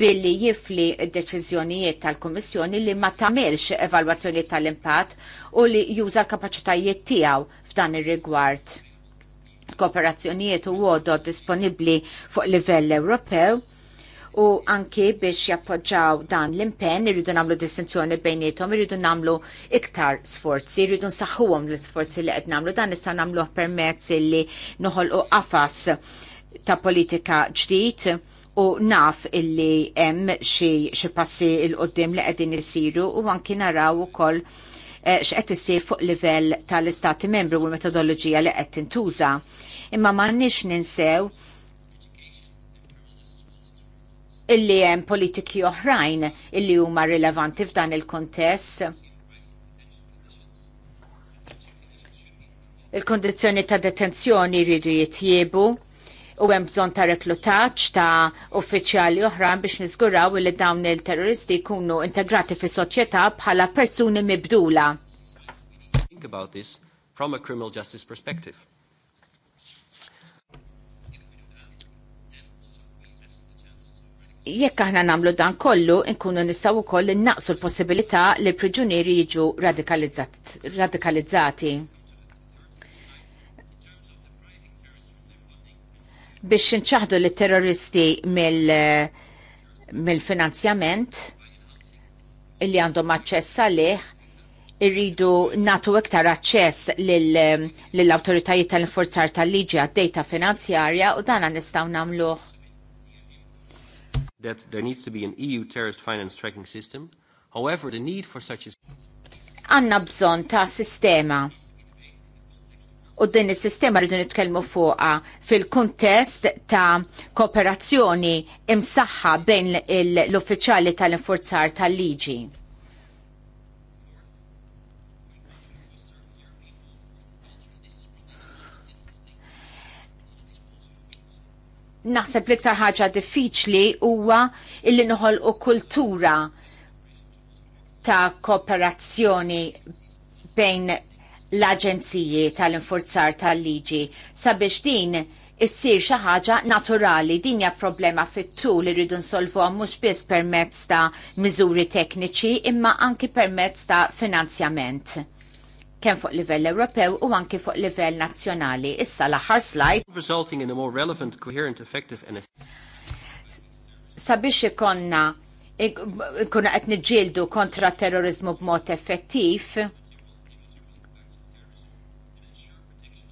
billi jifli deċiżjonijiet tal-Kummissjoni li ma tamilx evalwazzjoni tal-impatt u li juża l kapacitajiet tiegħu f'dan ir-rigward kooperazzjonijiet u għodot disponibli fuq livell Ewropew u anki biex jappoġġaw dan l-impenn irridu nagħmlu distinzjoni bejnietom, irridu nagħmlu iktar sforzi, irridu nsaħħuhom l-sforzi li qed nagħmlu dan nista' namlu permezz li noħolqu qafas ta' politika ġdid u naf illi hemm xi passi il qoddim li qegħdin isiru u anki naraw ukoll eh, x'qed isir fuq livell tal-istati membri u l-metodoloġija li qed tintuża. Imma m'għandniex ninsew illi hemm politiki oħrajn illi huma rilevanti f'dan il-kontest. Il-kondizzjoni ta' detenzjoni jridu jitjiebu u hemm bżonn ta' reklutaġġ ta' uffiċjali oħrajn biex niżguraw li dawn il-terroristi jkunu integrati fis-soċjetà bħala persuni mibdula. Think about this from a criminal justice perspective jekk aħna namlu dan kollu, nkunu nistaw ukoll naqsu l-possibilità li l-priġunieri jiġu radikalizzati. biex nċaħdu li terroristi mill-finanzjament mil illi għandhom aċċess għalih irridu natu iktar aċċess lill-autoritajiet tal-infurzar tal-liġi għad dejta finanzjarja u dana nistaw namluħ that there needs to be an EU terrorist finance tracking system. However, the need for such a Għanna bżon ta' sistema. U din is-sistema rridu nitkellmu fuqha fil-kuntest ta' kooperazzjoni imsaħħa bejn l-uffiċjali tal-infurzar tal-liġi. naħseb liktar ħaġa diffiċli huwa illi noħol u kultura ta' kooperazzjoni bejn l-aġenziji tal-infurzar tal-liġi sabiex din issir xi ħaġa naturali din hija problema fit-tul irridu nsolvuha mhux biss permezz ta' miżuri tekniċi imma anki permezz ta' finanzjament kemm fuq livell Ewropew u anki fuq livell nazzjonali. Issa l-aħħar slide. Sabiex ikonna ikuna qed niġġieldu kontra terrorizmu b'mod effettiv,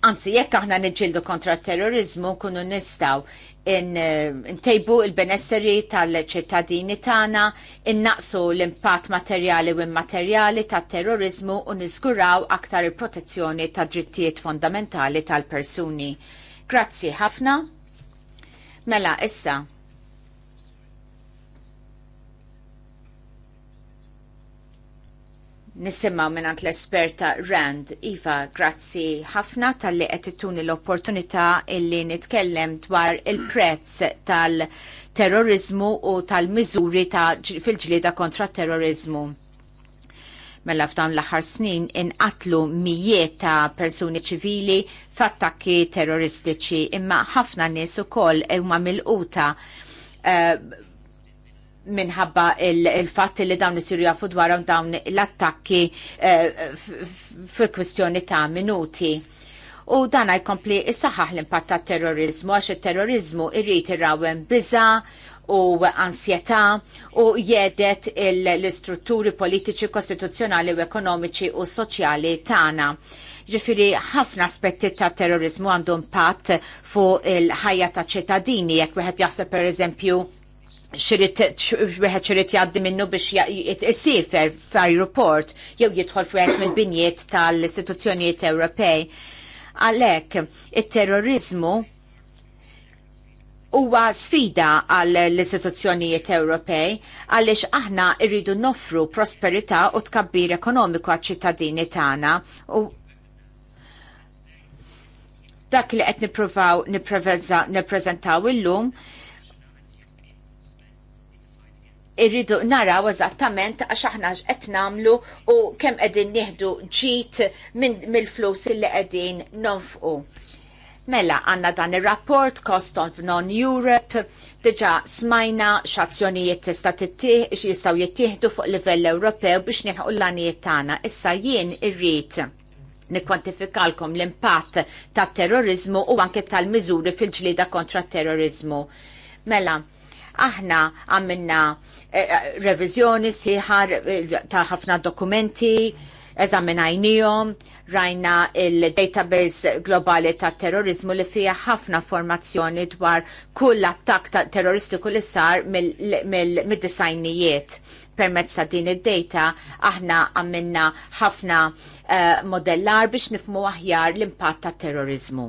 anzi jekk aħna nġildu kontra t terrorizmu kunu nistaw eh, ntejbu il-benesseri tal-ċittadini tagħna, innaqsu l-impatt materjali u immaterjali tat-terrorizmu u niżguraw aktar il-protezzjoni ta' drittijiet fondamentali tal-persuni. Grazzi ħafna. Mela issa nisimgħu minn l-esperta Rand. Iva, grazzi ħafna tal-li qed ittuni l-opportunità illi nitkellem dwar il-prezz tal-terrorizmu u tal-miżuri ta fil-ġlieda kontra terrorizmu mela f'dawn l-aħħar snin inqatlu mijiet ta' persuni ċivili f'attakki terroristiċi imma ħafna nies ukoll huma milquta uh, minħabba il il li dawn isiru jafu dwarhom dawn l-attakki eh, fi kwistjoni ta' minuti. U dan jkompli is-saħaħ l-impatt ta' terrorizmu għax it-terrorizmu irrid irrawen biża u ansjetà u jedet l-istrutturi politiċi, kostituzzjonali u ekonomiċi u soċjali tagħna ġifiri ħafna aspetti ta' terrorizmu għandu impatt fuq il-ħajja ta' ċittadini, jekk wieħed jaħseb per eżempju xirrit, wieħed xirrit jgħaddi minnu biex jisifer f'aeroport jew jidħol f'wieħed mill-binjiet tal-istituzzjonijiet Ewropej. Għalhekk it-terrorizmu huwa sfida għall l-istituzzjonijiet Ewropej għaliex aħna rridu noffru prosperità u tkabbir ekonomiku għal ċittadini tagħna u dak li qed nippruvaw nippreżentaw illum irridu naraw eżattament għax aħna qed nagħmlu u kemm qegħdin nieħdu ġit mill-flus illi qegħdin nonfqu. Mela għanna dan ir-rapport Cost of Non-Europe, diġa smajna x'azzjonijiet tista' jistgħu jittieħdu fuq livell Ewropew biex nieħu l-għanijiet tagħna. Issa jien irrid nikkwantifikalkom l-impatt tat-terrorizmu u anke tal-miżuri fil-ġlieda kontra t terrorizmu. Mela, aħna għamilna Eh, eh, revizjoni sħiħar eh, ta' ħafna dokumenti, eżaminajnijom, rajna il-database globali ta' terrorizmu li fija ħafna formazzjoni dwar kull attak ta' terroristiku li sar mill-disajnijiet. Permezz ta' din id-data aħna għamilna ħafna uh, modellar biex nifmu aħjar l-impatt ta' terrorizmu.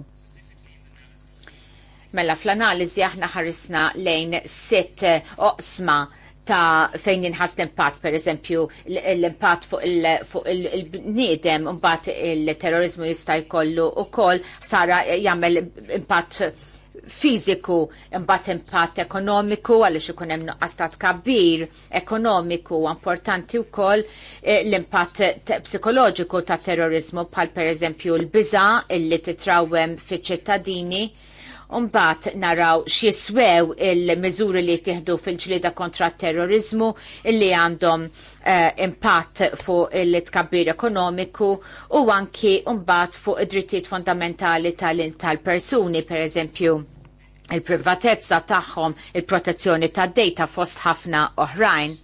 Mela fl-analiżi aħna ħarisna lejn sitt oqsma uh, ta' fejn inħas l-impatt, per eżempju, l-impatt fuq il-bniedem, imbagħad il-terrorizmu jista' jkollu wkoll sara jagħmel impatt fiżiku, imbagħad impatt ekonomiku għaliex ikun hemm nuqqastat kabbir ekonomiku importanti wkoll eh, l-impatt psikoloġiku ta' terrorizmu bħal pereżempju l-biża' illi titrawem fiċ-ċittadini Umbat naraw xieswew il-miżuri li tiħdu fil-ġlieda kontra t terrorizmu illi għandhom uh, impatt fuq il-tkabbir ekonomiku u anki umbat fuq id-drittijiet fondamentali tal-persuni, per eżempju il-privatezza tagħhom, il-protezzjoni tad-dejta fost ħafna oħrajn.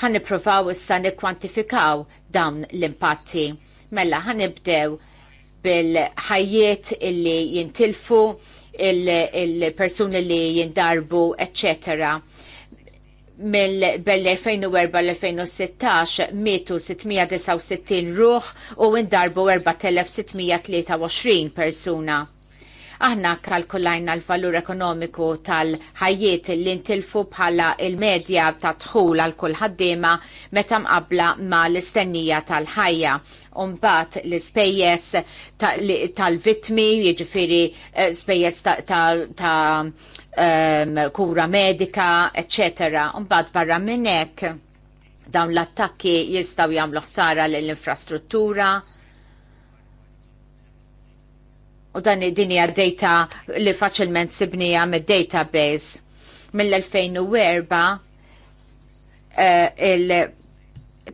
Ħan issa nikkwantifikaw dawn l-impatti. Mella ħanibdew bil-ħajiet illi jintilfu, il-persuni li jindarbu, etc. mill-2004-2016 mietu 669 ruħ u ndarbu 4623 persuna. Aħna kalkulajna l-valur ekonomiku tal-ħajiet li ntilfu bħala il-medja ta' tħul għal kull ħaddiema meta qabla ma' l-istennija tal-ħajja Umbat l-spejjes tal-vitmi, jiġifieri eh, spejjes ta' ehm, kura medika, eccetera. Umbat barra minn hekk dawn l-attakki jistgħu jagħmlu ħsara lill-infrastruttura, u dan id-dini data li faċilment sibnija mid database mill-2004 eh, il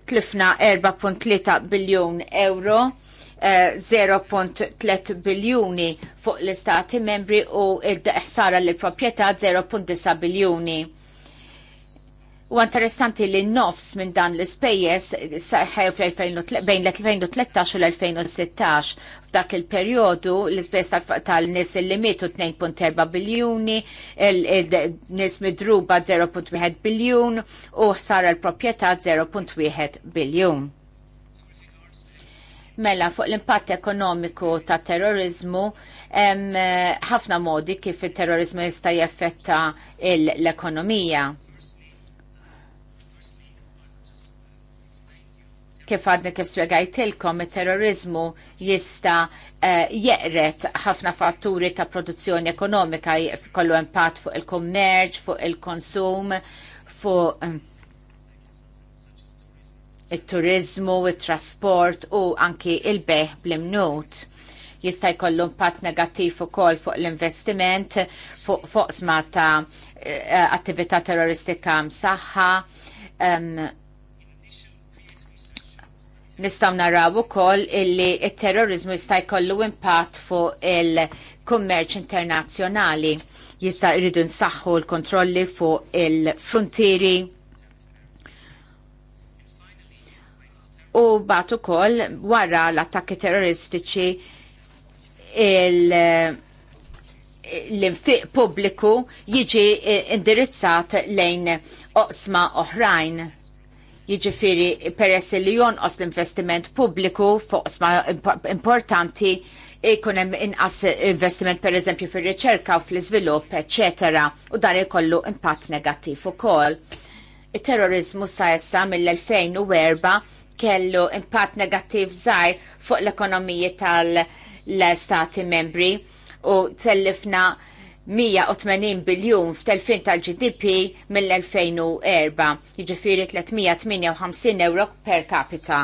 tlifna 4.3 biljun euro. 0.3 eh, biljuni fuq l-istati membri u id-ħsara l-propieta 0.9 biljuni. U interessanti li nofs minn dan l-spejjes saħħew bejn l-2013 u l-2016 f'dak il-perjodu l-ispejjeż tal-nies li mietu 2.4 biljuni, nies midruba 0.1 biljun u ħsara l-proprjetà 0.1 biljun. Mela, fuq l-impatt ekonomiku ta' terrorizmu, eh, ħafna modi kif il-terrorizmu jista' jaffetta l-ekonomija. Kif għadna kif spiegajtilkom, il-terrorizmu jista uh, jeqret ħafna fatturi ta' produzzjoni ekonomika kollu impatt fuq il-kommerċ, fuq il-konsum, fuq um, il-turizmu, il-trasport u anki il-beħ bl-imnut jista' jkollu impatt negattiv ukoll fuq l-investiment fuq foqsma ta' eh, attività terroristika msaħħa um, Nistaw naraw ukoll illi il-terrorizmu jista' jkollu impatt fuq il-kummerċ internazzjonali. Jista' jridu nsaħħu l-kontrolli fuq il-frontieri. U batu ukoll wara l-attakki terroristiċi l-infiq pubbliku jiġi indirizzat lejn oqsma oħrajn. Jiġifieri peress li jonqos l-investiment pubbliku fuq sma importanti ikun hemm inqas investiment pereżempju fir-riċerka u fl-iżvilupp, eċetera, u dan ikollu impatt negattiv ukoll. Il-terrorizmu sa issa mill-2004 kellu impatt negattiv żgħir fuq l-ekonomiji tal-stati membri u tellifna 180 biljun f'telfin tal-GDP mill-2004, jiġifieri 358 euro per capita.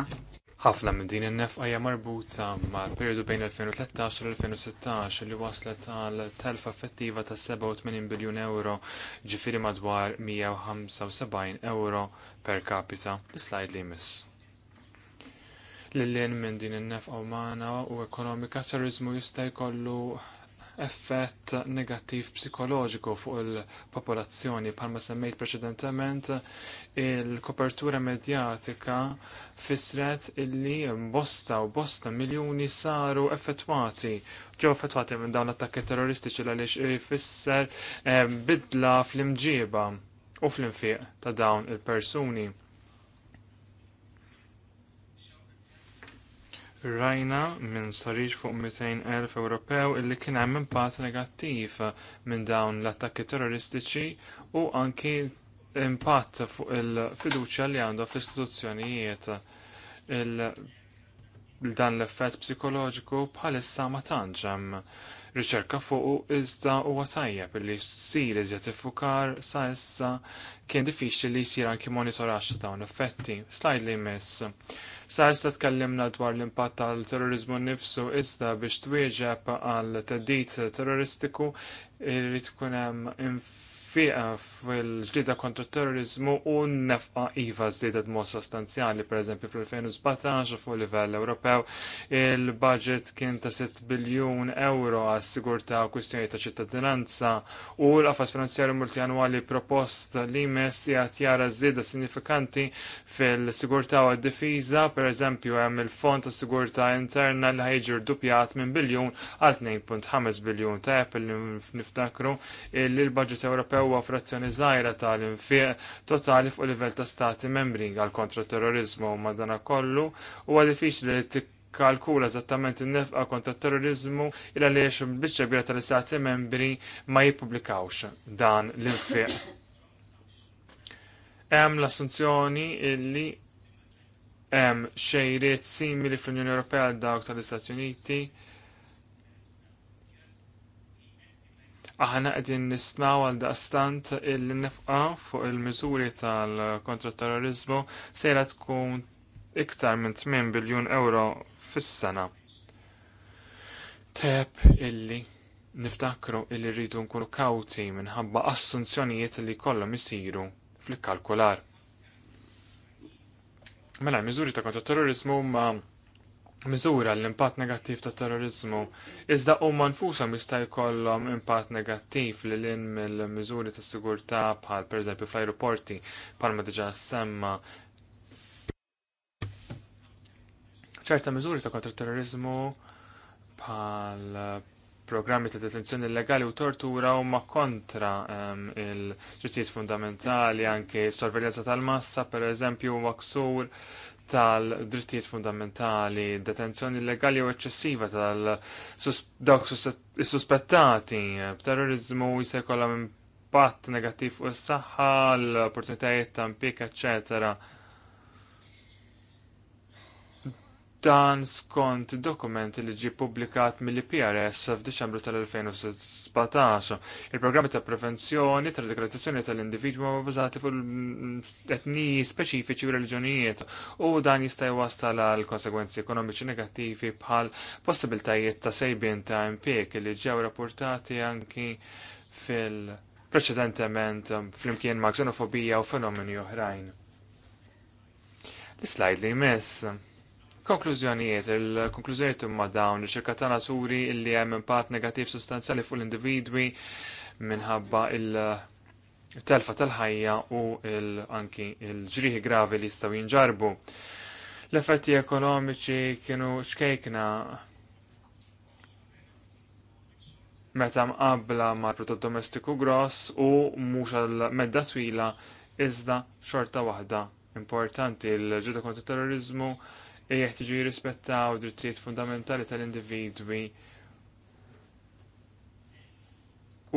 Ħafna minn din in-nefqa hija marbuta mal-perjodu bejn 2013 u 2016 li waslet għal telfa effettiva ta' 87 biljun euro ġifiri madwar 175 euro per capita. Slide li miss l minn din in nefqa umana u ekonomika ċarizmu jista' jkollu effett negattiv psikoloġiku fuq il-popolazzjoni. Palma semmejt preċedentement il-kopertura medjatika fisret illi bosta u bosta miljoni saru effettwati ġew effettwati minn dawn l attakki terroristiċi l għaliex fisser eh, bidla fl-imġiba u fl-infiq ta' dawn il-persuni Rajna minn sarix fuq 200.000 Ewropew illi kien hemm impatt negattiv minn dawn l-attakki terroristiċi u anki impatt fuq il-fiduċja li għandu fl-istituzzjonijiet. Il dan l-effett psikoloġiku bħalissa ma tantx hemm riċerka fuq iżda huwa s-sir jsir iżjed ifukar sa issa kien diffiċli li jsir anki monitorax dawn effetti. Slide li jmiss. Sa issa tkellimna dwar l-impatt tal-terrorizmu nnifsu iżda biex twieġeb għal teddit terroristiku irrit kunem hemm fiqa fil-ġdida kontra terrorizmu u nefqa IVA żdiedet mod sostanzjali, per eżempju fil-2017 fuq livell Ewropew il-budget kien ta' 6 biljun euro għas sigurta u kwistjoni ta' ċittadinanza u l-qafas finanzjarju multianwali propost li mess jgħat jara żieda sinifikanti fil-sigurta u d-difiża, per eżempju hemm il-fond ta' sigurta interna li ħajġur dupjat minn biljun għal 2.5 biljun ta' Apple niftakru li l-budget Ewropew ġewwa frazzjoni żgħira tal-infieq totali fuq livell ta' stati membri għal kontra terrorizmu u madana kollu huwa diffiċli li tikkalkula eżattament in-nefqa kontra terrorizmu li għaliex biċċa kbira tal-istati membri ma jippubblikawx dan l-infieq. Hemm l-assunzjoni illi hemm xejriet simili fl-Unjoni Ewropea dawk tal-Istati Uniti Aħna qegħdin nisnaw għal daqstant il nifqa fuq il-miżuri tal-kontraterrorizmu sejra tkun iktar minn 8 biljun euro fis-sena. Teb illi niftakru illi rridu nkunu kawti minħabba assunzjonijiet li kollhom isiru fl-kalkular. Mela, miżuri ta' kontraterrorizmu ma' miżura l-impatt negattiv ta' terrorizmu, iżda huma nfusa mista' jkollhom impatt negattiv li lin mill-miżuri ta' sigurtà bħal pereżempju fl-ajruporti bħalma diġà semma ċerta miżuri ta' kontra terrorizmu bħal programmi ta' detenzjoni illegali u tortura huma kontra um, ehm, il-ġittijiet fundamentali anke sorveljanza tal-massa, per eżempju, maksur tal-drittijiet fundamentali, detenzjoni illegali u eċċessiva tal-dawk suspettati b'terrorizmu minn impatt negattiv fuq is-saħħa, l-opportunitajiet ta' impjeg, eccetera. dan skont dokument li ġie publikat mill-PRS f'Diċembru tal-2017. Il-programmi ta' prevenzjoni tal degradazzjoni tal-individwu ma' bażati fuq etniji speċifiċi u reliġjonijiet u dan jista' jwassal għal konsegwenzi ekonomiċi negattivi bħal possibiltajiet ta' sejbin ta' impjek li ġew rapportati anki fil- preċedentement flimkien ma' xenofobija u fenomeni oħrajn. L-slajd li jmiss Konklużjonijiet, il-konklużjonijiet imma dawn il-ċirka ta' naturi li hemm impatt negativ sostanzjali fuq l-individwi minħabba il- telfa tal-ħajja u anki il-ġrieħi gravi li jistgħu jinġarbu. L-effetti ekonomiċi kienu xkejkna meta mqabbla ma' prodott domestiku gross u mhux għal medda twila iżda xorta waħda importanti l-ġuda kontra terrorizmu li jeħtiġu jirrispettaw drittijiet fundamentali tal-individwi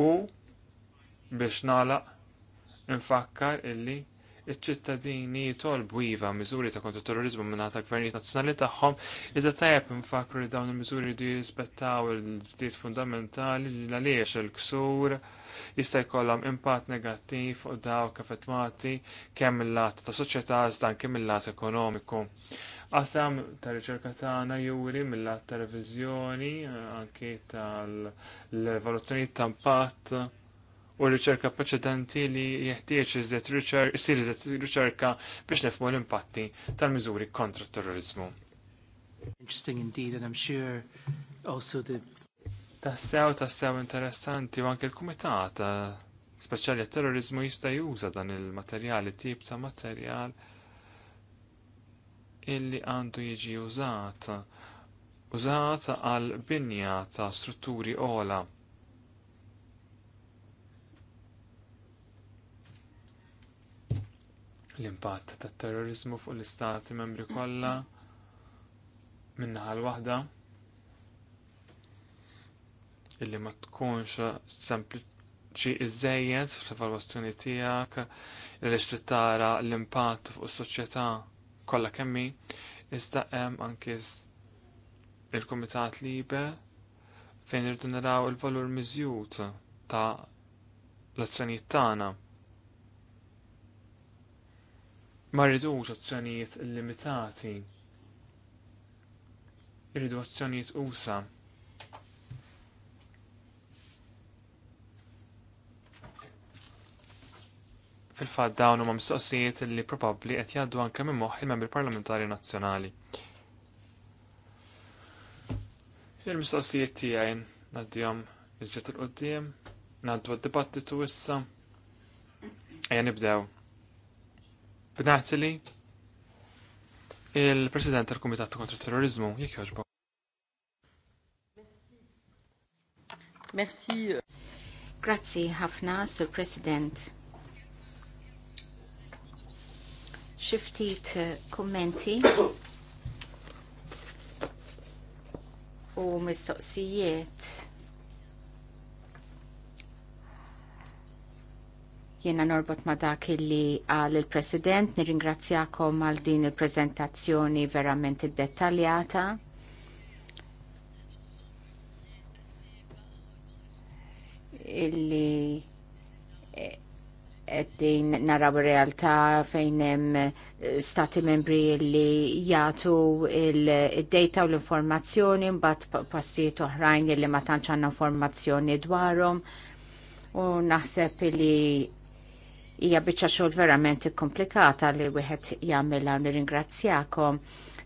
u biex nalaq infakkar illi iċ-ċittadini jitolbu iva miżuri ta' kontra terrorizmu minn ta' gvernijiet nazzjonali tagħhom, iżda tajjeb infakru li dawn il-miżuri jridu jirrispettaw il-drittijiet fundamentali li għaliex il-ksur jista' jkollhom impatt negattiv fuq dawk affettwati kemm il-lat ta' soċjetà iżda anke mill-lat ekonomiku. Qasam ta' riċerka tagħna juri mill-att eh, anke tal-valutazzjoni ta' impatt u riċerka preċedenti li jeħtieġ iżjed isir riċerka biex nefmu l-impatti tal-miżuri kontra t-terrorizmu. Interesting indeed, and I'm sure also the tassew tassew interessanti u anke l-kumitat eh, speċjali terrorizmu jista' juża dan il-materjali tip ta' materjal illi għandu jiġi użat użat għal binja ta' strutturi ola. L-impatt tat terrorizmu fuq l-istati membri kollha minnaħa l-waħda illi ma tkunx sempliċi iżejjed fl-evalwazzjoni tiegħek li tara l-impatt fuq is-soċjetà Kolla kemmi, iżda hemm anke il-Kumitat Libe fejn irdu naraw il-valur miżjud ta' l-azzjonijiet tagħna. Ma rridux azzjonijiet illimitati. Irridu azzjonijiet usa' Fil-fatt dawn huma mistoqsijiet li probabbli qed jgħaddu anke minn moħħ il-membri parlamentari nazzjonali. Il-mistoqsijiet tiegħi ngħaddihom il-ġet il-qoddim, ngħaddu d-dibattitu issa. Ejja nibdew. B'natalie, il-President tal-Kumitat kontra Terrorizmu, jekk jogħġbu. Merci. Grazzi ħafna, Sur President. xi ftit eh, kummenti u mistoqsijiet. Jiena norbot ma dak illi għal il-President, nirringrazzjakom għal din il-prezentazzjoni verament id-dettaljata. Il illi din naraw realtà fejn hemm eh, stati membri li jagħtu il-data u l-informazzjoni mbagħad passijiet oħrajn li ma tantx għandna informazzjoni dwarhom u naħseb li hija biċċa xogħol verament komplikata li wieħed jagħmilha nirringrazzjakom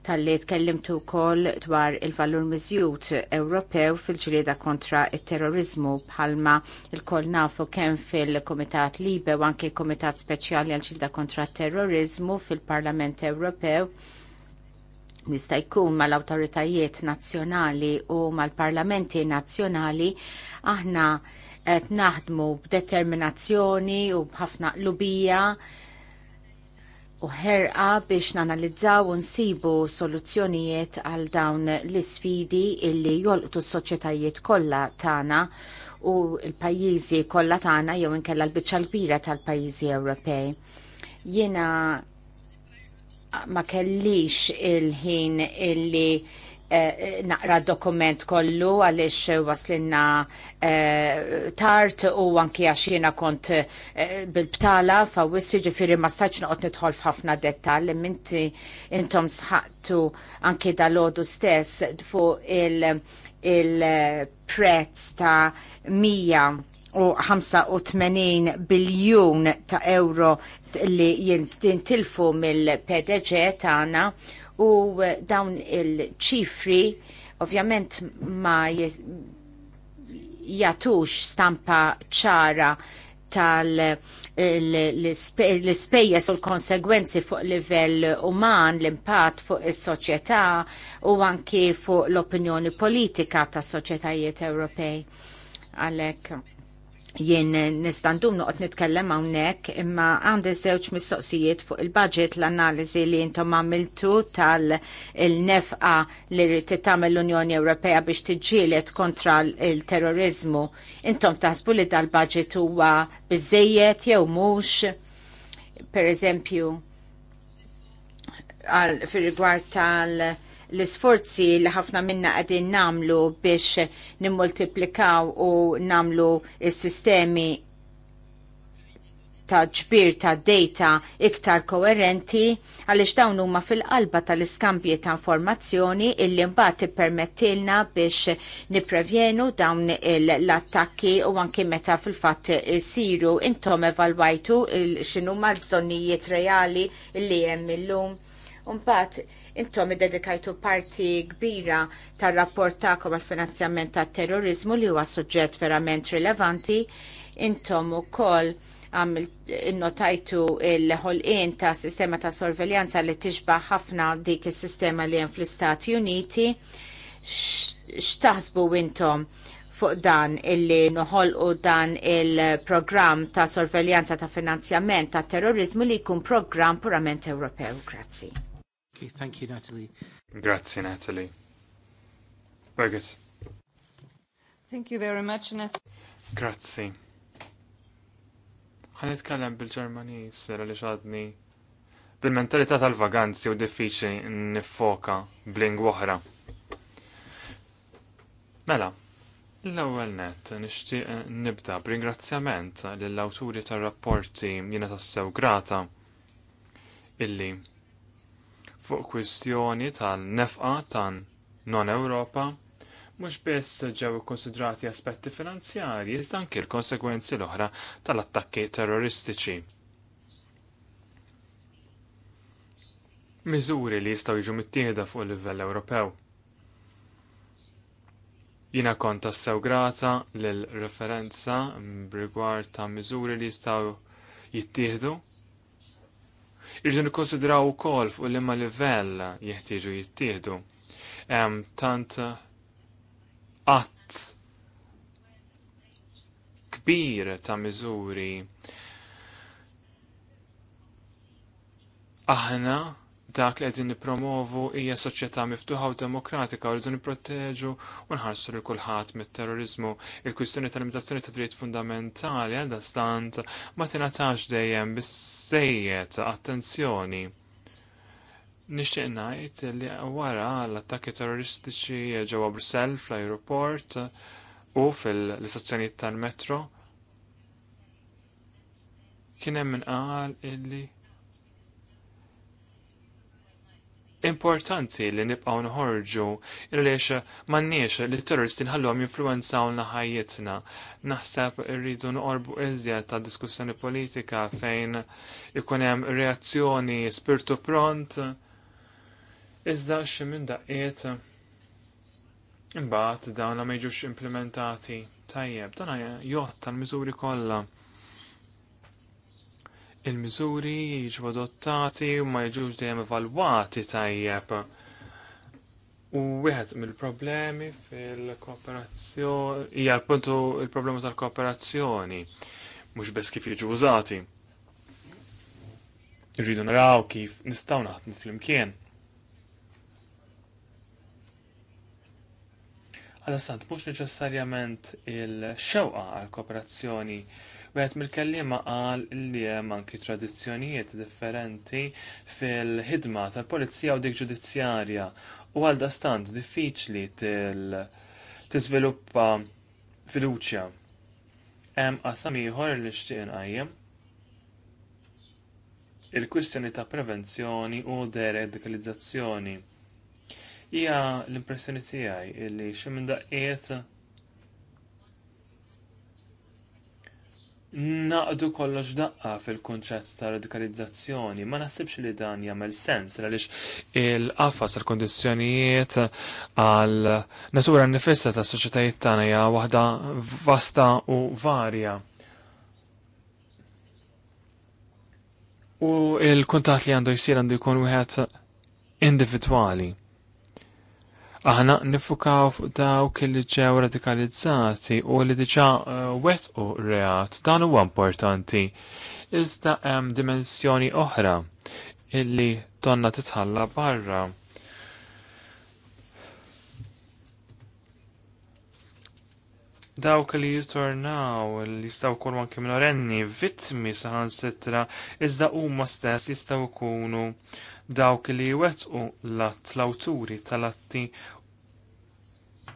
tal-li tkellimtu kol dwar il-valur mizjut Ewropew fil-ġlieda kontra il-terrorizmu bħalma il-kol nafu kem fil-Komitat Libe u anki Komitat Speċjali għal-ġlieda kontra terrorizmu fil-Parlament Ewropew nista' jkun mal-awtoritajiet nazzjonali u mal-parlamenti nazzjonali aħna qed naħdmu b'determinazzjoni u b'ħafna qlubija u ħerqa biex nanalizzaw u nsibu soluzzjonijiet għal dawn l-isfidi illi jolqtu s-soċjetajiet kollha tagħna u l-pajjiżi kollha tagħna jew inkella l-biċċa l-kbira tal-pajjiżi Ewropej. Jiena ma kellix il-ħin illi Eh, naqra dokument kollu għalix waslinna eh, tart u għanki għaxina kont eh, bil-btala fa' wissi ġifiri ma saċ noqot nitħol f'ħafna dettal minti intom sħaqtu għanki dal-ħodu stess fuq il-prezz ta' 100 u 85 biljun ta' euro li jintilfu mill-PDG tagħna u eh, dawn il-ċifri ovvjament ma jatux stampa ċara tal-spejjes eh, u l-konsegwenzi fuq livell uman, l-impatt fuq is-soċjetà u anki fuq l-opinjoni politika tas soċjetajiet Ewropej. Għalhekk jien nistandum noqot nitkellem hawnhekk imma għandi żewġ mistoqsijiet fuq il-budget l-analiżi li intom għamiltu tal-nefqa li rrid tagħmel l-Unjoni Ewropea biex tiġġieled kontra l-terrorizmu. Intom taħsbu li dal-budget huwa biżejjed jew mhux? Per eżempju, fir rigward tal- l isforzi li ħafna minna għadin namlu biex nimmultiplikaw u namlu s-sistemi ta' ġbir ta' data iktar koerenti għaliex dawn huma fil-qalba tal-iskambji ta' informazzjoni illi mbagħad tippermettilna biex nipprevjenu dawn l-attakki u anke meta fil-fatt isiru intom evalwajtu x'inhuma l-bżonnijiet reali illi hemm illum. Mbagħad Intom id-dedikajtu parti kbira tal-rapport tagħkom għall finanzjament tat terrorizmu li huwa suġġett verament rilevanti. Intom ukoll għam innotajtu l-ħolqien ta' sistema ta' sorveljanza li tiġba ħafna dik is-sistema li hemm fl-Istati Uniti. X'taħsbu intom? fuq dan illi noħolqu dan il-programm ta' sorveljanza ta' finanzjament ta' terrorizmu li jkun program purament Ewropew. Grazzi. Okay, thank you, Natalie. Grazie, Natalie. Burgess. Thank you very much, Natalie. Grazie. Għan nitkellem bil s-sera li xadni bil-mentalità tal-vaganzi u diffiċli nifoka bling oħra. Mela, l-ewwel net nixtieq nibda b'ringrazzjament lill-awturi tar-rapporti jina tassew grata illi fuq kwistjoni tal-nefqa tan non-Ewropa mhux biss ġew ikkonsidrati aspetti finanzjarji iżda anke l-konsekwenzi l-oħra tal-attakki terroristiċi. Miżuri li jistgħu jiġu mittieħda fuq livell Ewropew. Jina kont tassew grata l-referenza b'rigward ta' miżuri li jistgħu jittieħdu Irridu nikkonsidraw ukoll fuq l-imma livell jeħtieġu jittieħdu. tant qatt kbir ta' miżuri aħna dak li qegħdin nippromovu hija soċjetà miftuħa u demokratika u rridu nipproteġu u nħarsu lil kulħadd mit-terrorizmu. Il-kwistjoni tal-limitazzjoni ta' dritt fundamentali għal stant ma tingħatax dejjem bissejjed attenzjoni. Nixtieq ngħid li wara l-attakki terroristiċi ġewwa Brussell fl-ajruport u fil-istazzjonijiet tal-metro kien hemm inqal illi importanti li nibqaw nħorġu il-lex mannix li terroristi nħallom jinfluenzaw ħajjitna. Naħseb rridu nqorbu iżjed ta' diskussjoni politika fejn ikun hemm reazzjoni spirtu pront. Iżda xi minn daqqiet imbagħad dawn ma jiġux implementati tajjeb. Dan jgħod tal-miżuri kollha il-miżuri jiġu adottati u ma jiġux dejjem evalwati tajjeb. U wieħed mill-problemi fil-kooperazzjoni hija l-puntu il-problema tal-kooperazzjoni mhux biss kif jiġu użati. Irridu naraw kif nistgħu naħdmu flimkien. Għadastant, mhux neċessarjament il-xewqa għal-kooperazzjoni Wieħed mill kelliema qal li hemm anki tradizzjonijiet differenti fil-ħidma tal-Polizija u dik ġudizzjarja u għal dastant diffiċli tiżviluppa fiduċja. Hemm qasam ieħor li nixtieq inqajjem il-kwistjoni ta' prevenzjoni u deradikalizzazzjoni. Hija l-impressjoni tiegħi li xi minn daqqiet naqdu kollox daqqa fil-kunċett ta' radikalizzazzjoni, ma naħsibx li dan jagħmel sens għaliex il-qafas tal-kondizzjonijiet għal natura nifissa ta' soċjetajiet tagħna hija waħda vasta u varja. U il-kuntat li għandu jsir għandu jkun wieħed individwali. Aħna nifukaw fuq dawk li ġew radikalizzati u li diġà eh, wettqu reat dan huwa importanti. Iżda hemm dimensjoni oħra illi donna titħalla barra. dawk li jistornaw li jistaw kol anke minorenni vittmi saħan sitra iżda huma stess jistaw kunu dawk li jwettqu l l-awturi tal-atti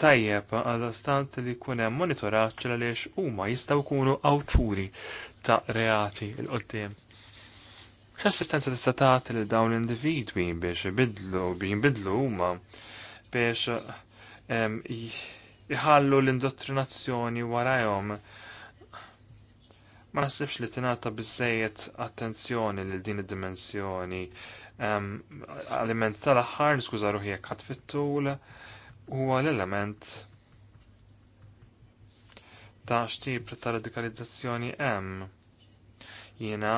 tajjeb għal-stant li kunem monitoraċ għaliex huma jistaw kunu awturi ta' reati l-qoddim. X'assistenza tista' tagħti li dawn l-individwi biex ibidlu jinbidlu huma biex iħallu l-indottrinazzjoni warajom ma nasibx li tingħata biżejjed attenzjoni lil din id-dimensjoni element tal-aħħar niskuża ruħi jekk ħadd fit-tul huwa l-element ta' xtib ta' radikalizzazzjoni hemm. Jiena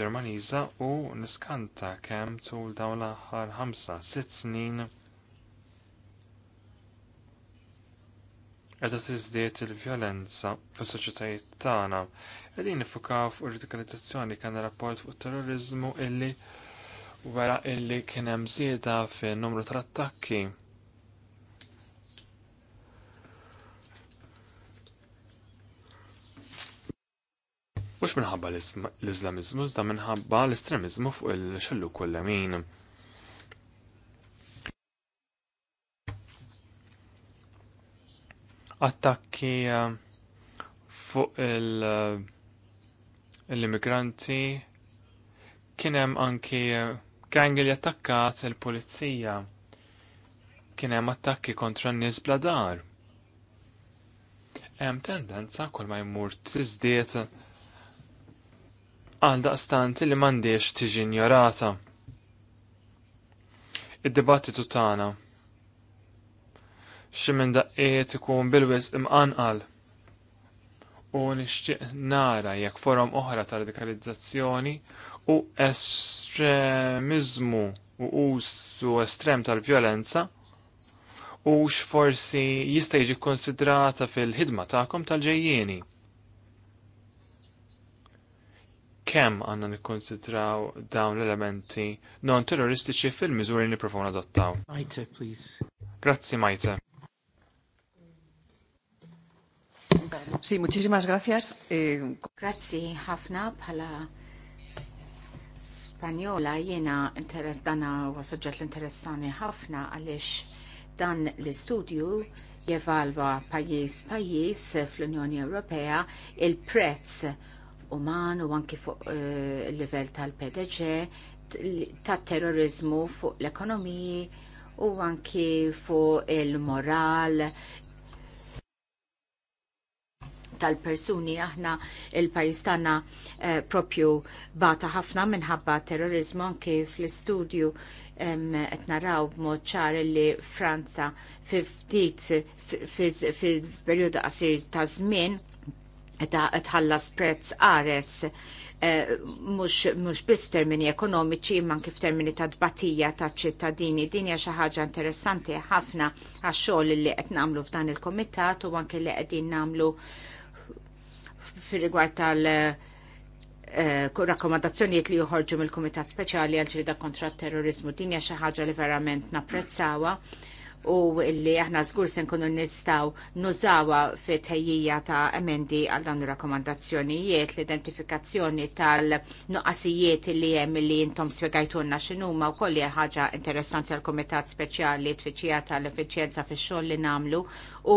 Ġermaniża u niskanta kemm tul dawn l-aħħar 5-6 snin edha tiżdiet il-vjolenza fis soċjetajiet tagħna. Qegħdin nifukaw fuq ir-radikalizzazzjoni kien rapport fuq terrorizmu illi wara illi kien hemm żieda fin-numru tal-attakki. Mhux minħabba l-Iżlamiżmu, iżda minħabba l-estremiżmu fuq il-xellu kollemin. Attakki eh, fuq il-immigranti eh, kien hemm anki eh, kien li attakkat il-pulizija. Kien hemm attakki kontra n-nies bla dar. Hemm tendenza kull ma jmur tiżdiet għal daqstanti li m'għandix tiġi ignorata. Id-dibattitu tagħna xi minn daqqiet ikun bilwis imqanqal u nixtieq nara jekk forom oħra ta' radikalizzazzjoni u estremizmu u usu estrem tal-vjolenza u x'forsi jista' jiġi konsidrata fil-ħidma tagħkom tal-ġejjieni. Kemm għandna nikkonsidraw dawn l-elementi non terroristiċi fil-miżuri li niprofon adottaw. Majte, please. Grazzi, Majte. Sì, muchísimas gracias. Eh... Grazie ħafna bħala Spanjola jiena interess dana huwa suġġett interessani ħafna għaliex dan l-istudju jevalva pajjiż pajjiż fl-Unjoni Ewropea il-prezz uman u anki fuq eh, il-livell tal-PDG tat-terrorizmu fuq l-ekonomiji u anki fuq il-moral, tal-persuni aħna il-pajis tagħna eh, propju bata ħafna minħabba terrorizmu anke fl-istudju qed naraw b'mod ċar li Franza fi ftit fil-perjodu qasir ta' żmien qed tħallas prezz qares eh, mhux biss termini ekonomiċi imma kif termini ta' tbatija ta' ċittadini. Din hija xi ħaġa interessanti ħafna għax-xogħol li qed nagħmlu f'dan il-kumitat u anke li qegħdin nagħmlu fir-rigward tal- eh, rakkomandazzjonijiet li joħorġu mill-Kumitat Speċjali għal ġrida kontra terrorizmu din hija xi ħaġa li verament napprezzawha u li aħna żgur se nkunu nistgħu nużawha fi tejjija ta' emendi għal dawn ir-rakkomandazzjonijiet l-identifikazzjoni tal-nuqqasijiet li hemm li intom spjegajtulna x'inhuma wkoll hija ħaġa interessanti għal kumitat speċjali tfittxija tal-effiċjenza fix-xogħol li nagħmlu u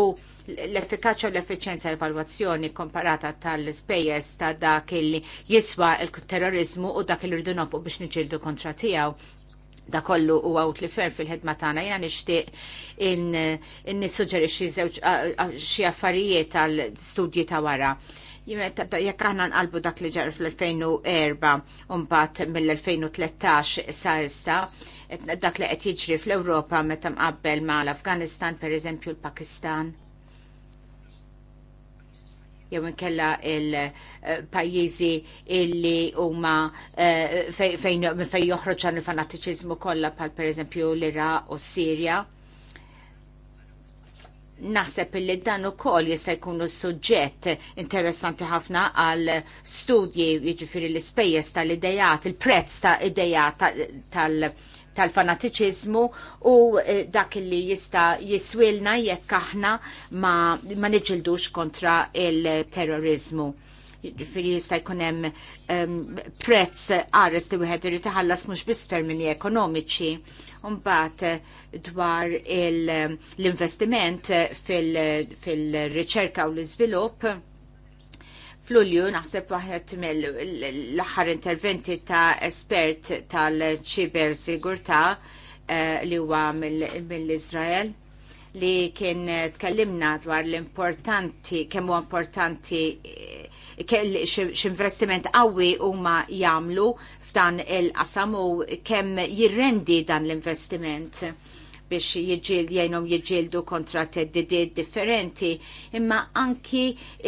l-effikaċja u l-effiċjenza l-evalwazzjoni komparata tal-spejjeż ta' dak li jiswa l-terrorizmu u dak li rridu nofqu biex niġildu kontra tiegħu da kollu u għaw li fil-ħedma tagħna jina nixtieq in-nissuġġerixxi żewġ xi affarijiet għal studji ta' wara. Jekk aħna nqalbu dak li ġar fl-2004 u mbagħad mill-2013 sa issa dak li qed jiġri fl-Ewropa meta mqabbel mal afganistan pereżempju l-Pakistan jew inkella il-pajjiżi eh, illi huma eh, fejn fejn joħroġ il-fanatiċiżmu kollha bħal pereżempju l-Iraq u Sirja. Naħseb illi dan ukoll jista' jkunu suġġett interessanti ħafna għal studji jiġifieri l-ispejjeż tal-idejat, il-prezz ta' idejat tal-, -idejat, tal tal-fanatiċizmu u eh, dak li jista jiswilna jekk aħna ma, ma niġildux kontra il-terrorizmu. Ġifiri jista jkun hemm um, prezz għares li wieħed irid iħallas mhux biss termini ekonomiċi. Mbagħad eh, dwar l-investiment fil-riċerka u l-iżvilupp F'Lulju naħseb waħed mill-aħħar interventi ta' espert tal-ċiber sigurtà eh, li huwa mill-Izrael li kien tkellimna dwar l-importanti, kemm huwa importanti eh, x'investiment qawwi huma jagħmlu f'dan il-qasam u kemm jirrendi dan l-investiment biex jieġil jajnum jġildu kontra teddidiet differenti, imma anki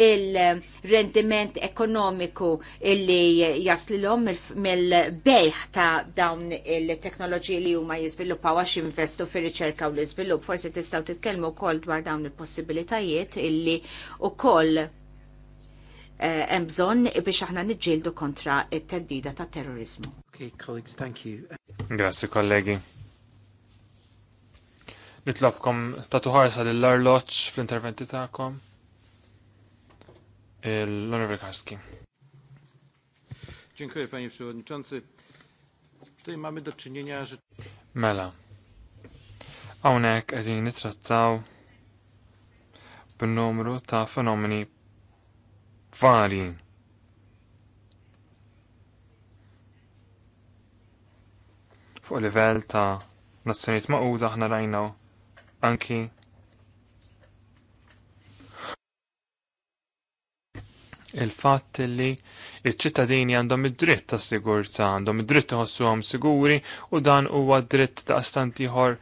il-rendiment ekonomiku illi jaslilom mill-bejħ ta' dawn il-teknoloġi li huma jizviluppaw għax investu fi riċerka u l-izvilupp. Forsi tistaw titkellmu wkoll dwar dawn il-possibilitajiet illi u kol eh, hemm bżonn biex aħna niġġieldu kontra it-teddida ta' terrorizmu. Okay, colleagues, thank you. Grazie, kollegi. Nitlobkom ta' tuħarsa lill-arloċ fl-interventi ta'kom. L-Onorevole Karski. Dziękuję panie przewodniczący. Tutaj mamy do czynienia, że... Mela. Hawnhekk qegħdin nittrattaw b'numru ta' fenomeni vari. Fuq livell ta' nazzjonijiet maquda aħna rajnaw anki il-fatt li il-ċittadini għandhom id-dritt ta' sigurza, għandhom id-dritt iħossuhom siguri u dan huwa dritt ta' stantiħor um,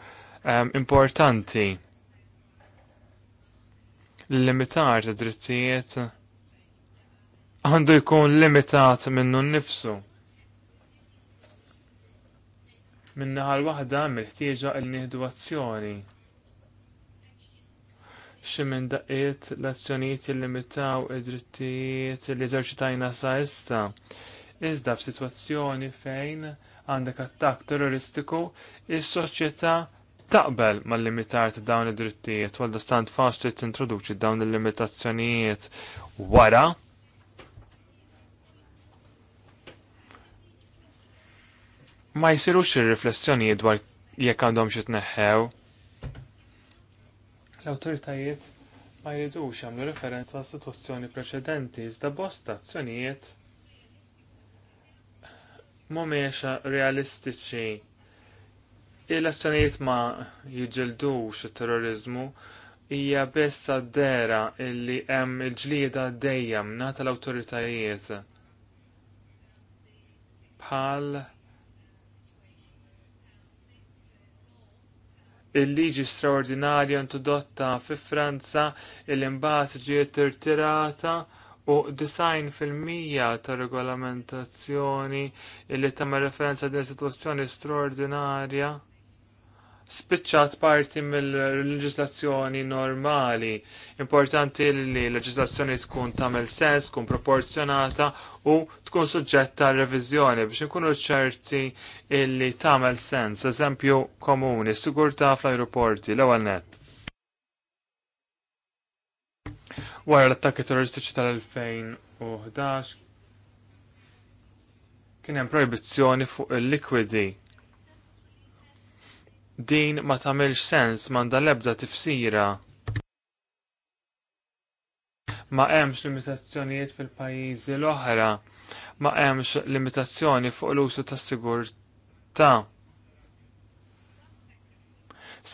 ehm, importanti. L-limitar ta' drittijiet għandu jkun limitat minnu nnifsu. Minnaħal waħda mill-ħtieġa l-nihdu azzjoni xi minn daqqiet l-azzjonijiet jillimitaw id-drittijiet li eżerċitajna sa issa. Iżda f'sitwazzjoni fejn għandek attakk terroristiku, is-soċjetà taqbel mal-limitar ta' dawn id-drittijiet, għal stand li t-introduċi dawn il-limitazzjonijiet wara. Ma jisirux il-riflessjonijiet dwar jekk għandhom xitneħħew, L-autoritajiet ma jridux għamlu referenza għal situazzjoni preċedenti iżda bosta azzjonijiet mhumiex realistiċi. Il-azzjonijiet ma jiġġeldux it-terrorizmu hija biss għaddera illi hemm il-ġlieda dejjem nata l-awtoritajiet bħal il-liġi straordinarja introdotta fi Franza il-imbat ġiet tirtirata u fil-mija ta' regolamentazzjoni li tagħmel referenza din situazzjoni straordinarja spiċċat parti mill-leġislazzjoni normali. Importanti li l-leġislazzjoni tkun tagħmel sens, tkun proporzjonata u tkun suġġetta għal biex inkunu ċerti illi tagħmel sens. Eżempju komuni, sigurtà fl-ajruporti, l-ewwel net. Wara l-attakki terroristiċi tal-2011 kien hemm proibizzjoni fuq il-likwidi din ma tagħmilx sens m'għandha l-ebda tifsira. Ma hemmx limitazzjonijiet fil-pajjiżi l-oħra, ma hemmx limitazzjoni fuq l-usu tas-sigurtà.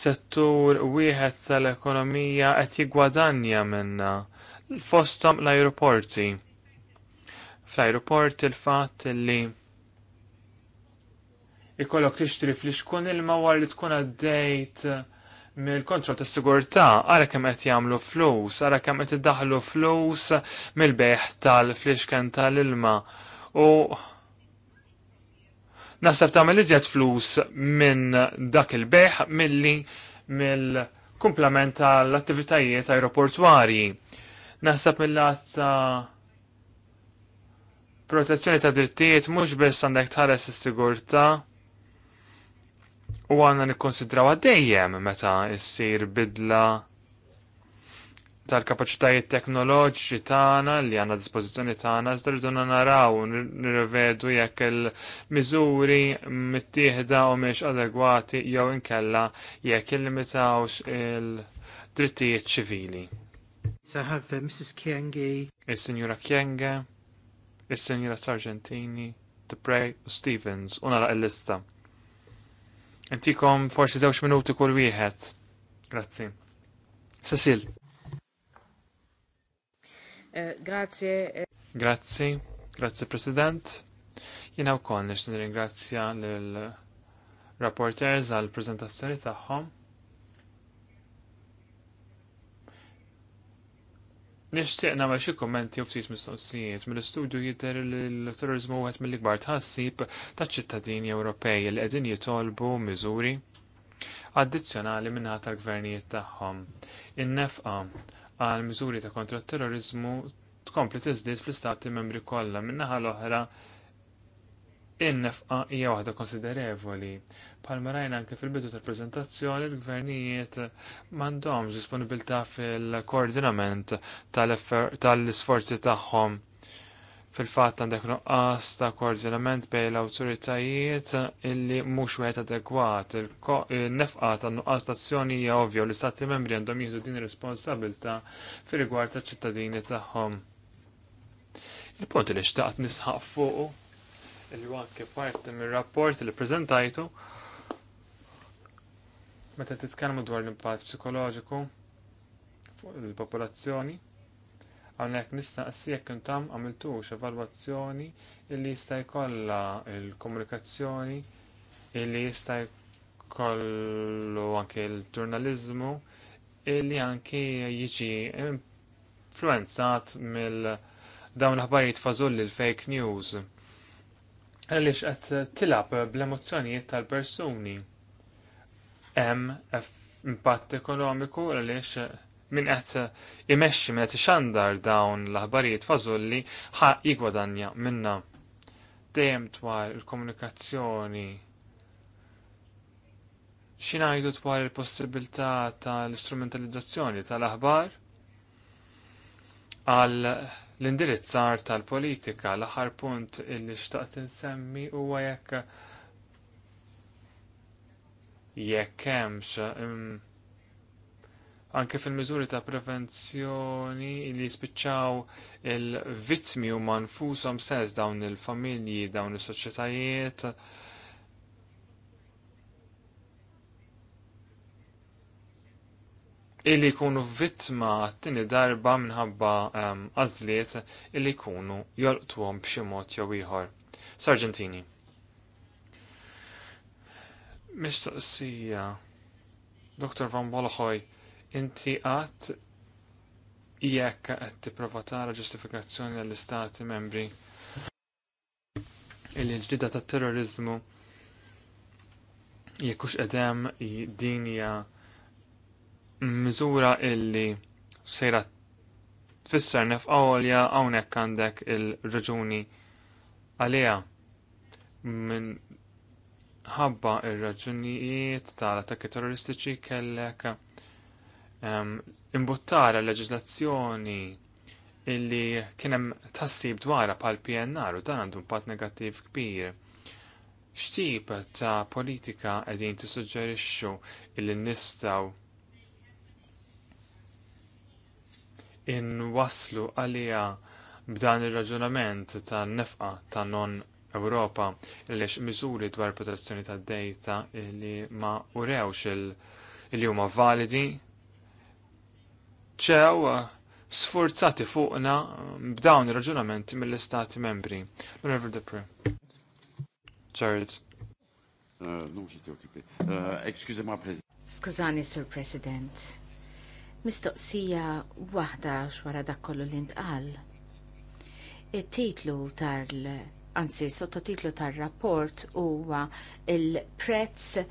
Settur wieħed tal-ekonomija qed jiggwadanja minnha fostom l-ajruporti. Fl-ajruporti l fatt li ikollok tixtri fl-ixkun ilma war li tkun għaddejt mill-kontrol ta' sigurtà għara kem qed jagħmlu flus, għara kemm qed iddaħlu flus mill-beħ tal-flixken tal-ilma. U naħseb tagħmel iżjed flus minn dak il-beħ milli mill-kumplament tal-attivitajiet aeroportwarji. Naħseb mill-lat ta' protezzjoni ta' drittijiet mhux biss għandek tħares is-sigurtà u għanna nikkonsidraw għaddejjem meta jissir bidla tal-kapaċitajiet teknoloġi tagħna li għandna dispożizzjoni tagħna iżda rridu naraw nirvedu jekk il-miżuri mittieħda u mhix adegwati jew inkella jekk illimitawx il-drittijiet ċivili. So have Mrs. Kienge. Is-Sinjura Kienge, is-Sinjura Sargentini, Deprey u Stevens u nara il lista Intikom forsi zewx minuti kull wieħed. Grazzi. Cecil. Uh, grazie. Eh. Grazzi, grazzi President. Jina u koll nix nirringrazzja l-rapporters għal-prezentazzjoni tagħhom. Nishtiq nama xie kommenti u ftit mistoqsijiet mill-istudju jidher li l-terrorizmu wieħed mill-ikbar tħassib ta' ċittadini Ewropej li qegħdin jitolbu miżuri addizzjonali minna tal-gvernijiet tagħhom. In-nefqa għal miżuri ta' kontra t-terrorizmu tkompli tiżdied fl-istati membri kollha minnaħa l-oħra in-nefqa hija waħda konsiderevoli. Palma rajna anke fil-bidu tal-prezentazzjoni l-gvernijiet m'għandhomx disponibilità fil-koordinament tal-isforzi tagħhom fil-fatt għandek nuqqas ta' koordinament bejn l-awtoritajiet illi mhux wieħed adekwat. Il-nefqa ta' nuqqas ta' azzjoni hija ovvju li stati membri għandhom jieħdu din ir-responsabilità fir-rigward taċ-ċittadini tagħhom. Il-punt li xtaqt nisħaq fuq il anke parti mir-rapport li prezentajtu meta titkellmu dwar l-impatt psikoloġiku fuq il-popolazzjoni hawnhekk nistaqsi jekk intam għamiltux evalwazzjoni illi jista' jkollha l-komunikazzjoni illi jista' jkollu anke l-ġurnaliżmu illi anke jiġi influenzat mill dawn l-aħbarijiet fażulli l-fake news għaliex qed tilab bl-emozzjonijiet tal-persuni. Hemm impatt ekonomiku għaliex min qed imexxi minn għat xandar dawn l-aħbarijiet fażulli ħaq jigwadanja minna. Dejjem dwar il-komunikazzjoni xinajdu dwar il-possibilità tal-istrumentalizzazzjoni tal-aħbar għal l-indirizzar tal-politika l-aħħar punt illi xtaqt insemmi huwa jekk hemmx mm, anke fil-miżuri ta' prevenzjoni li jispiċċaw il-vizzmi u manfusom sens dawn il-familji, dawn is soċjetajiet illi jkunu vittma t-tini darba minħabba ehm, għazliet illi jkunu jolqtuhom b'xi mod jew ieħor. Sargentini. Mistoqsija, Dr. Van Bolhoj, inti għat jekk qed tipprova tara ġustifikazzjoni għall-istati membri illi l-ġdida tat-terrorizmu jekkux edem din hija miżura illi sejra tfisser nefqa għolja hawnhekk għandek il-raġuni minn minħabba r raġunijiet tal-attakki terroristiċi kellek imbuttara l-leġiżlazzjoni illi kien hemm tassib dwara pal PNR u dan għandu impatt negattiv kbir. X'tip ta' politika qegħdin tissuġġerixxu illi nistgħu inwaslu għalija b'dan ir-raġunament ta' nefqa ta' non Ewropa lex miżuri dwar protezzjoni ta' dejta li ma urewx il huma validi ċew sforzati fuqna b'dawn ir-raġunamenti mill-Istati membri. L-Univer Depre. Charles. Euh, euh, Skużani, Sur President. Mistoqsija waħda xwara dak kollu li ntqal. It-titlu tal anzi sottotitlu tar-rapport huwa il-prezz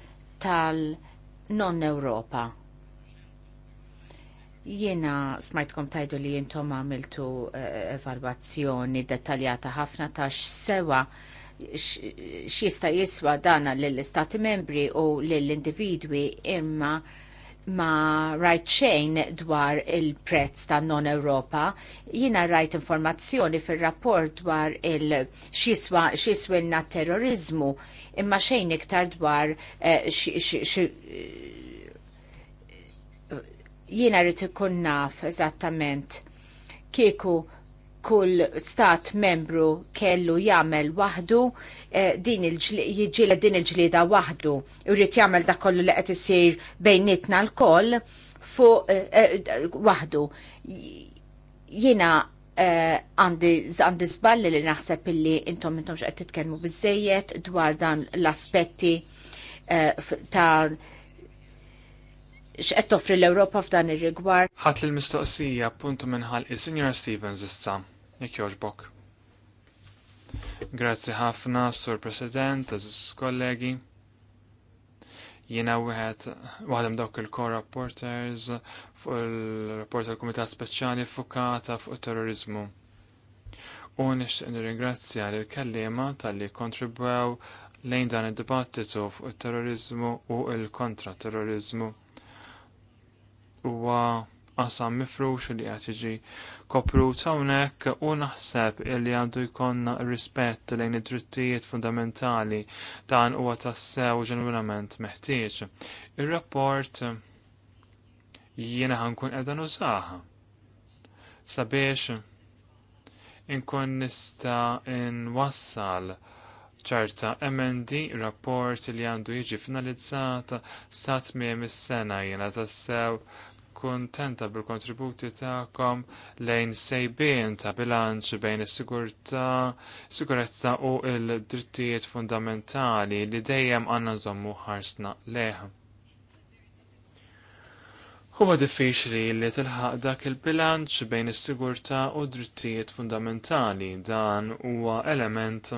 tal-non Ewropa. Jiena smajtkom tajdu li jintom għamiltu eh, evalwazzjoni dettaljata ħafna tax sewa x-jista jiswa dana lill istati membri u lill individwi imma ma rajt xejn dwar il-prezz ta' non-Europa. Jina rajt informazzjoni fil-rapport dwar il-xiswilna terrorizmu, imma xejn iktar dwar eh, jina rrit ikun naf eżattament kieku kull stat membru kellu jagħmel waħdu eh, din jiġġiela din il-ġlieda waħdu. Irrid jagħmel dak kollu li qed isir bejnietna l-koll fuq eh, eh, waħdu. Jiena eh, għandi żballi li naħseb illi intom intom x'qed titkellmu biżejjed dwar dan l-aspetti ta' x'qed toffri l-Ewropa f'dan ir-rigward. Ħadd il-mistoqsija puntu minħal is sinjor Stevens issa, jekk jogħġbok. Grazzi ħafna, Sur President, Aziz kollegi. Jiena wieħed waħdem dawk il core rapporters fuq il-rapport tal-Kumitat Speċjali fukata fuq terrorizmu. U nixtieq nirringrazzja lil kellima tal-li kontribwew lejn dan id-dibattitu fuq it-terrorizmu u l terrorizmu huwa qasam mifrux li qed jiġi koprut hawnhekk u naħseb li għandu jkollna rispett lejn id-drittijiet fundamentali dan huwa tassew ġenwinament meħtieġ. Ir-rapport jiena ħankun qiegħda nużaha sabiex inkun nista inwassal ċerta MND rapport li għandu jiġi finalizzata sa tmiem is-sena jiena tassew kuntenta bil-kontributi tagħkom lejn sejbien ta' bilanċ bejn is-sigurtà, sigurezza u l-drittijiet fundamentali li dejjem għandna nżommu ħarsna leħ. Huwa diffiċli li tilħaq dak il-bilanċ bejn is-sigurtà u drittijiet fundamentali dan huwa element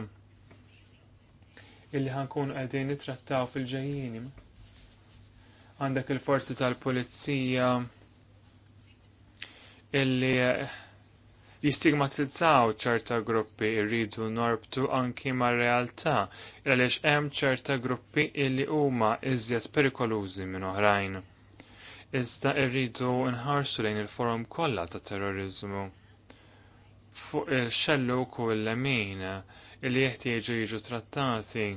illi ħankun qegħdin nittrattaw fil-ġejjieni għandek il-forzi tal-pulizija illi eh, jistigmatizzaw ċerta gruppi irridu norbtu anki ma' realtà għaliex hemm ċerta gruppi illi huma iżjed perikolużi minn oħrajn. Iżda irridu nħarsu lejn il-forum kollha ta' terrorizmu fuq il xellu u l-lemin illi jeħtieġu jiġu trattati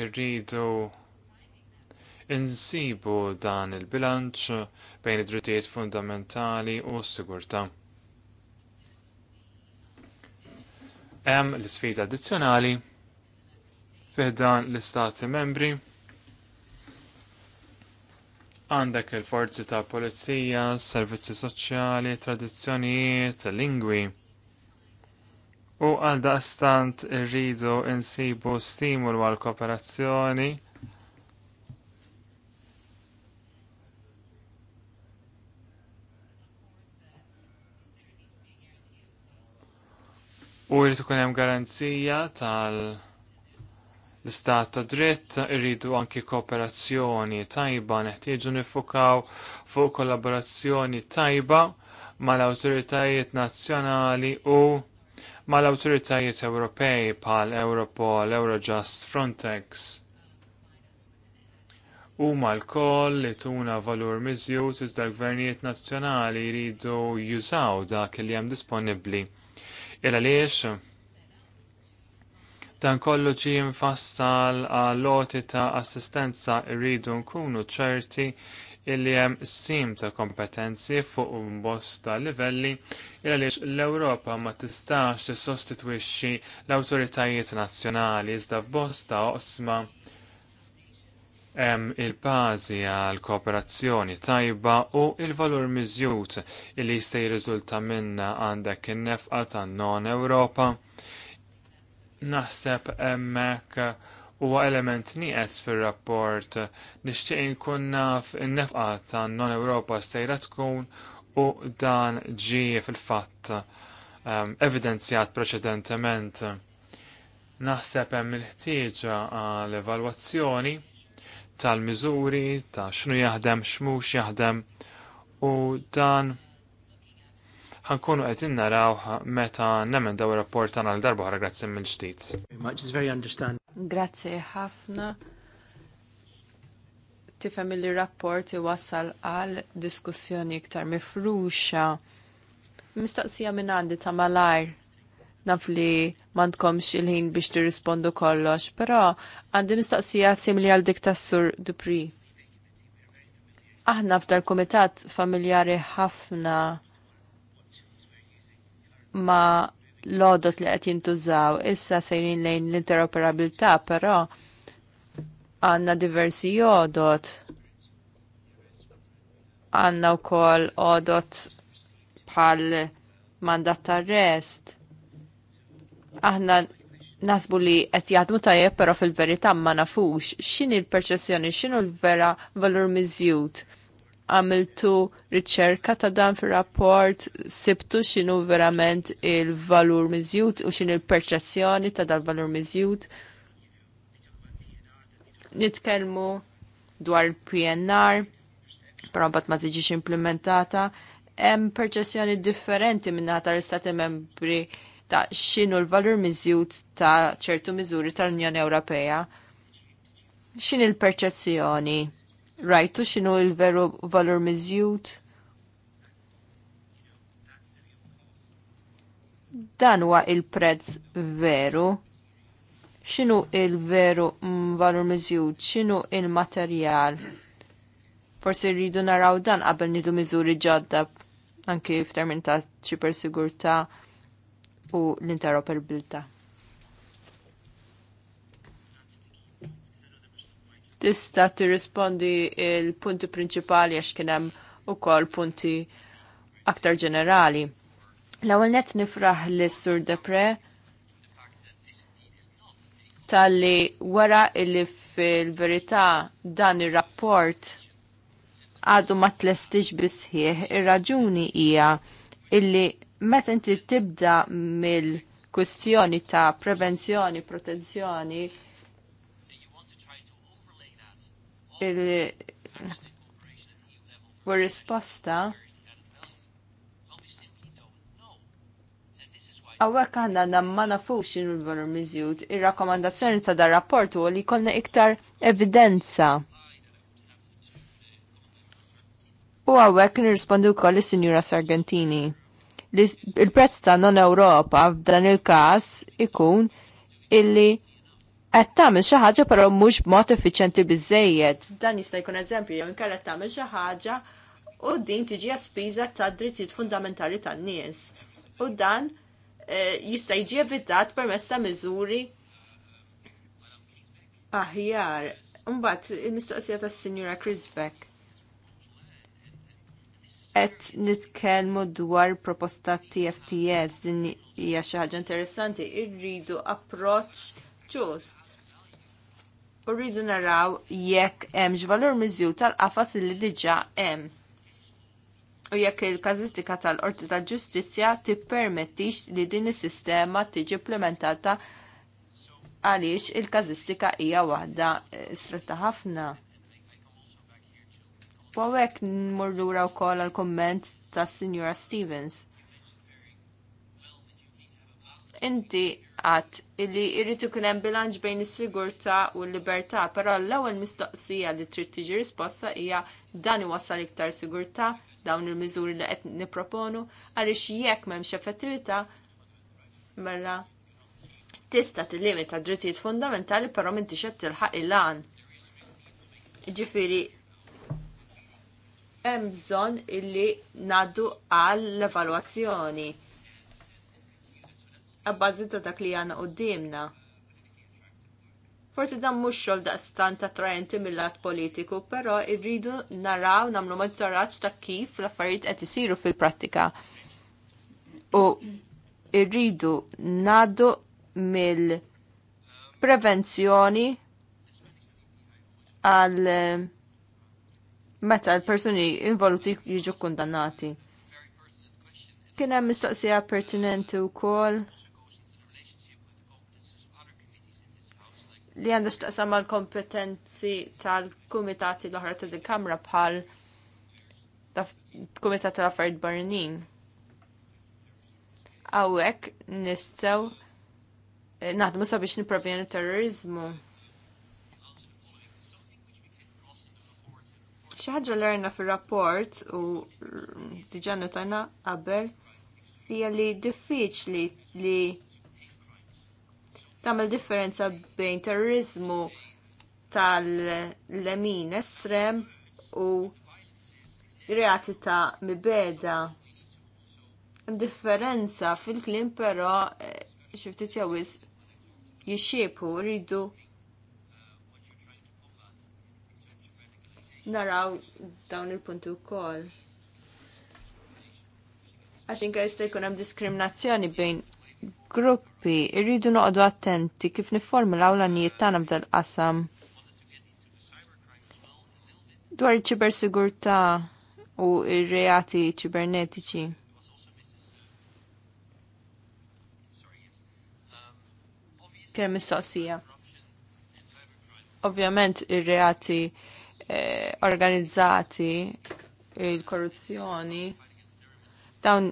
irridu insibu dan il-bilanċ bejn id-drittijiet fundamentali u s-sigurtà. Hemm l-isfida addizzjonali fih dan l-istati membri għandek il-forzi ta' polizija, servizzi soċjali, tradizzjonijiet, lingwi. U għal daqstant irridu insibu stimul għal kooperazzjoni U jrid ikun hemm garanzija tal- l-istat ta' dritt irridu anki kooperazzjoni tajba, neħtieġu nifukaw fuq kollaborazzjoni tajba mal-awtoritajiet nazzjonali u mal-awtoritajiet Ewropej bħal Europol, Eurojust, Frontex. U mal koll li tuna valur mizjut iżda l-gvernijiet nazzjonali jridu jużaw dak li hemm disponibbli il għaliex dan kollu ġi mfassal għal loti ta' assistenza irridu nkunu ċerti illi hemm sim ta' kompetenzi fuq bosta livelli illa għaliex l-Ewropa ma tistax tissostitwixxi l-awtoritajiet nazzjonali iżda f'bosta oqsma' hemm il-bażi għal kooperazzjoni tajba u il-valur miżjud li jista' jirriżulta minna għandek in-nefqa tan non Ewropa. Naħseb hemmhekk huwa element nieqes fir-rapport nixtieq inkun naf in-nefqa tan non Ewropa stejra tkun u dan ġie fil-fatt ehm, evidenzjat preċedentement. Naħseb hemm il-ħtieġa għal evalwazzjoni tal-miżuri, ta' xnu jaħdem, x'mhux jaħdem u dan ħankunu qed naraw meta nemmen daw ir-rapport tagħna l darba ħara grazzi mill-ġdid. Grazzi ħafna tifhem li rapport iwassal għal diskussjoni iktar mifruxa. Mistoqsija minn għandi ta' malajr naf li mandkomx il-ħin biex tirrispondu kollox, però għandi mistoqsija simili għal dik tas-sur Dupri. Aħna f'dal kumitat familjari ħafna ma l-odot li qed jintużaw issa sejrin lejn l-interoperabilità, però għanna diversi odot. Għanna wkoll odot bħal mandat arrest aħna nasbu li qed jaħdmu tajjeb però fil-verità ma nafux x'inhi l-perċezzjoni, x'inhu l-vera valur miżjud. Għamiltu riċerka ta' dan fir-rapport, sibtu x'inhu verament il-valur miżjud u x'inhi l-perċezzjoni ta' dan valur miżjud. Nitkellmu dwar il-PNR, però mbagħad ma tiġix implementata, hemm perċezzjoni differenti minn tal-Istati membri ta' xinu l-valur miżjud ta' ċertu miżuri tal-Unjoni Ewropea. Xin il-perċezzjoni? Rajtu xinu il-veru valur miżjud? Dan huwa il-prezz veru. Xinu il-veru valur miżjud? Xinu il-materjal? Forsi rridu naraw dan qabel nidu miżuri ġodda anki f'termin ta' ċipersigurta' u l-interoperabilità. Tista' tirrispondi il-punti prinċipali għax kien hemm ukoll punti aktar ġenerali. L-ewwel net nifraħ li Sur Depre tal-li wara illi fil-verità dan ir-rapport għadu ma tlestix bisħieħ ir-raġuni hija illi meta inti tibda mill-kwestjoni ta' prevenzjoni, protezzjoni, il risposta Għawek għanna na ma nafux il-valur mizjut, il-rakkomandazzjoni ta' dar rapport u li konna iktar evidenza. U għawek nirrispondu koll is sinjura Sargentini il-prezz ta' non-Europa f'dan il-kas ikun illi qed tagħmel xi ħaġa però mhux b'mod effiċjenti biżejjed. Dan jista' jkun eżempju jew inkella qed tagħmel xi ħaġa u din tiġi spiża ta' drittijiet fundamentali tan-nies. U dan eh, jista' jiġi evitat permezz ta' miżuri aħjar. Mbagħad il-mistoqsija tas-Sinjura Crisbeck qed nitkellmu dwar proposta TFTS din hija xi ħaġa interessanti, irridu approċċ ġust. U rridu naraw jekk hemm valur miżju tal-qafas li diġà hemm. U jekk il-każistika tal-Qorti tal-Ġustizzja tippermettix li din is-sistema tiġi implementata għaliex il-każistika hija waħda eh, stretta ħafna. U n nmurlura u koll għal-komment ta' Signora Stevens. Inti għat illi irritu kunem bilanċ bejn is-sigurta u l-libertà, però l-ewwel mistoqsija li trid tiġi risposta hija dan iwassal iktar sigurtà dawn il-miżuri li qed nipproponu għaliex jekk m'hemmx effettività mela tista' tillimita drittijiet fundamentali però m'intix qed tilħaq il-għan. Ġifieri hemm bżonn illi ngħaddu għall evalwazzjoni Abbażi ta' dak li għandna qudiemna. Forsi dan mhux xogħol daqstant trajenti mill-lat politiku, però rridu naraw nagħmlu monitoraġġ ta' kif l-affarijiet qed isiru fil-prattika. U rridu ngħaddu mill-prevenzjoni għal meta l-persuni involuti jiġu kundannati. Kien hemm mistoqsija pertinenti wkoll li għandha x'taqsam mal-kompetenzi tal-kumitati l-oħra ta' din kamra bħal kumitat tal-affarijiet barranin. Hawnhekk nistgħu eh, naħdmu sabiex nipprovjenu terrorizmu. terrorizmu Xi ħaġa l-erna fir-rapport u diġà notajna qabel hija li diffiċli li tagħmel differenza bejn terrorizmu tal-lemin estrem u reati ta' mibeda. Differenza fil-klim però eh, ftit jawis jixxiepu rridu naraw dawn il puntu wkoll. Għaxin inka jista' jkun hemm diskriminazzjoni bejn gruppi irridu noqogħdu attenti kif niformulaw l-għanijiet tagħna b'dal qasam dwar ċibersigurtà u ir-reati ċibernetiċi. kemm mistoqsija. Ovvjament ir-reati eh, organizzati, il-korruzzjoni, dawn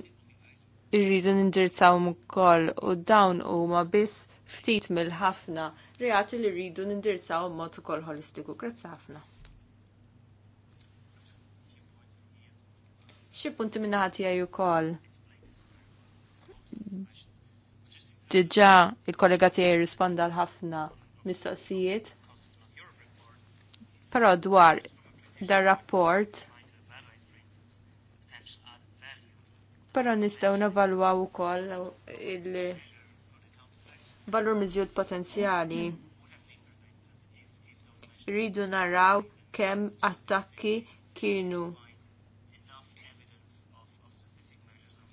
irridu nindirizzaw ukoll u dawn huma biss ftit mill-ħafna reati li rridu nindirizzaw mod ukoll holistiku. Grazzi ħafna. Xi punti minn ħati ukoll. Diġà il-kollega tiegħi risponda l-ħafna mistoqsijiet Però dwar dar rapport Però nistgħu navalwaw ukoll il-valur miżjud potenzjali. Ridu naraw kemm attakki kienu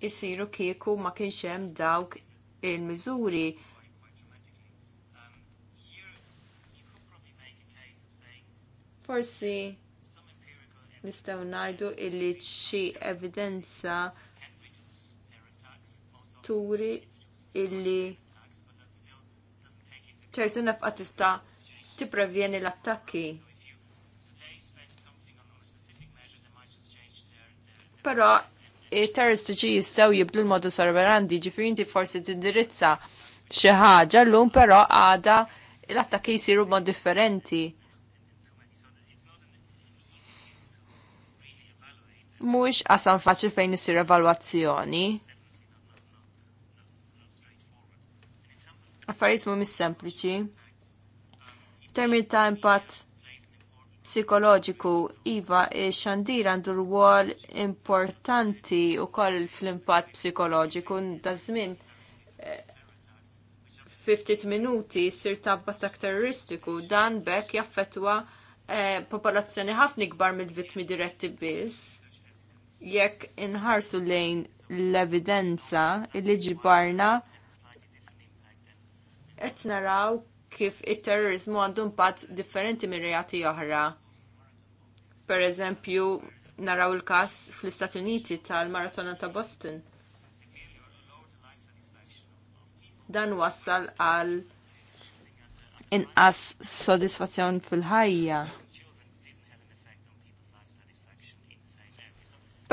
isiru kieku ma kienx hemm dawk il-miżuri Forsi nistgħu ngħidu illi xi evidenza turi illi ċertu nefqa tista' tipprevjeni l-attakki. Però il-terroristiċi jistgħu jibdlu l-modus operandi, ġifieri inti forsi tindirizza xi ħaġa llum però għada l-attakki jsiru mod differenti. mhuwiex qasam faċli fejn isir evalwazzjoni. Affarijiet mhumiex sempliċi. F'termini ta' impatt psikoloġiku, iva, xandir għandu rwol importanti u koll fl-impatt psikoloġiku, da' zmin 50 minuti sir tabba tak terroristiku, dan bekk jaffetwa eh, popolazzjoni ħafna kbar mill-vitmi diretti biss jekk inħarsu lejn l-evidenza li ġibarna qed naraw kif it-terrorizmu għandu impatt differenti minn reati oħra. Per eżempju, naraw il-kas fl-Istati Uniti tal-Maratona ta' Boston. Dan wassal għal inqas sodisfazzjon fil-ħajja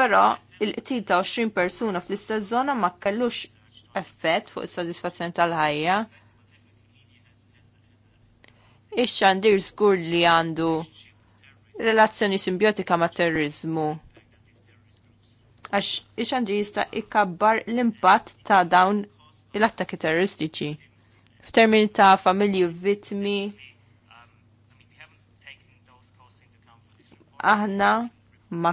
però il-qtil ta' 20 persuna fl-istess zona ma kellux effett fuq is-sodisfazzjoni tal-ħajja. Ix-xandir żgur li għandu relazzjoni simbiotika ma' terrorizmu. Għax ix-xandir jista' ikkabbar l-impatt ta' dawn l-attakki terroristiċi. F'termini ta' familji vittmi, aħna ma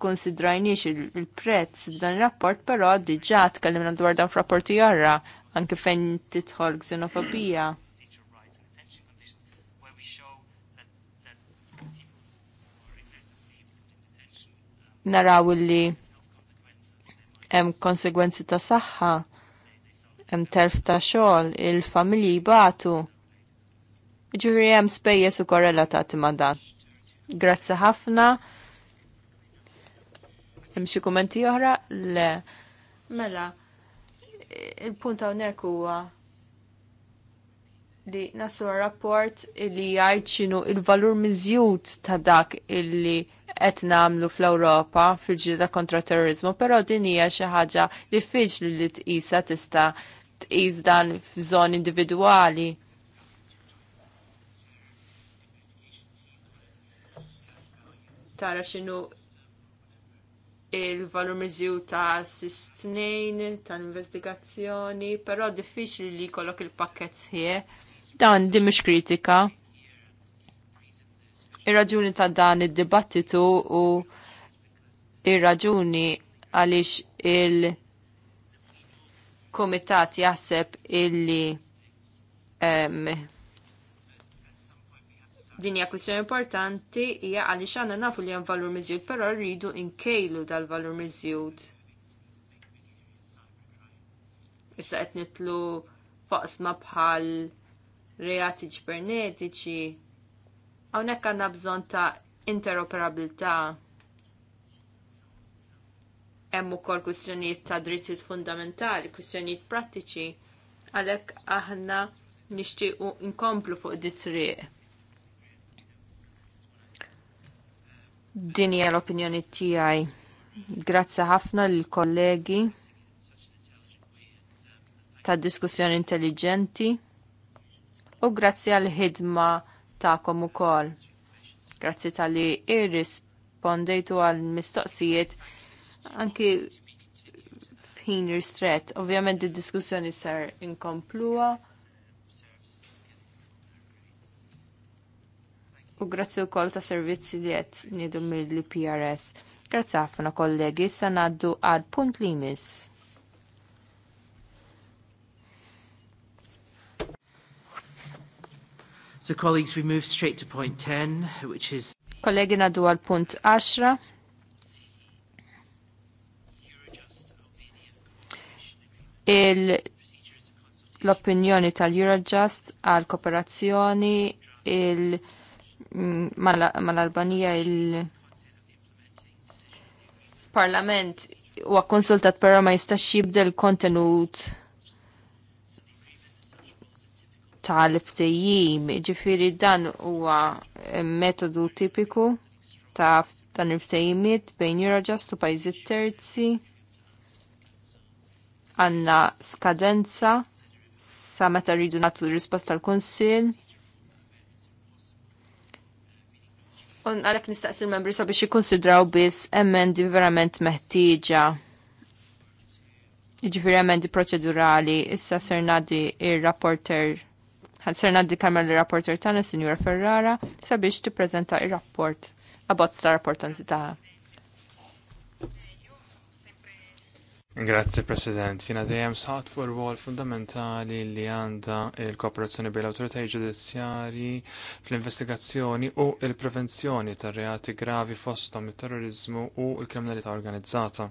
konsidrajniex il-prezz f'dan ir-rapport, però diġà tkellimna dwar dan f'rapporti oħra anke fejn titħol xenofobija. Naraw li hemm konsegwenzi ta' saħħa, hemm terf ta' xogħol, il-familji jibatu. Ġifieri hemm spejjeż ukoll relatati ma' dan. Grazzi ħafna. Hemm xi kumenti oħra? Le. Mela, il-punt hawnhekk huwa li naslu rapport li jgħid x'inhu il-valur miżjud ta' dak illi qed nagħmlu fl-Ewropa fil-ġilda kontra terrorizmu, però din hija xi ħaġa li fiġli li tqisha tista' tqis dan f'żon individwali. tara xinu il-valur mizzju ta' sistnejn, tal-investigazzjoni, però diffiċli li kollok il-pakket sħie. Dan di mish kritika. Ir-raġuni ta' dan id-dibattitu u ir-raġuni għaliex il-komitat jaħseb illi um, Din hija kwistjoni importanti hija għaliex għandna nafu li hemm valur miżjud, però rridu nkejlu dal-valur miżjud. Issa qed nitlu faqsma bħal reati ġibernetiċi. Hawnhekk għandna bżonn ta' interoperabilità. Hemm ukoll kwistjonijiet ta' drittijiet fundamentali, kwistjonijiet prattiċi, għalhekk aħna nixtiequ nkomplu fuq dit-triq Din hija l-opinjoni tiegħi. Grazzi ħafna lill kollegi ta' diskussjoni intelligenti u grazzi għal ħidma ta'kom ukoll. Grazzi tal-li irrispondejtu għal mistoqsijiet anki f'ħin ristret. Ovvjament id-diskussjoni sar inkompluwa. u grazzi wkoll ta' servizzi li qed nidu mill-PRS. Grazzi ħafna kollegi, sanaddu ngħaddu punt li So colleagues, we move straight to point 10, which is... Kollegi nadu għal punt 10. Il l-opinjoni tal-Eurojust għal kooperazzjoni il- mal-Albanija il-Parlament huwa konsultat però ma jistax jibdel kontenut tal-ftejjim, ġifiri dan huwa metodu tipiku ta' dan il-ftejjimiet bejn jiraġastu u terzi għanna skadenza sa meta rridu nagħtu risposta tal-Kunsill Un għalek nistaqsi l-membri sabiex jikonsidraw biss emendi verament meħtieġa. Iġifiri emendi proċedurali, issa sernadi il-rapporter, għal sernadi kamer l rapporter tana, Signora Ferrara, sabiex prezenta il-rapport, abbozz ta' rapportanzi ta' Grazzi President, jina dejjem saħat fuq ir-rwol fundamentali li għandha il-kooperazzjoni bil autorità ġudizzjarji fl-investigazzjoni u il-prevenzjoni tar reati gravi fosthom it-terrorizmu u l-kriminalità organizzata.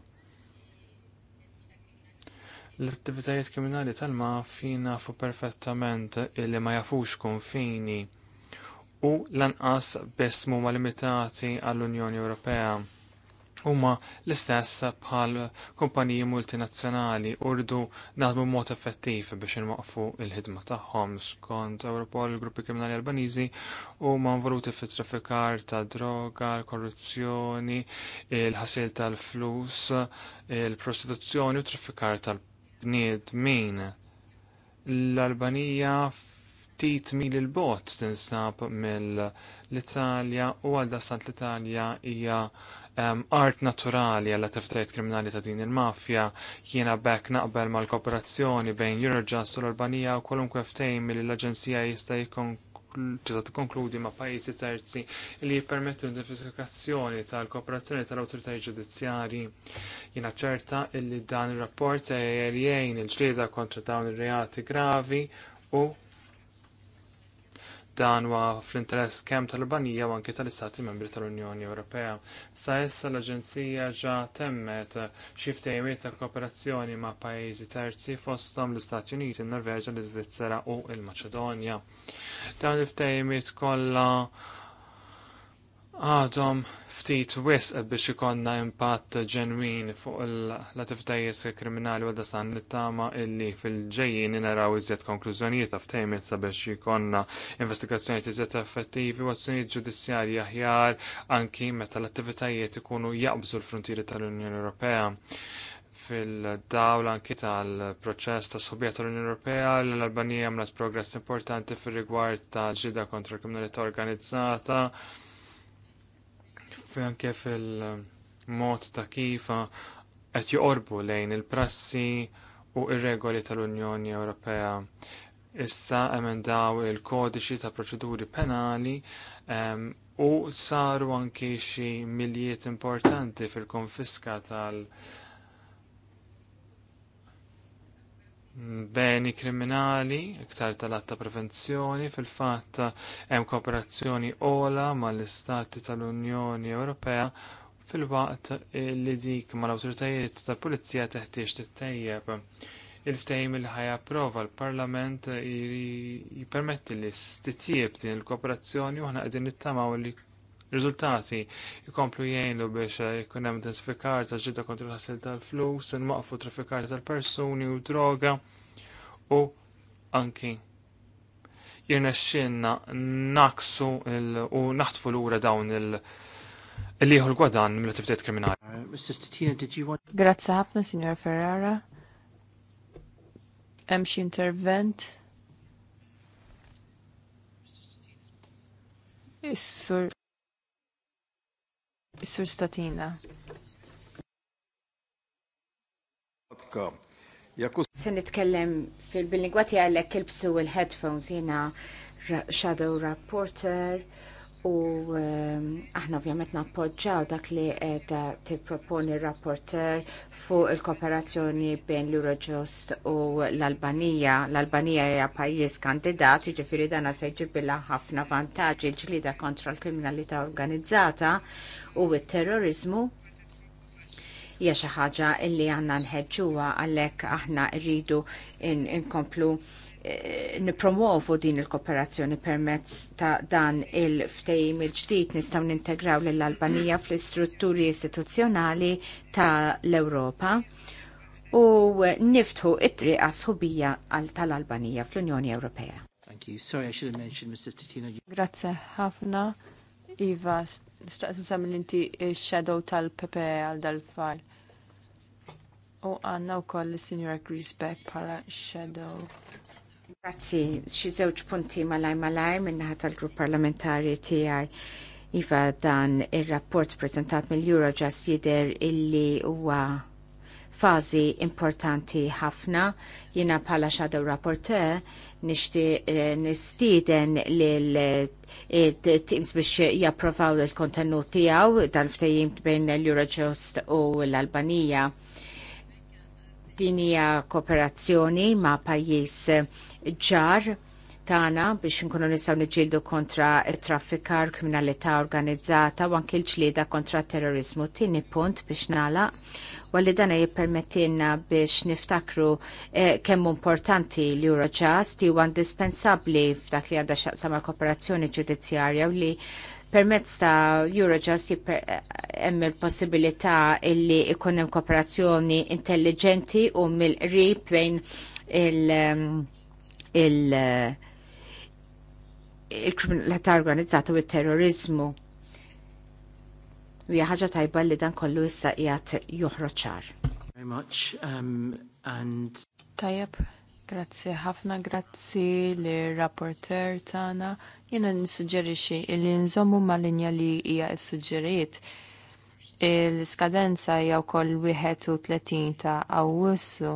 L-attivitajiet kriminali tal mafina nafu perfettament illi ma jafux konfini u lanqas biss huma limitati għall-Unjoni Ewropea huma l-istess bħal kumpaniji multinazzjonali urdu naħdmu mod effettiv biex inwaqfu il-ħidma tagħhom skont Europol il-gruppi kriminali Albaniżi huma involuti fit traffikar ta' droga, korruzzjoni, il-ħasil tal-flus, il-prostituzzjoni u traffikar tal-bniedmin. L-Albanija ftit mil il-bot tinsab mill-Italja u għal dasant l-Italja hija um, art naturali għall attivitajiet kriminali ta' din il-mafja jiena bekk naqbel mal-kooperazzjoni bejn Eurojust u l-Albanija u kwalunkwe ftejm li l-Aġenzija jista' jkun tista' tikkonkludi ma' pajjiżi terzi li jippermettu l-identifikazzjoni tal-kooperazzjoni tal-awtoritajiet ġudizzjarji. Jiena ċerta li dan ir-rapport jgħin il-ġlieda kontra dawn ir-reati gravi u Dan huwa fl-interess kemm tal-Albanija u anke tal-Istati Membri tal-Unjoni Ewropea. Sa issa l-Aġenzija ġa temmet xi ftehimiet ta' kooperazzjoni ma' pajjiżi terzi fosthom l-Istati Uniti, in-Norveġa, l-Iżvizzera u l-Maċedonja. Dawn il-ftehimiet kollha għadhom ftit wisq biex ikonna impatt ġenwin fuq l-attivitajiet kriminali u dasan li tama illi fil-ġejjin naraw iżjed konklużjonijiet ta' ftejmet sabiex ikonna investigazzjonijiet iżjed effettivi u azzjonijiet ġudizzjarji aħjar anki meta l-attivitajiet ikunu jaqbżu l-frontieri tal-Unjoni Ewropea fil-dawl anki tal-proċess ta' subjet tal-Unjoni Ewropea l-Albanija għamlet progress importanti fil-rigward ta' ġida kontra kriminalità organizzata kif fil-mod ta' kif qed joqorbu lejn il-prassi u ir-regoli tal-Unjoni Ewropea. Issa emendaw il-kodiċi ta' proċeduri penali um, u saru anke xi miljiet importanti fil-konfiska tal- beni kriminali, iktar tal-atta prevenzjoni, fil-fatt hemm kooperazzjoni ola mal-Istati tal-Unjoni Ewropea fil-waqt li dik mal-awtoritajiet tal-Pulizija teħtieġ tittejjeb. Il-ftehim il-ħajja prova l-Parlament jipermetti li stitjieb din il-kooperazzjoni u ħna qegħdin nittamaw li riżultati jkomplu jgħinu biex jkun eh, hemm intensifikar ta' ġidda kontra l-ħasil tal-flus, n-maqfu trafikar tal-persuni u droga u anki jirna xinna naqsu u naħtfu l-ura dawn il- Liħu l-gwadan mill-attivitet kriminali. Uh, Grazie ħafna, Signor Ferrara. Hemm xi intervent? Issur. Sur Statina. Se nitkellem fil-bilingwa tiegħek il il-headphones jina shadow rapporter U ehm, aħna ovvjament nappoġġaw dak li qed tipproponi r-rapporter fuq il-kooperazzjoni bejn l-Eurojust u l-Albanija. L-Albanija hija pajjiż kandidat, jiġifieri danna se jġibilha ħafna vantaġġi ġlida kontra l-kriminalità organizzata u t-terrorizmu hija xi ħaġa li għandna nħeġġuha għalhekk aħna rridu inkomplu in Eh, nipromovu din il-kooperazzjoni permezz ta' dan il-ftejim il-ġdid nistaw nintegraw l-Albanija fl-istrutturi istituzzjonali ta' l-Europa u niftħu it-triqa sħubija tal-Albanija fl-Unjoni Ewropea. Thank you. Sorry, I should have mentioned Mr. Titino. Grazie ħafna, Iva. Nistaqsi sam l-inti shadow tal-PPE għal dal-fajl. U għanna u koll l-Signora Grisbeck pala shadow. Grazzi, xie żewġ punti malaj malaj minnaħat tal-grupp parlamentari tiegħi. Iva dan ir-rapport prezentat mill-Eurojust jider illi huwa fażi importanti ħafna. Jiena bħala shadow rapporteur nishti eh, nistiden lil eh, teams biex japprovaw il-kontenut tiegħu dan ftejim bejn l-Eurojust u l-Albanija. Din hija kooperazzjoni ma' pajjiż ġar tagħna biex inkunu nistgħu niġġieldu kontra traffikar, kriminalità organizzata u anke l-ġlieda kontra terrorizmu. Tieni punt biex nagħlaq walli dana jippermettilna biex niftakru eh, kemm importanti l Eurojust li huwa indispensabbli f'dak li għandha x'aqsam mal-kooperazzjoni ġudizzjarja u li permezz ta' Eurojust hemm il-possibilità illi ikun hemm kooperazzjoni intelligenti u mill-qrib bejn il- um, il uh, il-kriminalità organizzata u il-terrorizmu. u ħaġa tajba li dan kollu issa qiegħed juħroċar. ċar. Very much um, and grazzi ħafna grazzi li rapporter tagħna Jena nissuġġerixi li nżommu ma linja li hija suġġeriet il-skadenza hija wkoll 31 ta' Awwissu.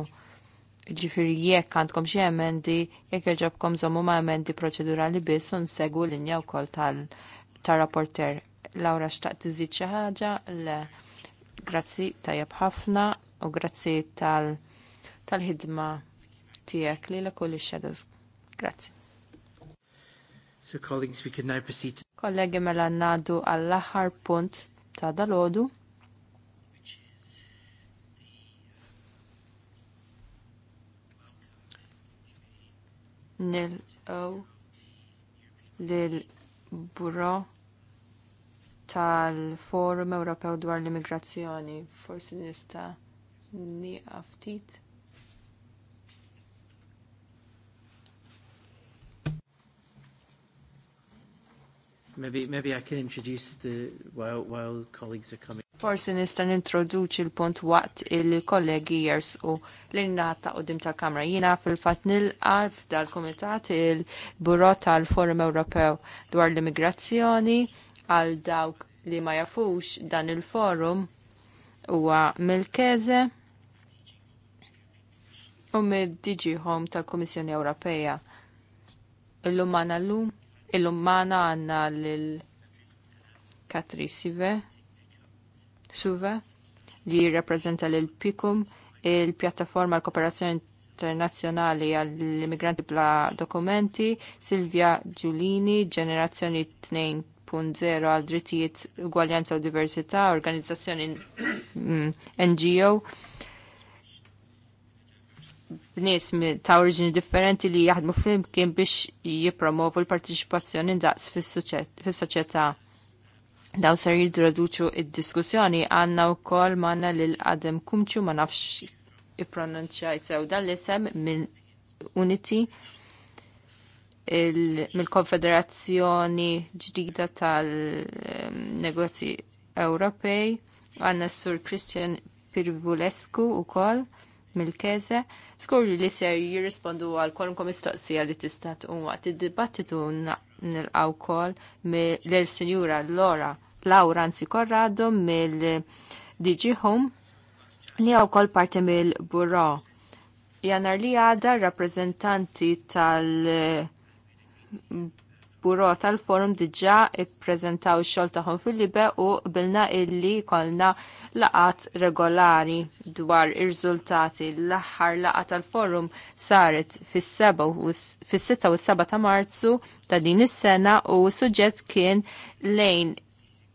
Ġifieri jekk għandkom xi emendi, jekk jogħġobkom żommu ma' emendi proċedurali biss u nsegwu linja wkoll tal-rapporter. Laura xtaqt tiżid xi ħaġa, le grazzi tajjeb ħafna u grazzi tal-ħidma tiegħek li l-kull shadows Grazzi. So colleagues, we can now proceed. Kollegi mela nadu għall-aħħar punt ta' dalodu. Nil-għaw oh, lil buro tal-Forum Ewropew dwar l-Immigrazzjoni. Forsi nista' ni ftit. Maybe, maybe I can introduce the, while, while colleagues are coming. Forsi nista' nintroduċi l-punt waqt il-kollegi jersqu l-innata qudiem tal-Kamra. Jiena fil-fatt nilqa dal komitat il-Buro tal-Forum Ewropew dwar l-immigrazzjoni għal dawk li ma jafux dan il-forum huwa mil-keze u mid-DG Home tal-Kummissjoni Ewropea. Illum għandna llum il mana għanna l-Katri Sive, Suve, li rappresenta l-Pikum, il-pjattaforma l-kooperazzjoni internazzjonali għall-immigranti bla dokumenti, Silvia Giulini, ġenerazzjoni 2.0 għal drittijiet ugwaljanza u diversità, organizzazzjoni mm, NGO, b'nies ta' oriġini differenti li jaħdmu flimkien biex jipromovu l-partiċipazzjoni daqs fis-soċjetà. Daw ser jidraduċu id-diskussjoni għanna u kol manna l-qadem kumċu ma nafx i-pronunċajt sew dan l-isem minn Unity mill-Konfederazzjoni ġdida tal-Negozji Ewropej għanna sur Christian Pirvulescu u kol mill-keze, skur li ser jirrispondu għal kolmkom istoqsija li tistat un waqt id-dibattitu nil-għaw kol l-senjura Laura Laura Ansi Corrado mill-DG Home li għaw kol parti mill-Buro. Janar li għada rappresentanti tal- il-buro tal-forum diġa ippreżentaw ix-xogħol tagħhom fil-libe u bilna illi kolna laqat regolari dwar ir-riżultati. L-aħħar laqat tal-forum saret fis-6 u s-7 ta' Marzu ta' din is-sena u suġġett kien lejn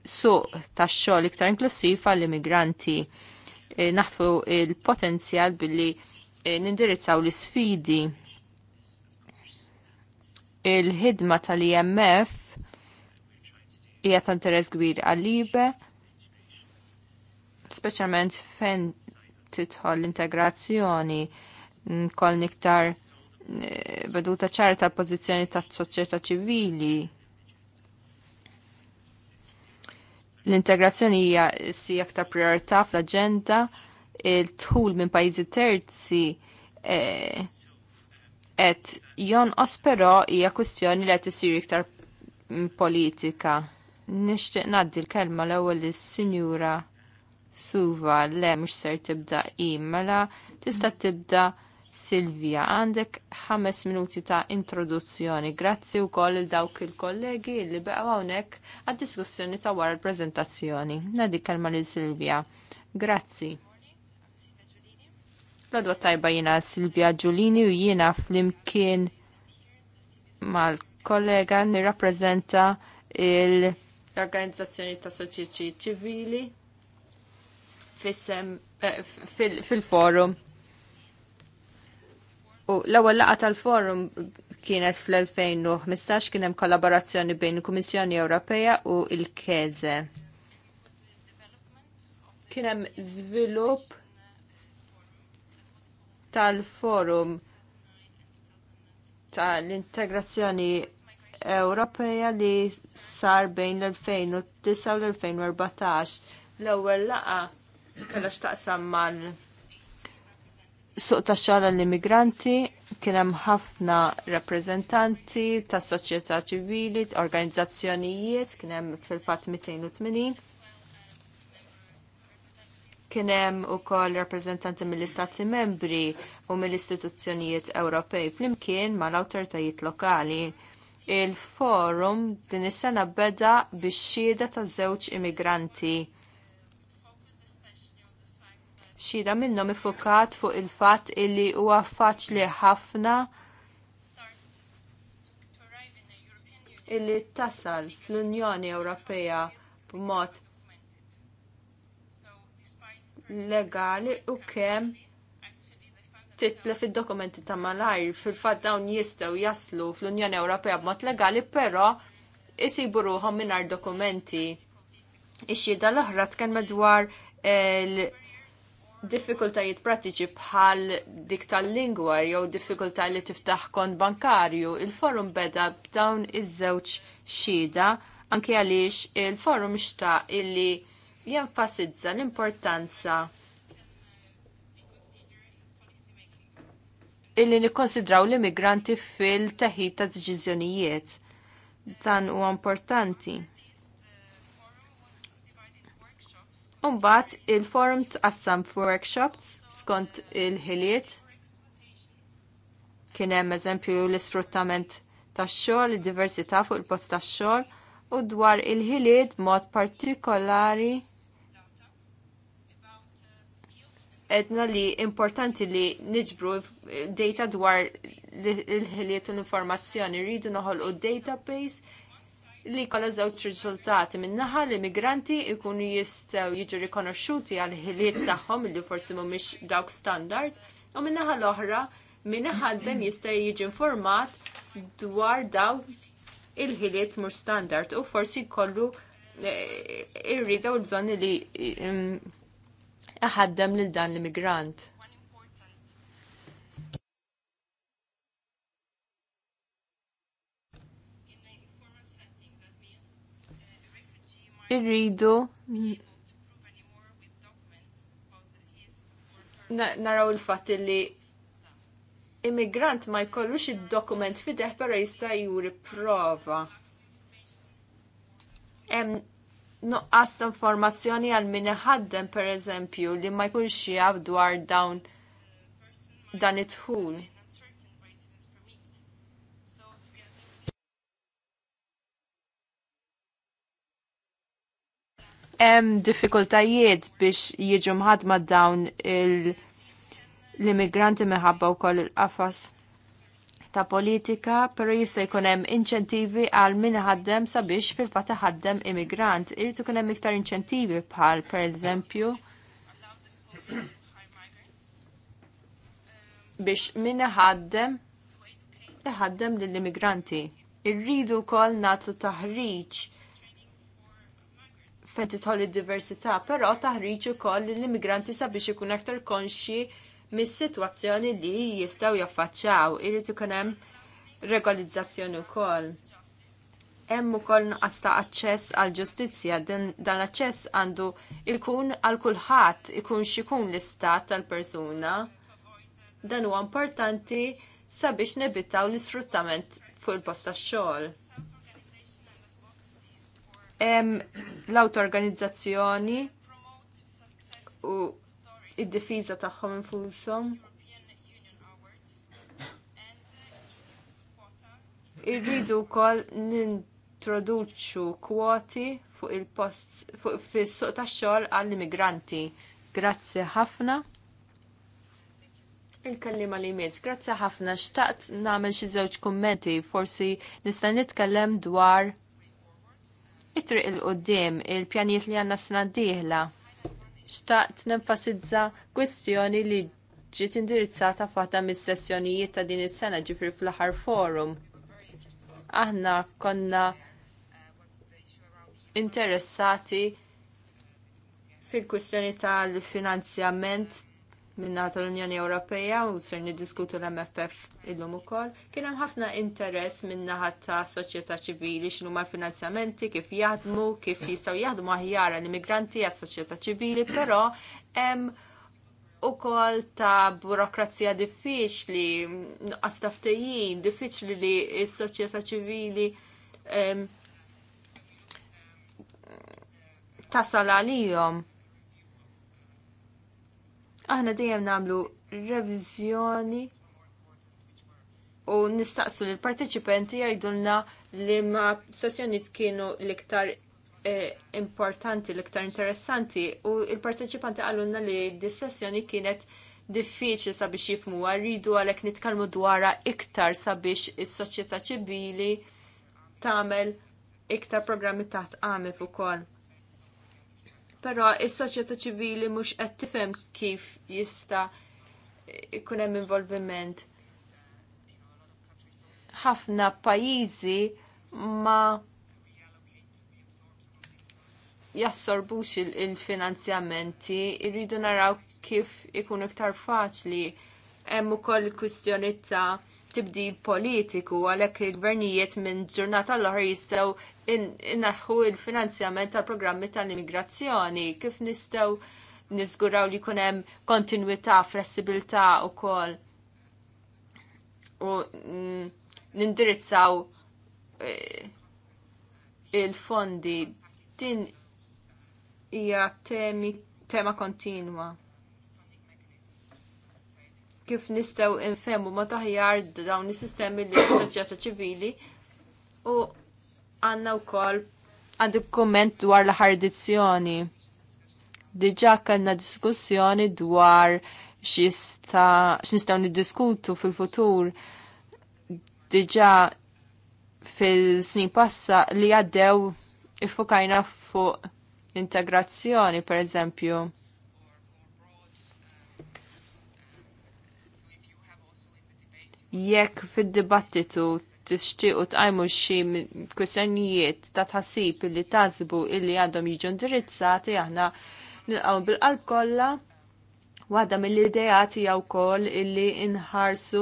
suq tax-xogħol iktar inklusiv għall-immigranti. Eh, naħtfu il-potenzjal billi eh, nindirizzaw l-sfidi il-ħidma tal-IMF hija ta' interess kbir għal-libe, speċjalment fejn titħol l-integrazzjoni kol niktar eh, veduta ċara tal-pożizzjoni tas-soċjetà ċivili l-integrazzjoni hija si aktar priorità fl-aġenda, il-tħul minn pajjiżi terzi qed eh, jonqos però hija kwistjoni li qed isir iktar politika. Nixtieq ngħaddi l-kelma l-ewwel lis-Sinjura Suva le mhux ser tibda imela, tista' tibda Silvia, għandek ħames minuti ta' introduzzjoni. Grazzi wkoll il dawk il-kollegi li beqgħu hawnhekk għad-diskussjoni ta' wara l-preżentazzjoni. Nadi kalma lil Silvia. Grazzi l tajba jina Silvia Giulini u jina flimkien mal-kollega nirrapprezenta l-organizzazzjoni ta' soċieċi ċivili eh, fil-forum. U l-ewwel laqgħa tal-forum kienet fl-2015 kien hemm kollaborazzjoni bejn il-Kummissjoni Ewropea u l-Keze. Kien hemm żvilupp tal-forum tal-integrazzjoni Ewropeja li sar bejn l-2009 u l-2014 l-ewwel laqa kellha x'taqsam mal suq ta' xogħol l-immigranti kien hemm ħafna rappreżentanti tas soċjetà ċivili, organizzazzjonijiet, kien hemm fil-fatt 280 Kien hemm ukoll rappreżentanti mill-Istati membri u mill-istituzzjonijiet Ewropej flimkien mal-awtoritajiet lokali. Il-forum din is-sena beda bix xhieda ta' żewġ immigranti. Xhieda minnhom ifukat fuq il-fatt illi huwa faċli ħafna illi tasal fl-Unjoni Ewropea b'mod legali u kemm titla fil-dokumenti ta' malajr fil-fat dawn jistaw jaslu fl-Unjoni Ewropea b'mod legali, però isibu ruħom minar dokumenti. Ix-xhieda l-oħra tkellem madwar diffikultajiet pratiċi bħal dik tal-lingwa jew diffikultà li tiftaħ kont bankarju, il-forum beda b'dawn iż-żewġ xhieda anke għaliex il-forum xta' illi jenfasizza l-importanza illi nikkonsidraw l-immigranti fil-teħid ta' deċiżjonijiet. Dan huwa importanti. Umbat il-forum tqassam workshops skont il-ħiliet. Kien hemm eżempju l-isfruttament tax-xogħol, id-diversità fuq il-post tax-xogħol u dwar il-ħiliet mod partikolari edna li importanti li niġbru data dwar il-ħiliet u l-informazzjoni. Rridu u database li kolla żewġ riżultati minnaħa li migranti ikunu jistgħu jiġu rikonoxxuti għal ħiliet tagħhom li forsi mhumiex dawk standard u minnaħa l-oħra d-dem jista' jiġi informat dwar daw il-ħiliet mhux standard u forsi jkollu eh, irridaw l-bżonni li mm, iħaddem lil dan l-immigrant. Irridu naraw il fat li immigrant ma jkollux id-dokument fideħ pero jista' juri prova nuqqas informazzjoni għal min ħaddem per eżempju li ma jkunx jaf dwar dawn dan it-tħul. Hemm diffikultajiet biex jiġu mħadma dawn l-immigranti minħabba wkoll il-qafas ta' politika, per jista' jkun hemm inċentivi għal min ħaddem sabiex fil-fatt ħaddem immigrant. Irid ikun hemm iktar inċentivi bħal pereżempju biex min ħaddem iħaddem lill-immigranti. Irridu wkoll nagħtu taħriġ fejn titħol id-diversità, però taħriġ ukoll lill-immigranti sabiex ikun aktar konxi mis-sitwazzjoni li jistgħu jaffaċċjaw irid ikun hemm regolizzazzjoni wkoll. Hemm ukoll nuqqas ta' aċċess għal ġustizzja dan l-aċċess għandu jkun għal kulħadd ikun xikun l-istat tal-persuna. Dan huwa importanti sabiex nevitaw l-isfruttament fuq il-post tax-xogħol. awtorganizzazzjoni u id-difiża tagħhom infushom. Irridu wkoll nintroduċu kwoti fuq il-post fuq fis-suq tax-xogħol għall-immigranti. Grazzi ħafna. Il-kallima li jmiss, grazzi ħafna, xtaqt namel xi żewġ kummenti, forsi nista' nitkellem dwar it-triq il-qoddim, il-pjanijiet li għandna sena d-dieħla xtaqt nenfasizza kwestjoni li ġiet indirizzata fata mis-sessjonijiet ta' din is-sena ġifri fl-aħħar forum. Aħna konna interessati fil-kwistjoni tal-finanzjament minna tal-Unjoni Ewropea u ser niddiskutu l-MFF illum ukoll. Kien hemm ħafna interess minna ta' soċjetà ċivili x'inhu mal-finanzjamenti, kif jaħdmu, kif jistgħu jaħdmu aħjar l-immigranti għas soċjetà ċivili, però hemm ukoll ta' burokrazija diffiċli, nuqqas taftejjin, diffiċli li s-soċjetà ċivili tasal għalihom Aħna dejjem nagħmlu revizjoni u nistaqsu l parteċipenti jgħidulna li ma sessjoniet kienu l-iktar eh, importanti, l-iktar interessanti u il-parteċipanti għallunna li di sessjoni kienet diffiċli sabiex jifmu rridu għalek nitkalmu dwara iktar sabiex is soċjetà ċivili tamel iktar programmi taħt għamif u kol però is-soċjetà ċivili mhux qed tifhem kif jista' jkun hemm involviment. Ħafna pajjiżi ma jassorbux il-finanzjamenti, il irridu naraw kif ikun iktar faċli hemm ukoll il-kwistjoni ta' tibdil politiku għalhekk il-gvernijiet minn ġurnata l-oħra jistgħu inneħħu il-finanzjament tal-programmi tal-immigrazzjoni, kif nistgħu niżguraw li jkun hemm kontinwità, flessibilità wkoll u mm, nindirizzaw eh, il-fondi din hija tema kontinwa kif nistgħu infemmu ma taħjar dawn is-sistemi li s-soċjetà ċivili u għandna wkoll għandu komment dwar l-aħħar edizzjoni. Diġà kellna diskussjoni dwar x'nistgħu niddiskutu fil-futur. diġa' fil-snin passa li għaddew ifukajna fuq integrazzjoni, per eżempju jekk fid-dibattitu tixtiequ tqajmu xi kwistjonijiet ta' tħassib li tazbu illi għandhom jiġu indirizzati aħna nilqgħu bil-qalb kollha waħda mill-ideati jew wkoll illi inħarsu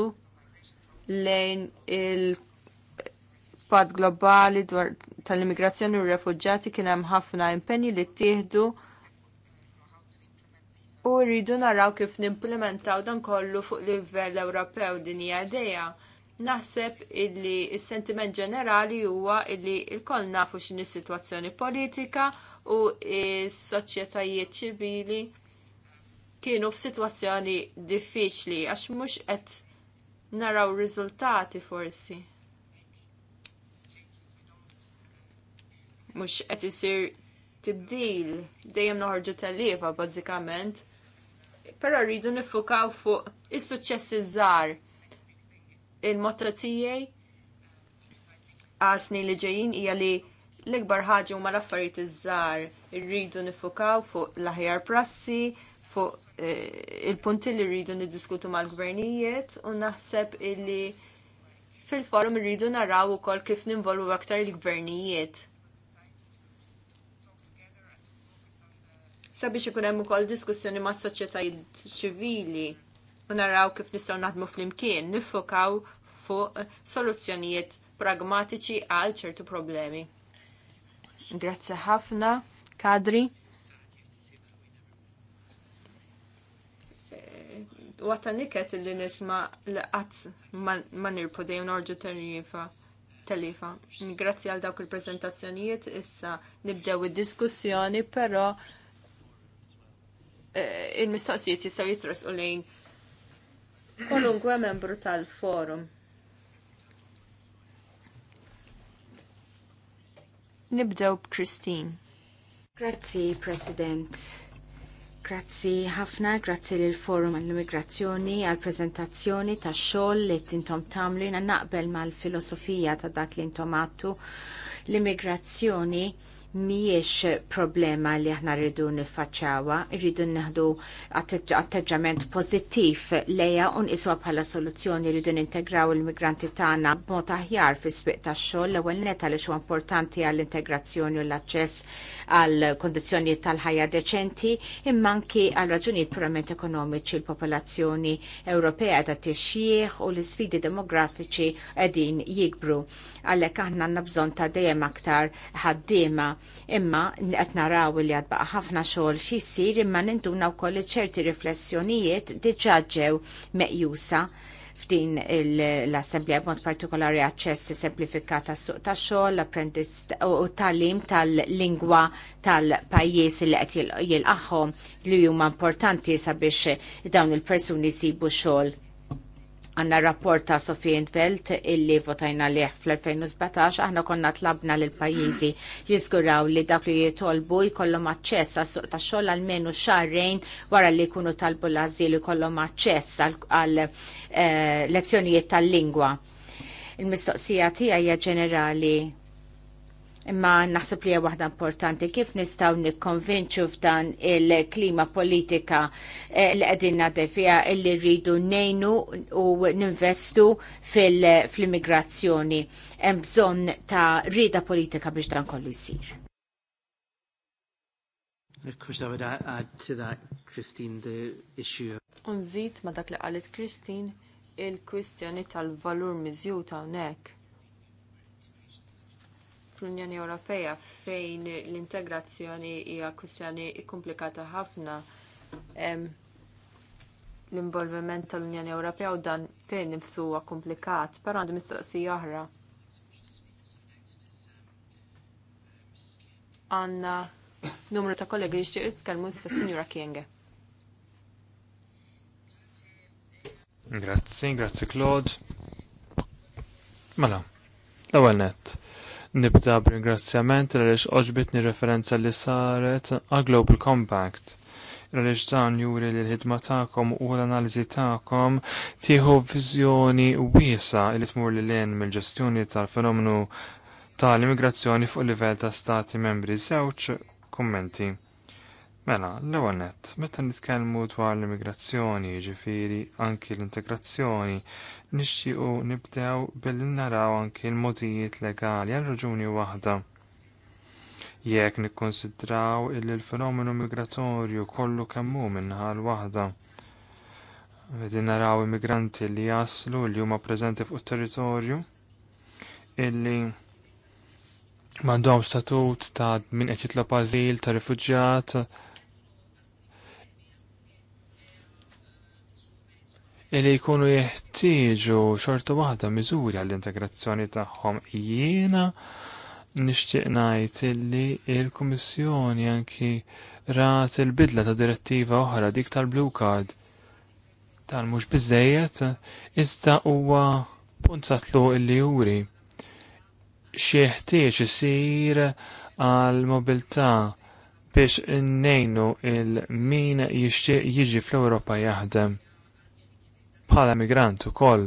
lejn il-pad globali dwar tal-immigrazzjoni u r-refuġġati kien hemm ħafna impenji li ttieħdu u rridu naraw kif nimplementaw dan kollu fuq livell Ewropew din hija idea. Naħseb illi s-sentiment ġenerali huwa illi l-koll nafu x'inhi situazzjoni sitwazzjoni politika u s-soċjetajiet ċivili kienu f'sitwazzjoni diffiċli għax mhux qed naraw riżultati forsi. Mhux qed isir tibdil dejjem noħorġu tal-lieva bażikament però rridu nifukaw fuq is-suċċessi żgħar il-motto tiegħi għasni li ġejjin hija li l-ikbar ħaġa huma l-affarijiet iż-żgħar irridu nifukaw fuq l-aħjar prassi, fuq eh, il-punti li rridu niddiskutu mal-gvernijiet u naħseb illi fil-forum rridu naraw ukoll kif ninvolvu aktar il-gvernijiet sabiex ikun hemm ukoll diskussjoni ma' soċjetajiet ċivili u naraw kif nistgħu naħdmu flimkien niffokaw fuq soluzzjonijiet pragmatiċi għal ċertu problemi. Grazzi ħafna, kadri. Eh, wata niket li nisma l-qatt ma nirpu dejjem norġu tarifa telifa. Grazzi għal dawk il-prezentazzjonijiet, issa nibdew id-diskussjoni, però Eh, il-mistoqsijiet jistgħu jitresqu lejn kwalunkwe membru tal-forum. Nibdew b'Kristin. Grazzi, President. Grazzi ħafna, grazzi lil forum għall-immigrazzjoni għall prezentazzjoni ta' xogħol li tintom tamlu jina naqbel mal-filosofija ta' dak li intom għattu l-immigrazzjoni miex problema li aħna rridu niffaċċawha, rridu neħdu atteġġament pożittiv lejha u nqiswa bħala soluzzjoni rridu nintegraw il-migranti tagħna b'mod aħjar fis-swieq tax-xogħol l-ewwel neta li huwa importanti għall-integrazzjoni u l-aċċess għal kundizzjonijiet tal-ħajja deċenti imma anke għal raġunijiet purament ekonomiċi l-popolazzjoni Ewropea qiegħda tixjieħ u l-isfidi demografiċi qegħdin jikbru. Għalhekk aħna għandna bżonn ta' dejjem aktar ħaddiema Imma qed naraw li għad baqa' ħafna xogħol xi jsir imma nintuna wkoll ċerti riflessjonijiet diġà ġew meqjusa f'din l-assemblea b'mod partikolari aċċessi semplifikata suq ta' xogħol, l-apprentiz u tal-lim tal-lingwa tal-pajjiż li qed jilqaħħom li huma importanti sabiex dawn il-persuni jsibu xogħol Għanna rapport ta' Sofie illi votajna liħ fl-2017 aħna konna tlabna l pajjiżi jizguraw li dak li jitolbu jkollhom aċċess għas suq ta' xogħol menu xarrejn wara li jkunu talbu l-azil jkollhom aċċess għal eh, lezzjonijiet tal-lingwa. Il-mistoqsija tiegħi ġenerali imma naħseb li hija waħda importanti kif nistgħu nikkonvinċu f'dan il-klima politika eh, li qegħdin ngħaddej fiha illi rridu ngħinu u ninvestu fil-immigrazzjoni. Hemm bżonn ta' rieda politika biex dan kollu jsir. Of course, I would add to that, Christine, the issue of... Unżid ma dak li qalet Christine il-kwistjoni tal-valur miżjuta hawnhekk fl-Unjoni Ewropea fejn l-integrazzjoni hija kwistjoni komplikata ħafna l-involviment tal-Unjoni Ewropea u dan fejn nifsu huwa komplikat, però għandi mistoqsija oħra. Għanna numru ta' kollegi jixtieq jitkellmu sa' Sinjura Kienge. Grazzi, grazzi Claude. Mela, l-ewwel nett Nibda b'ringrazzjament għaliex oġbitni referenza li saret għal Global Compact. Għaliex dan juri li l-ħidma ta'kom u l-analiżi tagħkom tieħu viżjoni wiesa li tmur lil lejn mill-ġestjoni tal-fenomenu tal-immigrazzjoni fuq livell ta' stati membri żewġ kummenti Mela, l-ewwel nett, meta nitkellmu dwar l-immigrazzjoni, ġifieri anki l-integrazzjoni, nixtiequ nibdew billi naraw anki l-modijiet legali għal raġuni waħda. Jekk nikkonsidraw illi l-fenomenu migratorju kollu kemm hu minħal waħda. Vedin naraw immigranti li jaslu li huma preżenti fuq territorju illi m'għandhom statut ta' min qed jitlob ta' rifuġjat li jkunu jeħtieġu xorta waħda miżuri għall-integrazzjoni tagħhom jiena nixtieq ngħid li l-Kummissjoni anki rat il-bidla ta' direttiva oħra dik tal-Blue Card tal-mhux biżejjed iżda huwa punt satlu illi juri ħtieġ isir għal mobilità biex nnejnu il-min jixtieq jiġi fl-Ewropa jaħdem bħala migrant ukoll.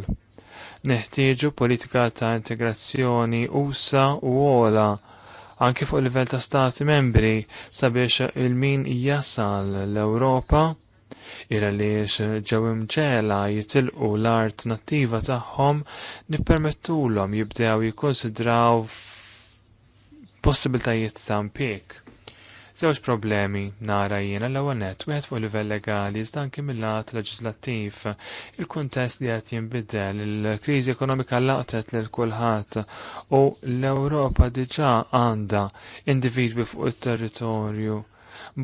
Neħtieġu politika ta' integrazzjoni usa u ola anke fuq livell ta' stati membri sabiex il-min jasal l-Ewropa ira li ġew imċela jitilqu l-art nattiva tagħhom nippermettulhom jibdew jikkunsidraw possibiltajiet ta' impjeg Żewġ problemi nara jiena l-ewwel nett wieħed fuq livell legali iżda anke mill-lat leġislattiv. Il-kuntest li qed jinbidel il-kriżi ekonomika laqtet lil kulħadd u l-Ewropa diġà għandha individwi fuq it-territorju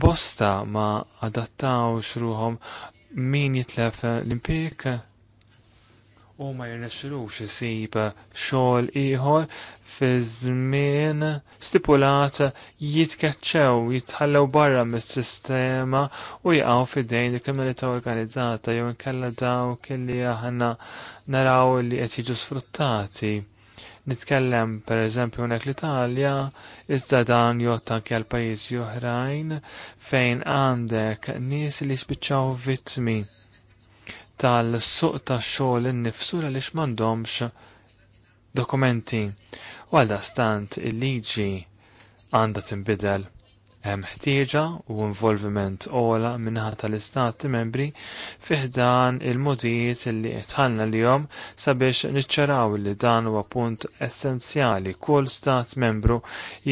bosta ma adattawx ruhom min jitlef l-impik u ma jirnexxilux jisib xogħol ieħor fi żmien stipulat jitkeċċew, jitħallew barra mis-sistema u jaqgħu fidejn il-kriminalità organizzata jew inkella dawk li aħna naraw li qed jiġu sfruttati. Nitkellem per eżempju unek l-Italja, iżda dan jotta anke għal pajjiżi oħrajn fejn għandek nies li spiċċaw vittmi tal-suq tax-xogħol innifsu għaliex m'għandhomx dokumenti. U għal stant il-liġi għandha tinbidel hemm ħtieġa u involviment ola minħa tal-istati membri fiħdan il-modijiet li tħallna li jom sabiex niċċaraw li dan huwa punt essenzjali kull stat membru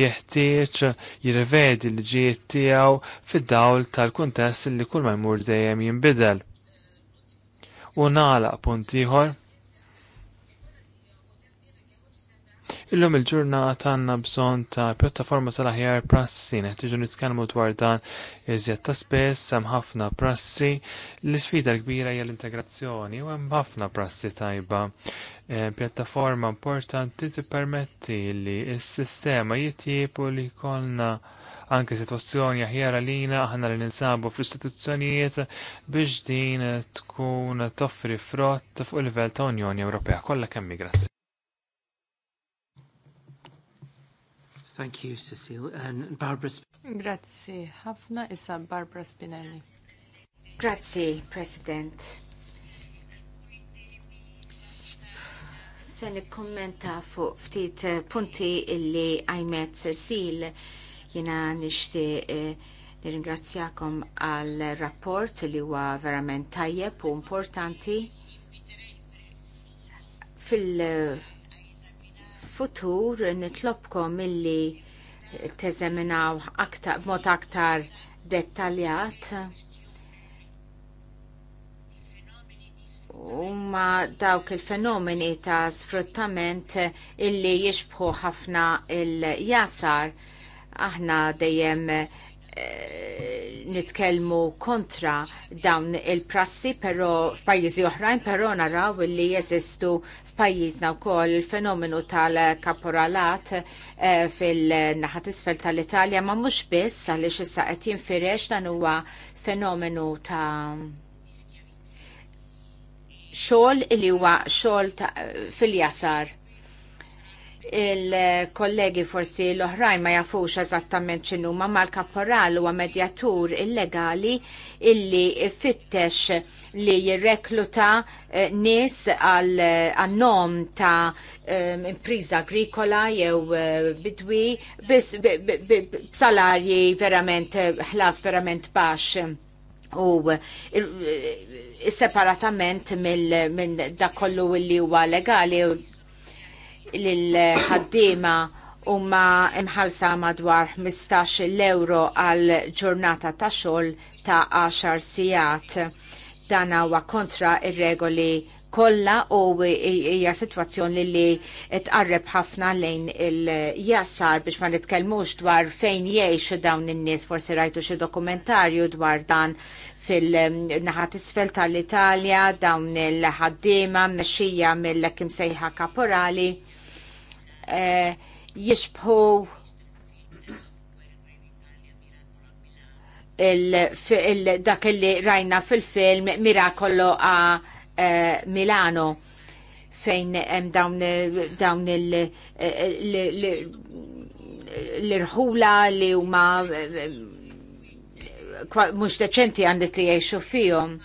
jeħtieġ jirvedi l ġiet tiegħu fid-dawl tal-kuntest li kull ma jmur dejjem jinbidel u nala punt ieħor. Illum il-ġurnata għandna bżonn ta' pjattaforma tal-aħjar prassi, neħtiġu nitkellmu dwar dan iżjed ta' spess, hemm ħafna prassi, l-isfida l-kbira hija l-integrazzjoni u hemm ħafna prassi tajba. E, pjattaforma importanti tippermetti li s-sistema u li jkollna anke situazzjoni aħjara għalina aħna li ninsabu fl-istituzzjonijiet biex din tkun toffri frott fuq il-livell ta' Unjoni Ewropea. Kollha kemm grazzi. Thank you, Cecile. And Barbara Spinelli. Grazie. Ħafna a Barbara Spinelli. Grazie, President. Se nikkommenta fuq ftit eh, punti illi għajmet Cecile jina nishti eh, nirringrazzjakom għal rapport li huwa verament tajjeb u importanti fil-futur nitlobkom illi teżeminaw aktar, mod aktar dettaljat huma dawk il-fenomeni ta' sfruttament illi jixbħu ħafna il-jasar Aħna dejjem eh, nitkelmu kontra dawn il-prassi, pero f'pajjiżi oħrajn, pero naraw li jeżistu f'pajjiżna wkoll il-fenomenu tal-kaporalat eh, fil-naħat isfel tal-Italja, ma mhux biss għaliex issa qed jinfirex dan huwa fenomenu ta' xogħol li huwa xogħol fil-jasar il-kollegi forsi l-oħrajn ma jafux eżattament x'inhu ma mal-kapporal huwa medjatur illegali illi fittex li jirrekluta eh, nies għal nom ta' eh, impriża agrikola jew eh, bidwi biss b'salarji verament ħlas verament baxx u separatament minn dak kollu li huwa legali l-ħaddima huma imħalsa madwar 15 euro għal ġurnata ta' xogħol ta' 10 sigħat. Dan huwa kontra ir-regoli kollha u hija sitwazzjoni li tqarreb ħafna lejn il jassar biex ma nitkellmux dwar fejn jgħixu dawn in-nies forsi rajtu xi dokumentarju dwar dan fil-naħat isfel tal-Italja dawn il-ħaddiema mexxija mill kimsejħa sejħa kaporali Eh, jixbħu dak li rajna fil-film Miracolo a eh, Milano fejn hemm dawn eh, l-irħula li huma mhux deċenti għandis li jgħixu fihom.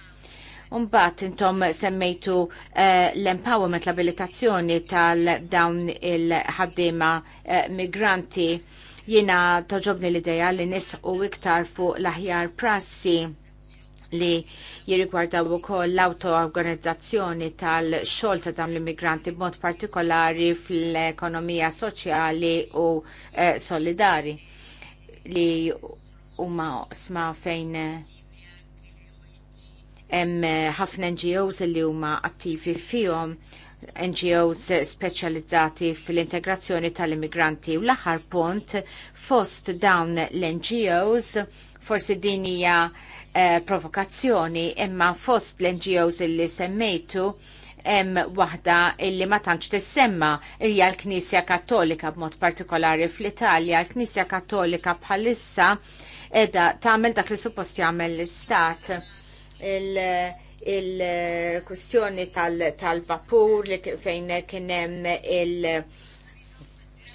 Umbat intom semmejtu eh, l-empowerment, l-abilitazzjoni tal-dawn il-ħaddima eh, migranti. jina toġobni l-ideja li nisqu iktar fuq l-aħjar prassi li u ukoll l-auto-organizzazzjoni tal-xogħol ta' dawn l-immigranti b'mod partikolari fl-ekonomija soċjali u eh, solidari li huma sma fejn hemm eh, ħafna NGOs li huma attivi fihom NGOs speċjalizzati fil-integrazzjoni tal-immigranti u l-aħħar punt fost dawn l-NGOs forsi din hija eh, provokazzjoni imma fost l-NGOs li semmejtu hemm waħda illi ma tantx tissemma hija l-Knisja Kattolika b'mod partikolari fl-Italja. L-Knisja Kattolika bħalissa edha tagħmel dak li suppost jagħmel l-Istat il-kwistjoni il tal-vapur tal fejn kien hemm il-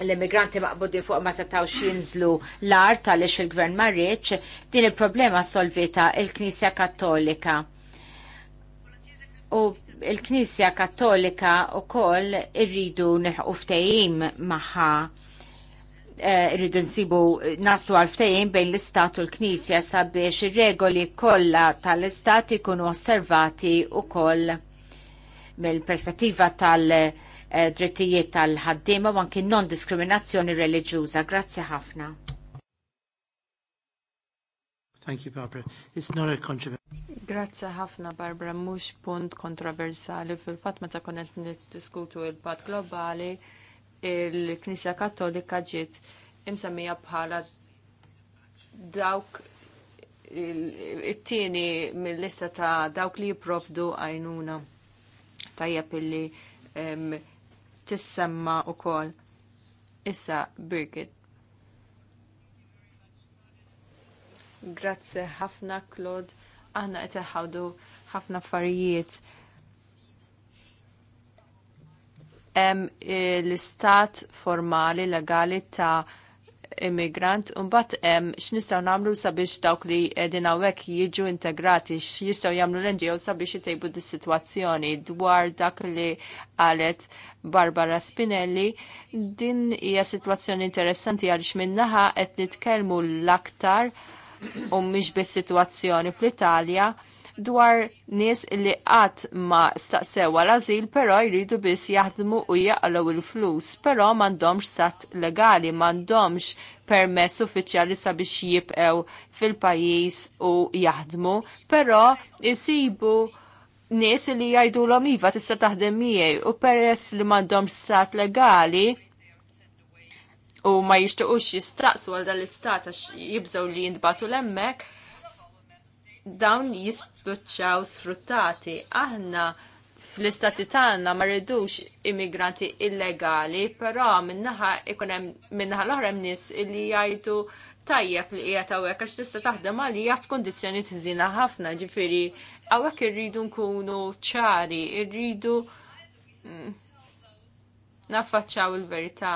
l-immigranti maqbudi fuq ma setaw xinżlu l-art għaliex il-gvern marriċ, din il-problema solvita il-Knisja Kattolika. U il-Knisja Kattolika u koll irridu neħu ftejim maħħa Eh, rridu nsibu naslu għalftejn bejn l-Istat u l-Knisja sabiex ir-regoli kollha tal-Istat ikunu osservati wkoll mill-perspettiva tal-drittijiet eh, tal-ħaddiema u anki non-diskriminazzjoni reliġjuża. Grazzi ħafna. Thank you, Barbara. It's not a controversy. Grazzi ħafna, Barbara. Mhux punt kontroversali fil-fatt meta konet niddiskutu il-pat globali il-Knisja Kattolika ġiet imsemmija bħala dawk it-tieni mill-lista ta' dawk li jipprovdu għajnuna tajjeb illi tissemma u kol. Issa, Birgit. Grazzi ħafna, Claude. Aħna qed ħafna affarijiet hemm eh, l-istat formali legali ta' immigrant u mbagħad hemm x'nistgħu nagħmlu sabiex dawk li qegħdin hawnhekk jiġu integrati x'jistgħu jagħmlu l-NGO sabiex itejbu dis-sitwazzjoni dwar dak li qalet Barbara Spinelli. Din hija sitwazzjoni interessanti għaliex minnaħa qed nitkellmu l-aktar u mhix bis-sitwazzjoni fl-Italja dwar nies li qatt ma staqsewa l-azil però jridu biss jaħdmu u jaqlaw il-flus, però m'għandhomx stat legali, m'għandhomx permess uffiċjali sabiex jibqew fil-pajjiż u jaħdmu, però jisibu nies li jajdu l iva tista' taħdem miegħi u peress li m'għandhomx stat legali u ma jixtuqux jistraqsu għal dal-istat għax jibżgħu li jindbatu l-emmek, dawn jis sbuċċaw sfruttati. Aħna fl-istati tagħna ma rridux immigranti illegali, però minnaħa ikun hemm minnaħa l-oħra hemm nies illi jgħidu tajjeb li qiegħed hawnhekk għax tista' taħdem għalija f'kundizzjoni tiżina ħafna, ġifieri hawnhekk irridu nkunu ċari, irridu mm, naffaċċaw il-verità.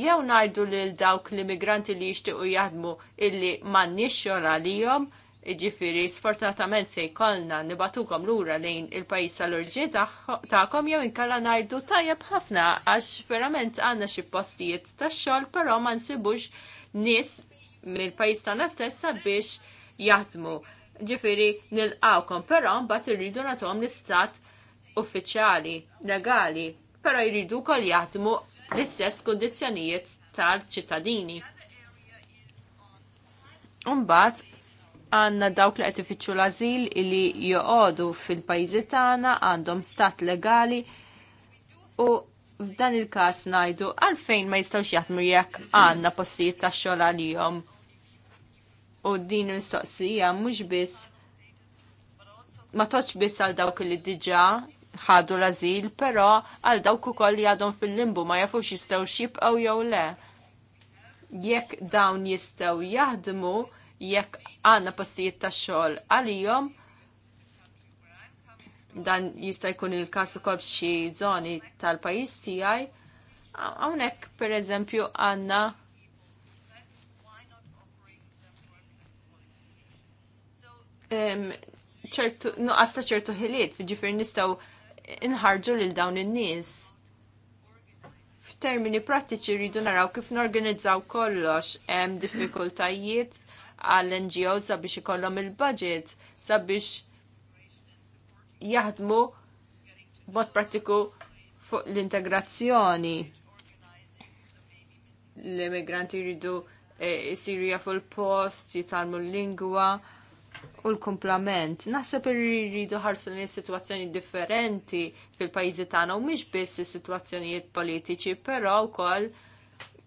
Jew ngħidu lil dawk l-immigranti li jixtiequ jaħdmu illi m'għandniex xogħol għalihom, Iġifiri, sfortunatament se jkollna nibatukom lura lejn il-pajis tal-urġi ta'kom jew inkalla ngħidu tajjeb ħafna għax verament għandna xi postijiet tax-xogħol però ma nsibux nies mill-pajis tagħna stessa biex jaħdmu. Ġifiri, nilqawkom, però mbagħad irridu nagħtuhom l-istat uffiċjali, legali, però jridu wkoll jaħdmu l-istess kundizzjonijiet tal-ċittadini. Umbagħad għanna dawk li qed l-azil li joqogħdu fil-pajjiżi tagħna għandhom stat legali u f'dan il-każ ngħidu għalfejn ma jistgħux jaħdmu jekk għandna postijiet ta' xogħol għalihom. U din l-istoqsija mhux biss ma toċ biss għal dawk li diġà ħadu l-azil, però għal dawk ukoll li għadhom fil-limbu ma jafux jistgħu xibqgħu jew le. Jekk dawn jistgħu jaħdmu, jekk għandna postijiet ta' xogħol għalihom dan jista' jkun il-każ ukoll xi żoni tal-pajjiż tiegħi. Hawnhekk pereżempju għandna ċertu, nuqqas ta' ċertu ħiliet, ġifir nistaw inħarġu lil dawn in-nies. F'termini prattiċi rridu naraw kif norganizzaw kollox hemm diffikultajiet għall ngo sabiex ikollhom il-budget sabiex jaħdmu mod pratiku fuq l-integrazzjoni. L-immigranti jridu e, jisiru jafu l-post, jitalmu l-lingwa u l-komplament. Naħseb irridu ħarsu li situazzjoni differenti fil-pajjiżi tagħna u mhix biss is-sitwazzjonijiet politiċi, però wkoll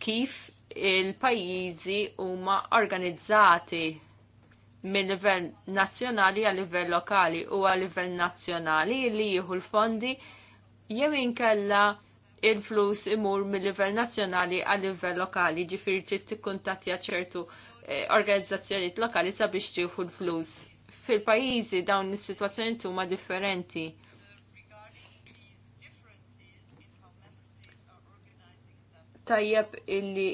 kif il-pajjiżi huma organizzati minn livell nazzjonali għal livell lokali u għal livell nazzjonali li jieħu l-fondi jew inkella il-flus imur mill livell nazzjonali għal livell lokali, ġifir trid tikkuntattja ċertu eh, organizzazzjonijiet lokali sabiex tieħu l-flus. Fil-pajjiżi dawn is-sitwazzjoni huma differenti. Tajjeb illi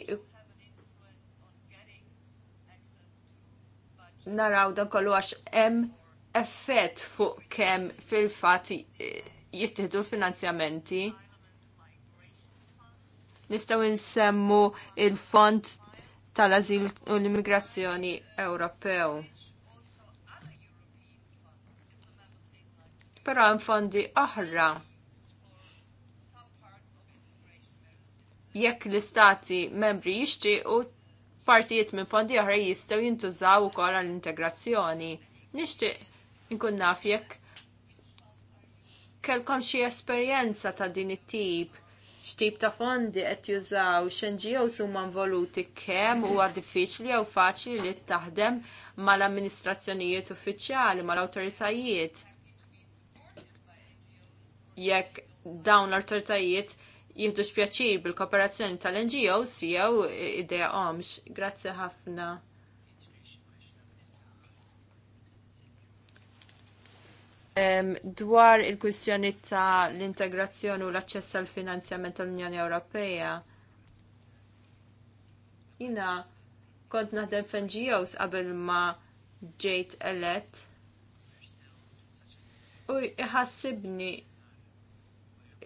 naraw dan kollu għax hemm effett fuq kemm fil-fatt jittieħdu l-finanzjamenti. Nistgħu nsemmu il-Fond tal ażil u l-Immigrazzjoni Ewropew. Però hemm fondi oħra jekk l-istati membri jixtiequ partijiet minn fondi oħra jistgħu jintużaw ukoll għall-integrazzjoni. Nixtieq inkun naf jekk kellkom xi esperjenza ta' din it-tip x'tip ta' fondi qed jużaw x'NGOs huma involuti kemm huwa diffiċli jew faċli li taħdem mal-amministrazzjonijiet uffiċjali mal-awtoritajiet. Jekk dawn l-awtoritajiet jihdu xpjaċir bil-kooperazzjoni tal-NGOs jew idea omx. Grazzi ħafna. Dwar il-kwistjoni ta' l-integrazzjoni u l-aċċess għal finanzjament tal-Unjoni Ewropea, jina kont naħdem f'NGOs qabel ma ġejt elett u iħassibni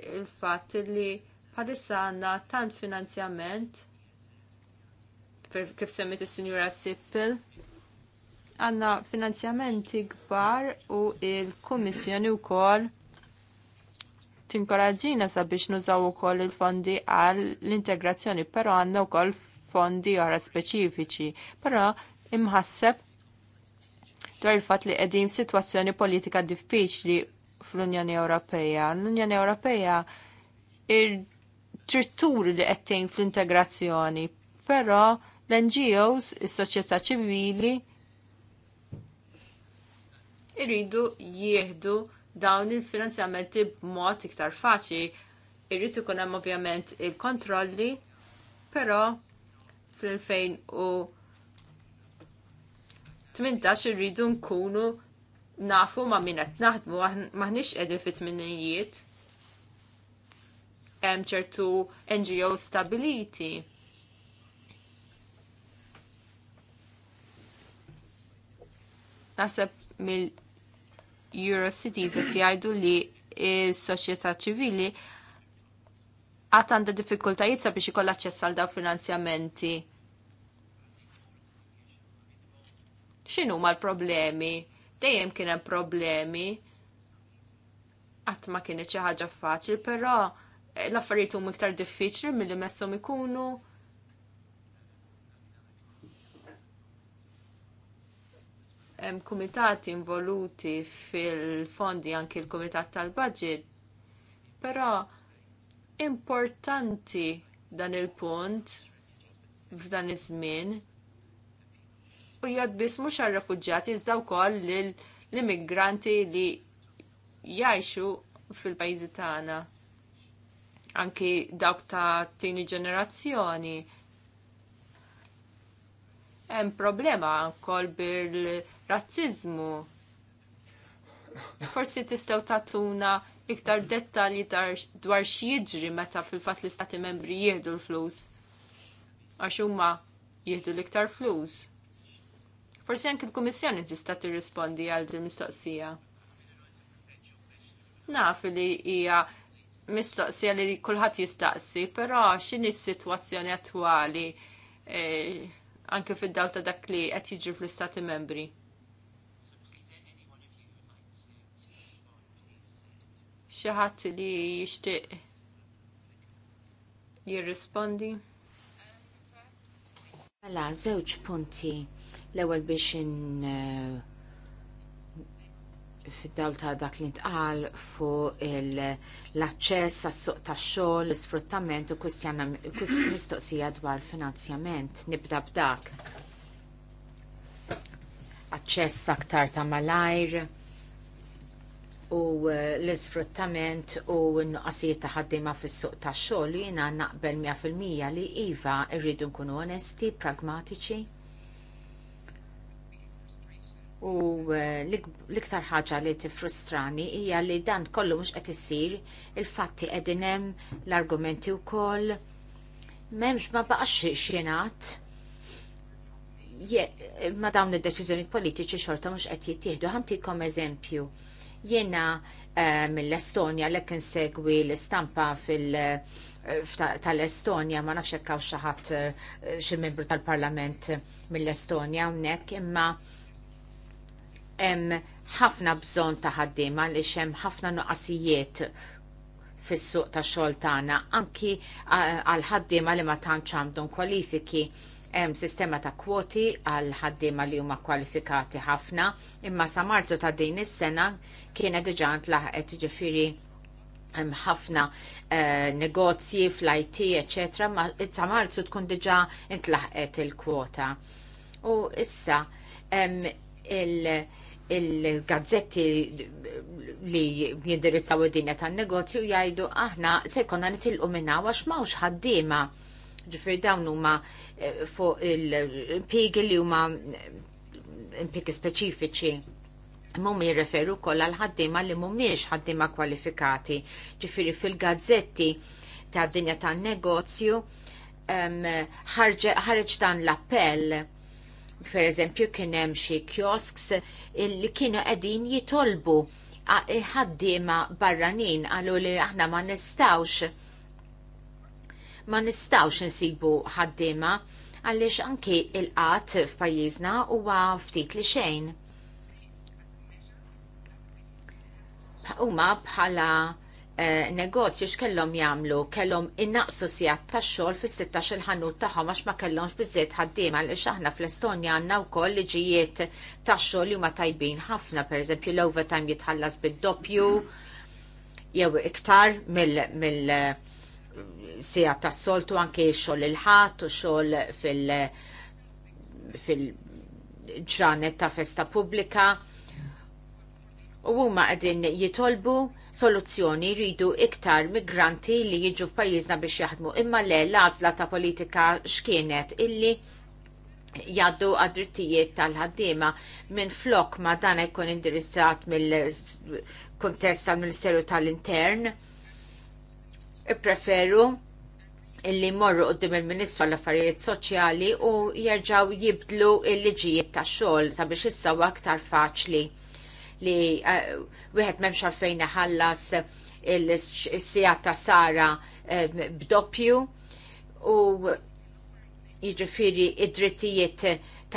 il-fat li Bħalissa għandna tant finanzjament kif semmit il sinjura Sippel għandna finanzjamenti kbar u il-Kummissjoni wkoll tinkoraġina sabiex nużaw ukoll il-fondi għal l-integrazzjoni, però għandna wkoll fondi oħra speċifiċi. Però imħasseb dwar il-fatt li qegħdin situazzjoni politika diffiċli fl-Unjoni Ewropea. L-Unjoni Ewropea ir trittur li għettin fl-integrazzjoni, però l-NGOs, is-soċjetà ċivili, irridu jieħdu dawn il-finanzjamenti b'mod iktar faċli. irridu ikun hemm ovvjament il-kontrolli, però fl-2018 irridu nkunu nafu ma' min qed naħdmu maħniex qegħdin fit-tminijiet hemm ċertu NGO stabiliti. Naseb mill-Eurocities qed jgħidu li s-soċjetà ċivili għad għandha diffikultajiet sabiex ikoll aċċess għal daw finanzjamenti. X'inhu l problemi Dejjem kien hemm problemi. Qatt ma kienet xi ħaġa faċli, però l-affarijiet huma iktar diffiċli milli messhom ikunu. Hemm kumitati involuti fil-fondi anki l-kumitat tal-budget. Però importanti dan il-punt f'dan iż-żmien u jadbis mhux għar-refuġġati iżda wkoll lill immigranti li jgħixu fil-pajjiżi tagħna anki dawk ta' tini ġenerazzjoni. Hemm problema wkoll bil-razziżmu. Forsi tistgħu tatuna iktar dettalji dwar x'jiġri meta fil-fatt l-istati membri jieħdu l-flus. Għax huma jieħdu l-iktar flus. Forsi anke l-Kummissjoni tista' tirrispondi għal din mistoqsija. Naf li hija mistoqsija li kulħadd jistaqsi, però x'inhi s-sitwazzjoni attwali eh, anke fid-dawl ta' dak li qed jiġri fl-Istati Membri? Xi ħadd li jixtieq jirrispondi? Mela, żewġ punti l-ewwel biex in uh fid-dawl ta' dak li ntqal fuq l-aċċess għas-suq tax-xogħol, l-isfruttament u mistoqsija dwar finanzjament. Nibda b'dak. Aċċess aktar ta' malajr u eh, l-isfruttament u n-nuqqasijiet ta' ħaddiema fis-suq tax-xogħol jiena naqbel 100% li iva rridu nkunu onesti, pragmatiċi U eh, l-iktar ħaġa li tifrustrani hija li dan kollu mhux qed isir il-fatti qegħdin hemm l-argumenti wkoll. M'hemmx ma baqax x'jingħad. Ma dawn id-deċiżjoni politiċi xorta mhux qed jittieħdu. Ħantikom eżempju. Jiena eh, mill-Estonja lek insegwi l-istampa fil- tal-Estonja, ma nafx hekk hawn xi ħadd eh, xi membru tal-Parlament mill-Estonja hawnhekk, imma hemm ħafna bżonn ta' ħaddiema li hemm ħafna nuqqasijiet fis-suq tax-xogħol tagħna anki għal ħaddiema li ma tantx għandhom kwalifiki hemm sistema ta' kwoti għal ħaddiema li huma kwalifikati ħafna, imma sa marzu ta' din is-sena kienet diġà ntlaħqet ġifieri hemm ħafna e, negozji fl-IT, eċetera, ma sa marzu tkun diġà intlaħqet il-kwota. U issa il- il-gazzetti li jindirizzaw id-dinja tan-negozju jgħidu aħna se jkollna nitilqu minna għax mawx ħaddiema. ġifieri dawn huma eh, fuq il-impjiegi li huma eh, impigi speċifiċi mum jirreferu koll għal ħaddima li mumiex ħaddima kwalifikati. Ġifiri fil-gazzetti ta' dinja tan negozju ehm, ħareġ dan l-appell per eżempju kien hemm xi kiosks li kienu qegħdin jitolbu e ħaddiema barranin għalu li aħna ma nistawx ma nistawx insibu ħaddiema għaliex anki il-qat f'pajjiżna huwa ftit li xejn. Huma bħala Eh, negozju x'kellhom jagħmlu, kellhom innaqsu sigħat tax-xogħol fis-16 il-ħanut tagħhom għax ma kellhomx biżżejjed ħaddiema għaliex aħna fl-Estonja għandna wkoll liġijiet tax-xogħol li huma tajbin ħafna, pereżempju l-overtime jitħallas bid-doppju jew iktar mill-, mill sija soltu anke x xogħol il-ħadd u xogħol fil- fil-ġranet ta' festa pubblika u huma qegħdin jitolbu soluzzjoni jridu iktar migranti li jiġu f'pajjiżna biex jaħdmu. Imma le l-għażla ta' politika x'kienet illi jaddu għad-drittijiet tal-ħaddiema minn flok ma dan jkun indirizzat mill-kontest tal-Ministeru tal-Intern. ippreferu illi morru qoddim il-Ministru għall-Affarijiet Soċjali u jerġaw jibdlu il-liġijiet tax-xogħol sabiex issa aktar faċli li eh, wieħed m'hemmx għalfejn ħallas il-sijat ta' Sara eh, b'doppju u jiġifieri id-drittijiet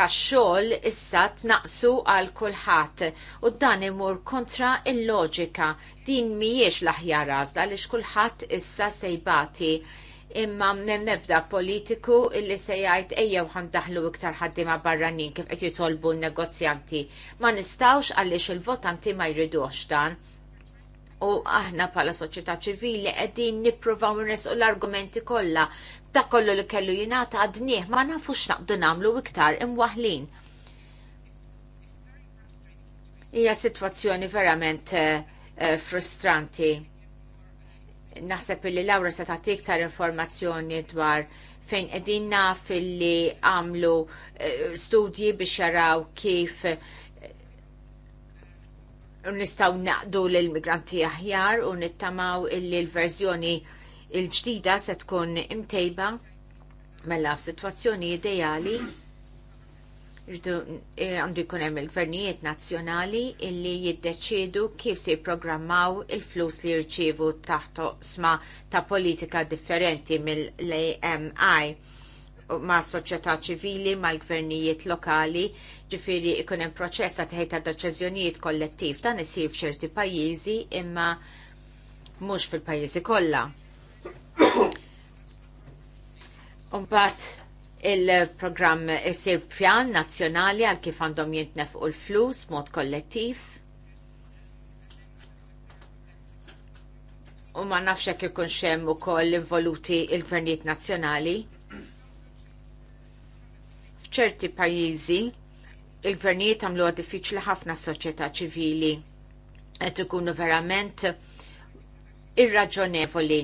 tax xogħol issa tnaqsu għal kulħadd u dan imur kontra il-loġika din mhijiex l-aħjar għażla għaliex kulħadd issa se imma m'hemm ebda politiku illi se jgħid ejjew ħandaħlu iktar ħaddiema barranin kif qed jitolbu n-negozjanti. Ma nistawx għaliex il-votanti ma jridux dan. U aħna bħala soċjetà ċivili qegħdin nippruvaw nresqu l-argumenti kollha dak kollu li kellu jingħata għadnieh ma nafux naqdu nagħmlu iktar imwaħlin. Hija sitwazzjoni verament uh, uh, frustranti naħseb li Laura se tagħti iktar informazzjoni dwar fejn qegħdin naf li għamlu eh, studji biex jaraw kif eh, nistgħu naqdu lill migranti aħjar u nittamaw illi l-verżjoni l ġdida se tkun imtejba mela f'sitwazzjoni ideali Eh, għandu jkun hemm il-gvernijiet nazzjonali illi jiddeċiedu kif se jipprogrammaw il-flus li jirċievu taħt sma ta' politika differenti mill-AMI ma' soċjetà ċivili, mal gvernijiet lokali, ġifiri ikun hemm proċess ta' ta' deċiżjonijiet kollettiv dan isir f'ċerti pajjiżi imma mhux fil-pajjiżi kollha. Umbat il-programm isir pjan nazzjonali għal kif għandhom jintnefqu l-flus mod kollettiv. U ma nafx jekk ikun xemm ukoll involuti il-gvernijiet nazzjonali. F'ċerti pajjiżi il-gvernijiet għamlu diffiċli ħafna s-soċjetà ċivili qed ikunu verament irraġonevoli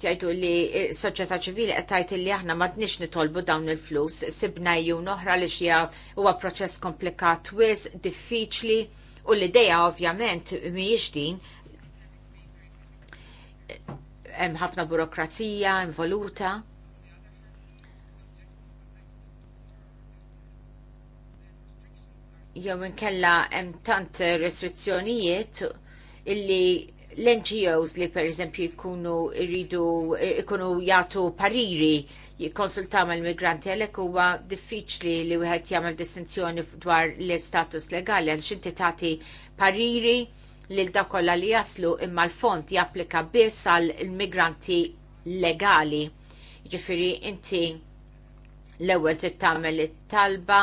tajtu li soċjetà ċivili qed tajt li aħna m'għadniex nitolbu dawn il-flus, sibna jew noħra li xija huwa proċess komplikat wis, diffiċli u l-idea ovvjament mhijiex din hemm ħafna burokrazija involuta. Jew inkella hemm tant restrizzjonijiet illi l-NGOs li per eżempju jkunu jridu jkunu eh, jagħtu pariri jikkonsultaw mal migranti għalhekk huwa diffiċli li wieħed jagħmel distinzjoni dwar l-istatus legali għal xinti tagħti pariri lil dak kollha li jaslu imma l-fond japplika biss għal migranti legali. Jiġifieri inti l-ewwel trid tagħmel it-talba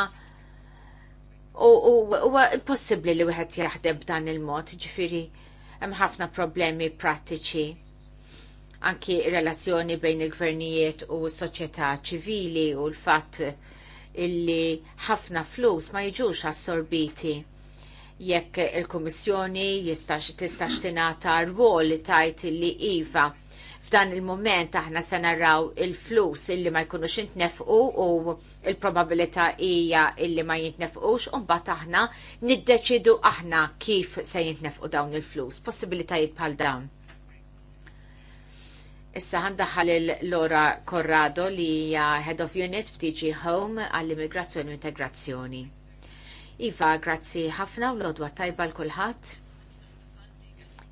u huwa possibbli li wieħed jaħdem b'dan il-mod, ġifieri hemm ħafna problemi prattiċi anki relazzjoni bejn il-gvernijiet u s-soċjetà ċivili u l-fatt illi ħafna flus ma jiġux assorbiti jekk il-Kummissjoni jistax tistax tingħata rwol li tajt li iva F'dan il-moment aħna se naraw il-flus illi ma jkunux intnefqu u il-probabilità hija illi ma jintnefqux u mbagħad aħna niddeċidu aħna kif se jintnefqu dawn il-flus. Possibilitajiet bħal dawn. Issa ħandaħal il-Lora Corrado li hija Head of Unit f'TG Home għall-Immigrazzjoni u Integrazzjoni. Iva, grazzi ħafna u l tajba l-kulħadd.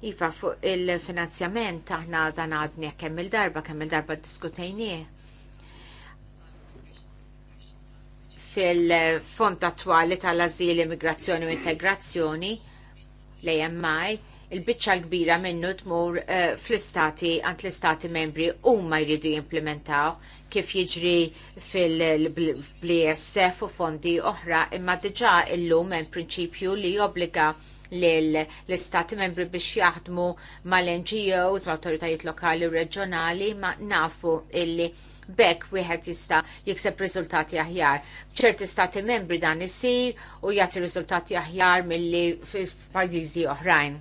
Iva, fuq il-finanzjament aħna dan għadni kemm il-darba, kemm il-darba diskutejnieh. fil-fond attwali tal-azil immigrazzjoni u integrazzjoni l-AMI il-bicċa l-kbira minnu tmur uh, fl-istati għant l-istati membri u ma jridu jimplementaw kif jiġri fil-BSF u fondi oħra imma diġa illum hemm prinċipju li obbliga l-istati membri biex jaħdmu mal-NGOs, mal-autoritajiet lokali u reġjonali, ma nafu illi bekk wieħed jista' jikseb riżultati aħjar. F'ċerti stati membri dan isir u jagħti riżultati aħjar milli f'pajjiżi oħrajn.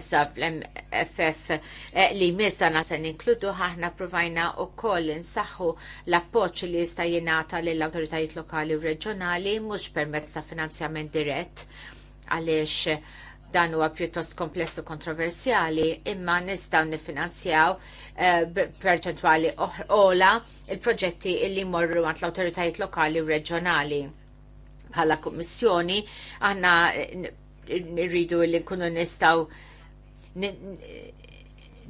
Issa fl-MFF eh, li missa nasa ninkludu ħahna provajna u koll insaħħu l-appoċ li jista' jingħata lill awtoritajiet lokali u reġjonali mhux permezz ta' finanzjament dirett għaliex dan huwa pjuttost komplessu kontroversjali, imma nistgħu nifinanzjaw eh, perċentwali ola il-proġetti illi morru għand l-awtoritajiet lokali u reġjonali. Bħala kummissjoni għandna eh, rridu li nkunu nistgħu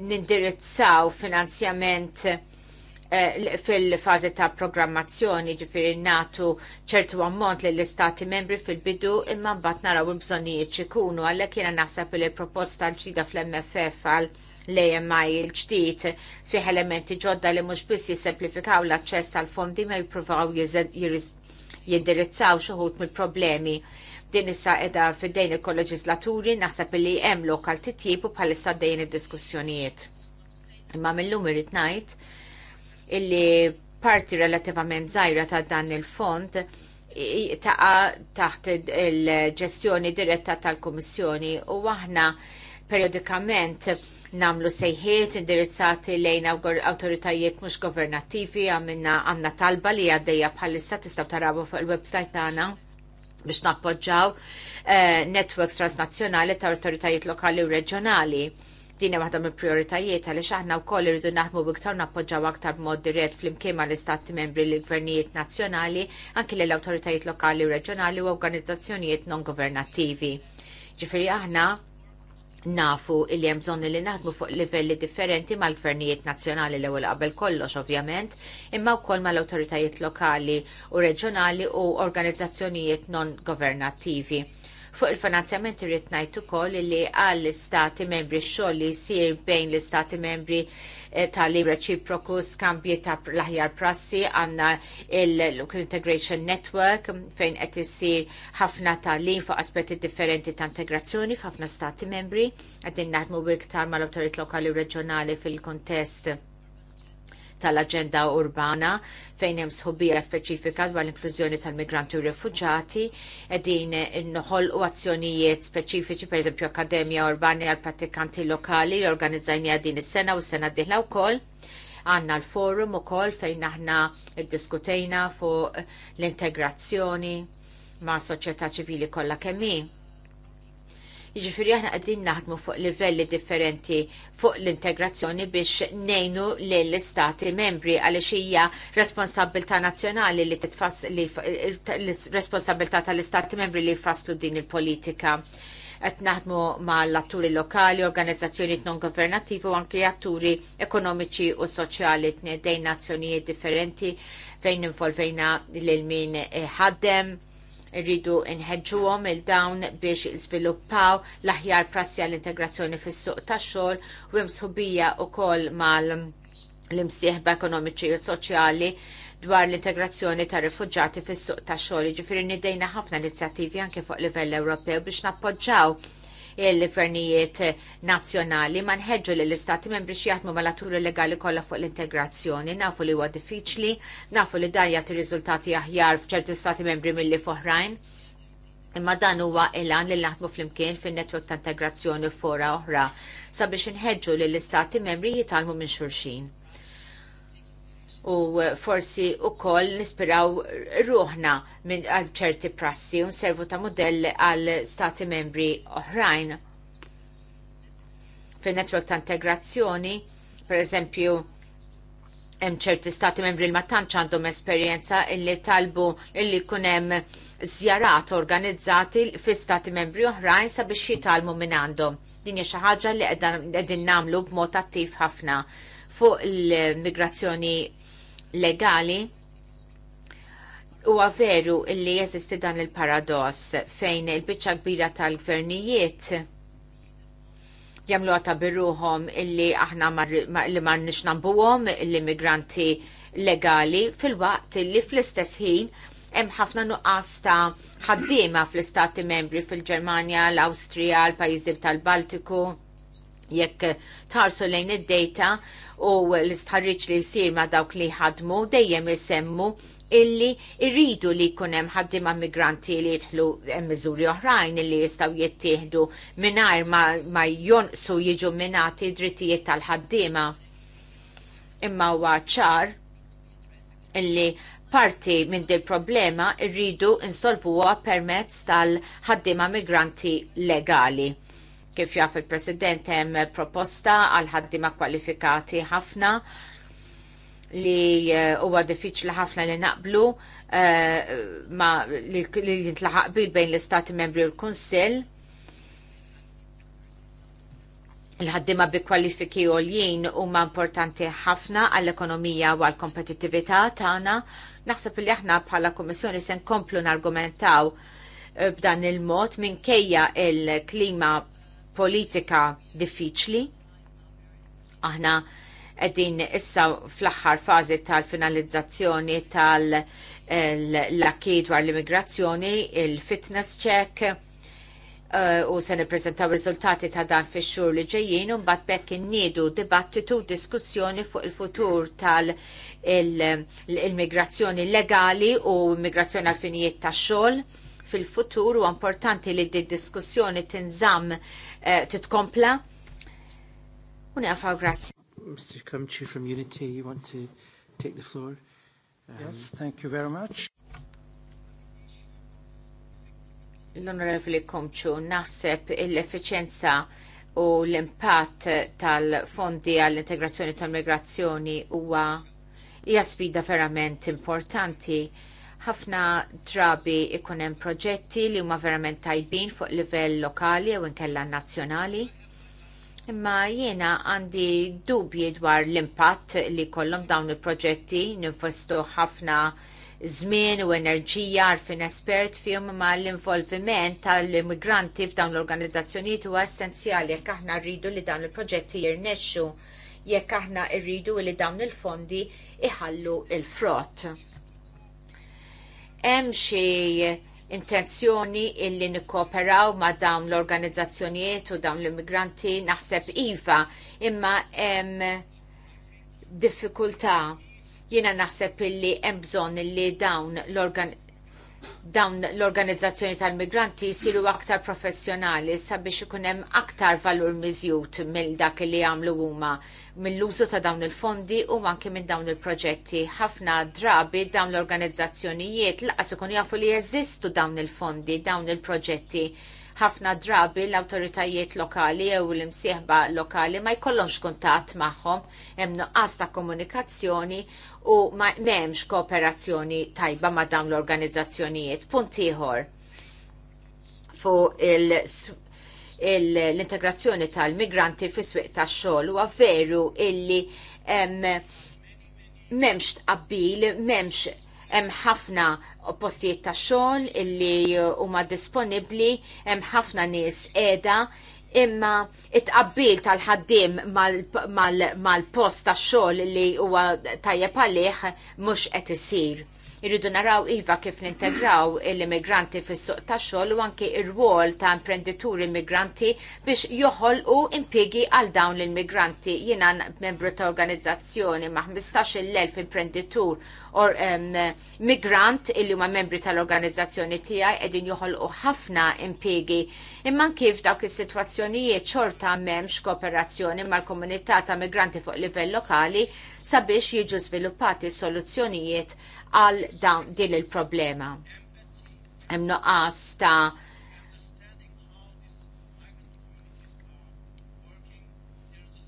nindirizzaw finanzjament Eh, fil-fazi ta' programmazzjoni ġifiri natu ċertu ammont li l-istati membri fil-bidu imma mbagħad naraw il-bżonnijiet xikunu għalhekk jiena naħseb li proposta l-ġdida fl-MFF għal l-AMI il-ġdid fih elementi ġodda li mhux biss jisemplifikaw l-aċċess għal fondi ma jippruvaw jindirizzaw xuħut mill-problemi din issa edha fid-dejn il-kolleġislaturi naħseb li hemm lokal titjib u bħalissa dejn diskussjonijiet Imma mill-lum irrid ngħid illi parti relativament zaħira ta' dan il-font taqa taħt il-ġestjoni diretta tal-Komissjoni u aħna periodikament namlu sejħiet indirizzati lejn autoritajiet mhux governattivi għamilna għandna talba li għaddejja bħalissa tistgħu tarabu fuq il-website tagħna biex nappoġġaw uh, networks transnazzjonali ta' autoritajiet lokali u reġjonali dini waħda mill prioritajiet għaliex aħna wkoll irridu naħdmu biktar nappoġġaw aktar b'mod dirett flimkien mal-istati membri l gvernijiet nazzjonali, anki lill awtoritajiet lokali u reġjonali u organizzazzjonijiet non-governattivi. Ġifieri aħna nafu li hemm bżonn li naħdmu fuq livelli differenti mal-gvernijiet nazzjonali l-ewwel qabel kollox ovvjament, imma wkoll mal-awtoritajiet lokali u reġjonali u organizzazzjonijiet non governattivi. Fuq il-finanzjament irrid ngħid ukoll li għall istati membri x-xogħol li jsir bejn l-istati membri eh, tal-li reċiproku skambji ta' l-aħjar prassi għandna l-Local Integration Network fejn qed isir ħafna ta' li fuq aspetti differenti ta' integrazzjoni f'ħafna stati membri qegħdin naħdmu iktar mal-awtorit lokali u reġjonali fil-kontest tal-Aġenda Urbana fejn hemm sħubija speċifika dwar l-inklużjoni tal-migranti u rifuġati qegħdin inħolqu azzjonijiet speċifiċi pereżempju Akademja Urbani għal prattikanti lokali li organizzajnija din is-sena u s-sena d-dieħla wkoll għanna l-forum ukoll fejn aħna ddiskutejna fuq l-integrazzjoni ma' soċjetà ċivili kollha kemm Jiġifieri aħna qegħdin naħdmu fuq livelli differenti fuq l-integrazzjoni biex nejnu lill-istati membri għaliex hija responsabilità nazzjonali li titfass li responsabilità tal-istati membri li jfasslu din il-politika qed naħdmu mal atturi lokali, organizzazzjoni non governattivi u anke atturi ekonomiċi u soċjali tnedejn nazzjonijiet differenti fejn involvejna lil min ħaddem Irridu nħeġġuhom il-dawn biex żviluppaw l-aħjar prassi għall-integrazzjoni fis-suq tax-xogħol u msħubija wkoll mal l-imsieħba ekonomiċi u soċjali dwar l-integrazzjoni ta' rifugġati fis-suq tax-xogħol. Ġifieri nidejna ħafna inizjattivi anke fuq livell Ewropew biex nappoġġaw il-gvernijiet nazzjonali ma nħeġġu li l-istati membri xi jaħdmu mal-aturi legali kollha fuq l-integrazzjoni, nafu li huwa diffiċli, nafu li dan jagħti riżultati aħjar f'ċerti stati membri milli foħrajn. Imma dan huwa ilan li naħdmu flimkien fin-netwerk ta' integrazzjoni fora oħra sabiex inħeġġu li l-istati membri jitalmu minn xulxin u eh, forsi u koll nispiraw ruħna minn ċerti prassi un servu ta' modell għal stati membri oħrajn. fin network ta' integrazzjoni, per eżempju, hemm ċerti stati membri li ma tantx għandhom esperjenza illi talbu illi jkun hemm żjarat organizzati fi stati membri oħrajn sabiex jitalmu minn għandhom. Din hija xi ħaġa li qegħdin nagħmlu b'mod attiv ħafna fuq il-migrazzjoni legali huwa veru li jeżisti dan il-paradoss fejn il-biċċa kbira tal-gvernijiet jamlu għata birruħom illi aħna li marnix nambuwom l-immigranti legali fil-waqt illi fl-istess ħin hemm ħafna nuqqas ta' ħaddiema fl-istati membri fil-Ġermanja, l-Awstrija, l-pajjiżi tal-Baltiku jekk tarsu lejn id-data u l-istħarriċ li jsir ma dawk li ħadmu dejjem isemmu illi irridu li kunem ħaddim migranti li jitħlu miżuri oħrajn illi jistaw jittieħdu minar ma, ma jonqsu jiġu minati drittijiet tal-ħaddima. Imma huwa ċar illi parti minn dil problema irridu insolvuha permezz tal-ħaddima migranti legali Kif jaf il-President hemm proposta għal ħaddima kwalifikati ħafna li eh, huwa diffiċli ħafna li naqblu uh, ma li, jintlaħaq bil bejn l-Istati Membri u l-Kunsill l-ħaddima bi kwalifiki u huma importanti ħafna għall-ekonomija u għall kompetitività tagħna. Naħseb li aħna bħala Kummissjoni se nkomplu nargumentaw eh, b'dan il-mod minkejja il-klima politika diffiċli. Aħna qegħdin issa fl-aħħar fażi tal-finalizzazzjoni tal-lakki eh, dwar l-immigrazzjoni, il-fitness check, eh, u se nippreżentaw riżultati ta' dan fix-xhur li ġejjin u mbagħad bekk inniedu dibattitu diskussjoni fuq il-futur tal-immigrazzjoni legali u immigrazzjoni għal finijiet tax xogħol fil-futur u importanti li d diskussjoni tinżamm eh, titkompla. Unafa, grazzi. Mr. Comchi from Unity, you want to take the floor? Um, yes, thank you very much. l onorevli Komċu, naħseb l-efficienza u l-impatt tal-fondi għall-integrazzjoni tal-migrazzjoni huwa hija sfida verament importanti ħafna drabi ikun hemm proġetti li huma verament tajbin fuq livell lokali jew inkella nazzjonali. Imma jiena għandi dubji dwar l-impatt li kollom dawn il-proġetti ninvestu ħafna żmien u enerġija għarfien espert fihom imma l-involviment tal-immigranti f'dawn l-organizzazzjonijiet huwa essenzjali jekk aħna rridu li dawn il-proġetti jirnexxu jekk aħna rridu li dawn il-fondi iħallu il-frott. l il frott hemm xi intenzjoni illi nikkooperaw ma' dawn l-organizzazzjonijiet u dawn l-immigranti naħseb iva, imma hemm diffikultà jiena naħseb illi hemm bżonn illi dawn l-organ dawn l-organizzazzjoni tal-migranti jisiru aktar professjonali sabiex ikun hemm aktar valur miżjud mill dak li jagħmlu huma mill-użu ta' dawn il-fondi u anke minn dawn il-proġetti. Ħafna drabi dawn l-organizzazzjonijiet laqas ikun jafu li jeżistu dawn il-fondi, dawn il-proġetti. Ħafna drabi l-awtoritajiet lokali jew l-imsieħba lokali ma jkollhomx kuntatt magħhom hemm nuqqas ta' komunikazzjoni u m'hemmx kooperazzjoni tajba ma' dawn l-organizzazzjonijiet. Punt ieħor fuq l-integrazzjoni tal-migranti fis-swieq tax-xogħol huwa veru illi m'hemmx tqabbil, m'hemmx hemm ħafna postijiet ta' xogħol illi huma disponibbli, hemm ħafna nies qiegħda imma it-qabbil tal-ħaddim mal-post mal, mal tax-xogħol li huwa tajjeb għalih mhux qed isir. Irridu naraw iva kif nintegraw l-immigranti fis-suq tax-xogħol u anke ir-rwol ta' imprenditur immigranti biex joħolqu impjiegi għal dawn l-immigranti. Jiena membru ta' organizzazzjoni ma' 15,000 imprenditur or um, migrant illi huma membri tal-organizzazzjoni tiegħi qegħdin joħolqu ħafna impjiegi. Imma kif dawk is-sitwazzjonijiet xorta m'hemmx kooperazzjoni mal-komunità ta' migranti fuq livell lokali sabiex jiġu żviluppati soluzzjonijiet għal dawn din il-problema. Hemm nuqqas ta'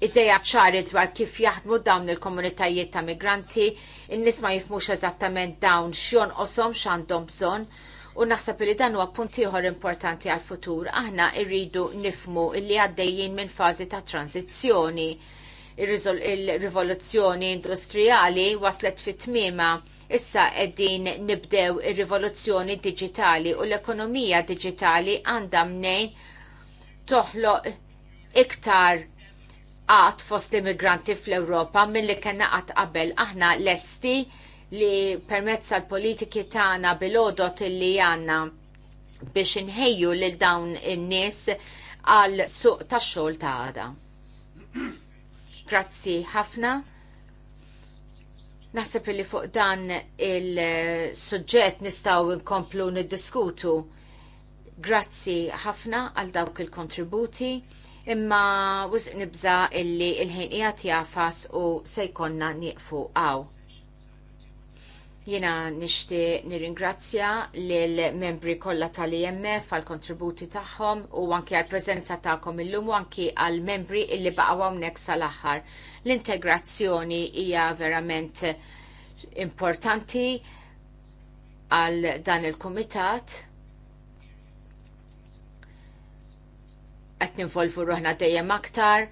ideja ċari dwar kif jaħdmu dawn il-komunitajiet ta' migranti, in-nies ma jifmux eżattament dawn xjon osom x'għandhom bżonn u naħseb li dan huwa punt ieħor importanti għal futur aħna rridu nifmu illi għaddejjin minn fażi ta' tranzizzjoni il-rivoluzzjoni industrijali waslet fit-tmima issa qegħdin nibdew ir-rivoluzzjoni diġitali u l-ekonomija diġitali għandha mnejn toħloq iktar għat fost immigranti fl-Ewropa milli kellna qatt qabel aħna lesti li permezz tal politiki tagħna bil-odot li għandna biex inħejju lil dawn in-nies għal suq tax-xogħol ta' għada. Grazzi ħafna. Naħseb li fuq dan il-suġġett nistaw nkomplu niddiskutu. Grazzi ħafna għal dawk il-kontributi imma wisq nibża illi il-ħin qiegħed jafas u se jkollna nieqfu għaw. Jina nishti nirringrazzja l-membri kollha tal-IMF għal-kontributi tagħhom u anki għal-preżenza tagħkom illum u anki għal-membri illi baqgħu hawnhekk sal-aħħar. L-integrazzjoni hija verament importanti għal dan il-kumitat qed ninvolvu ruħna dejjem aktar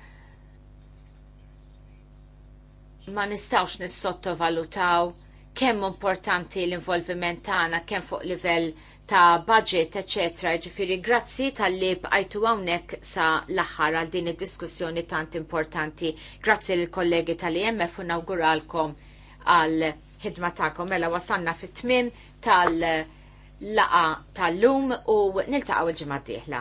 ma nistawx nissottovalutaw kemm importanti l-involviment tagħna kemm fuq livell ta' budget, etc. Ġifiri, grazzi tal-li bqajtu għawnek sa l-axħar għal din id-diskussjoni tant importanti. Grazzi l-kollegi tal-IMF u nawguralkom għal ħidma ta'kom. Mela wasanna fit-tmim tal-laqa tal-lum u niltaqgħu il-ġimma d-dieħla.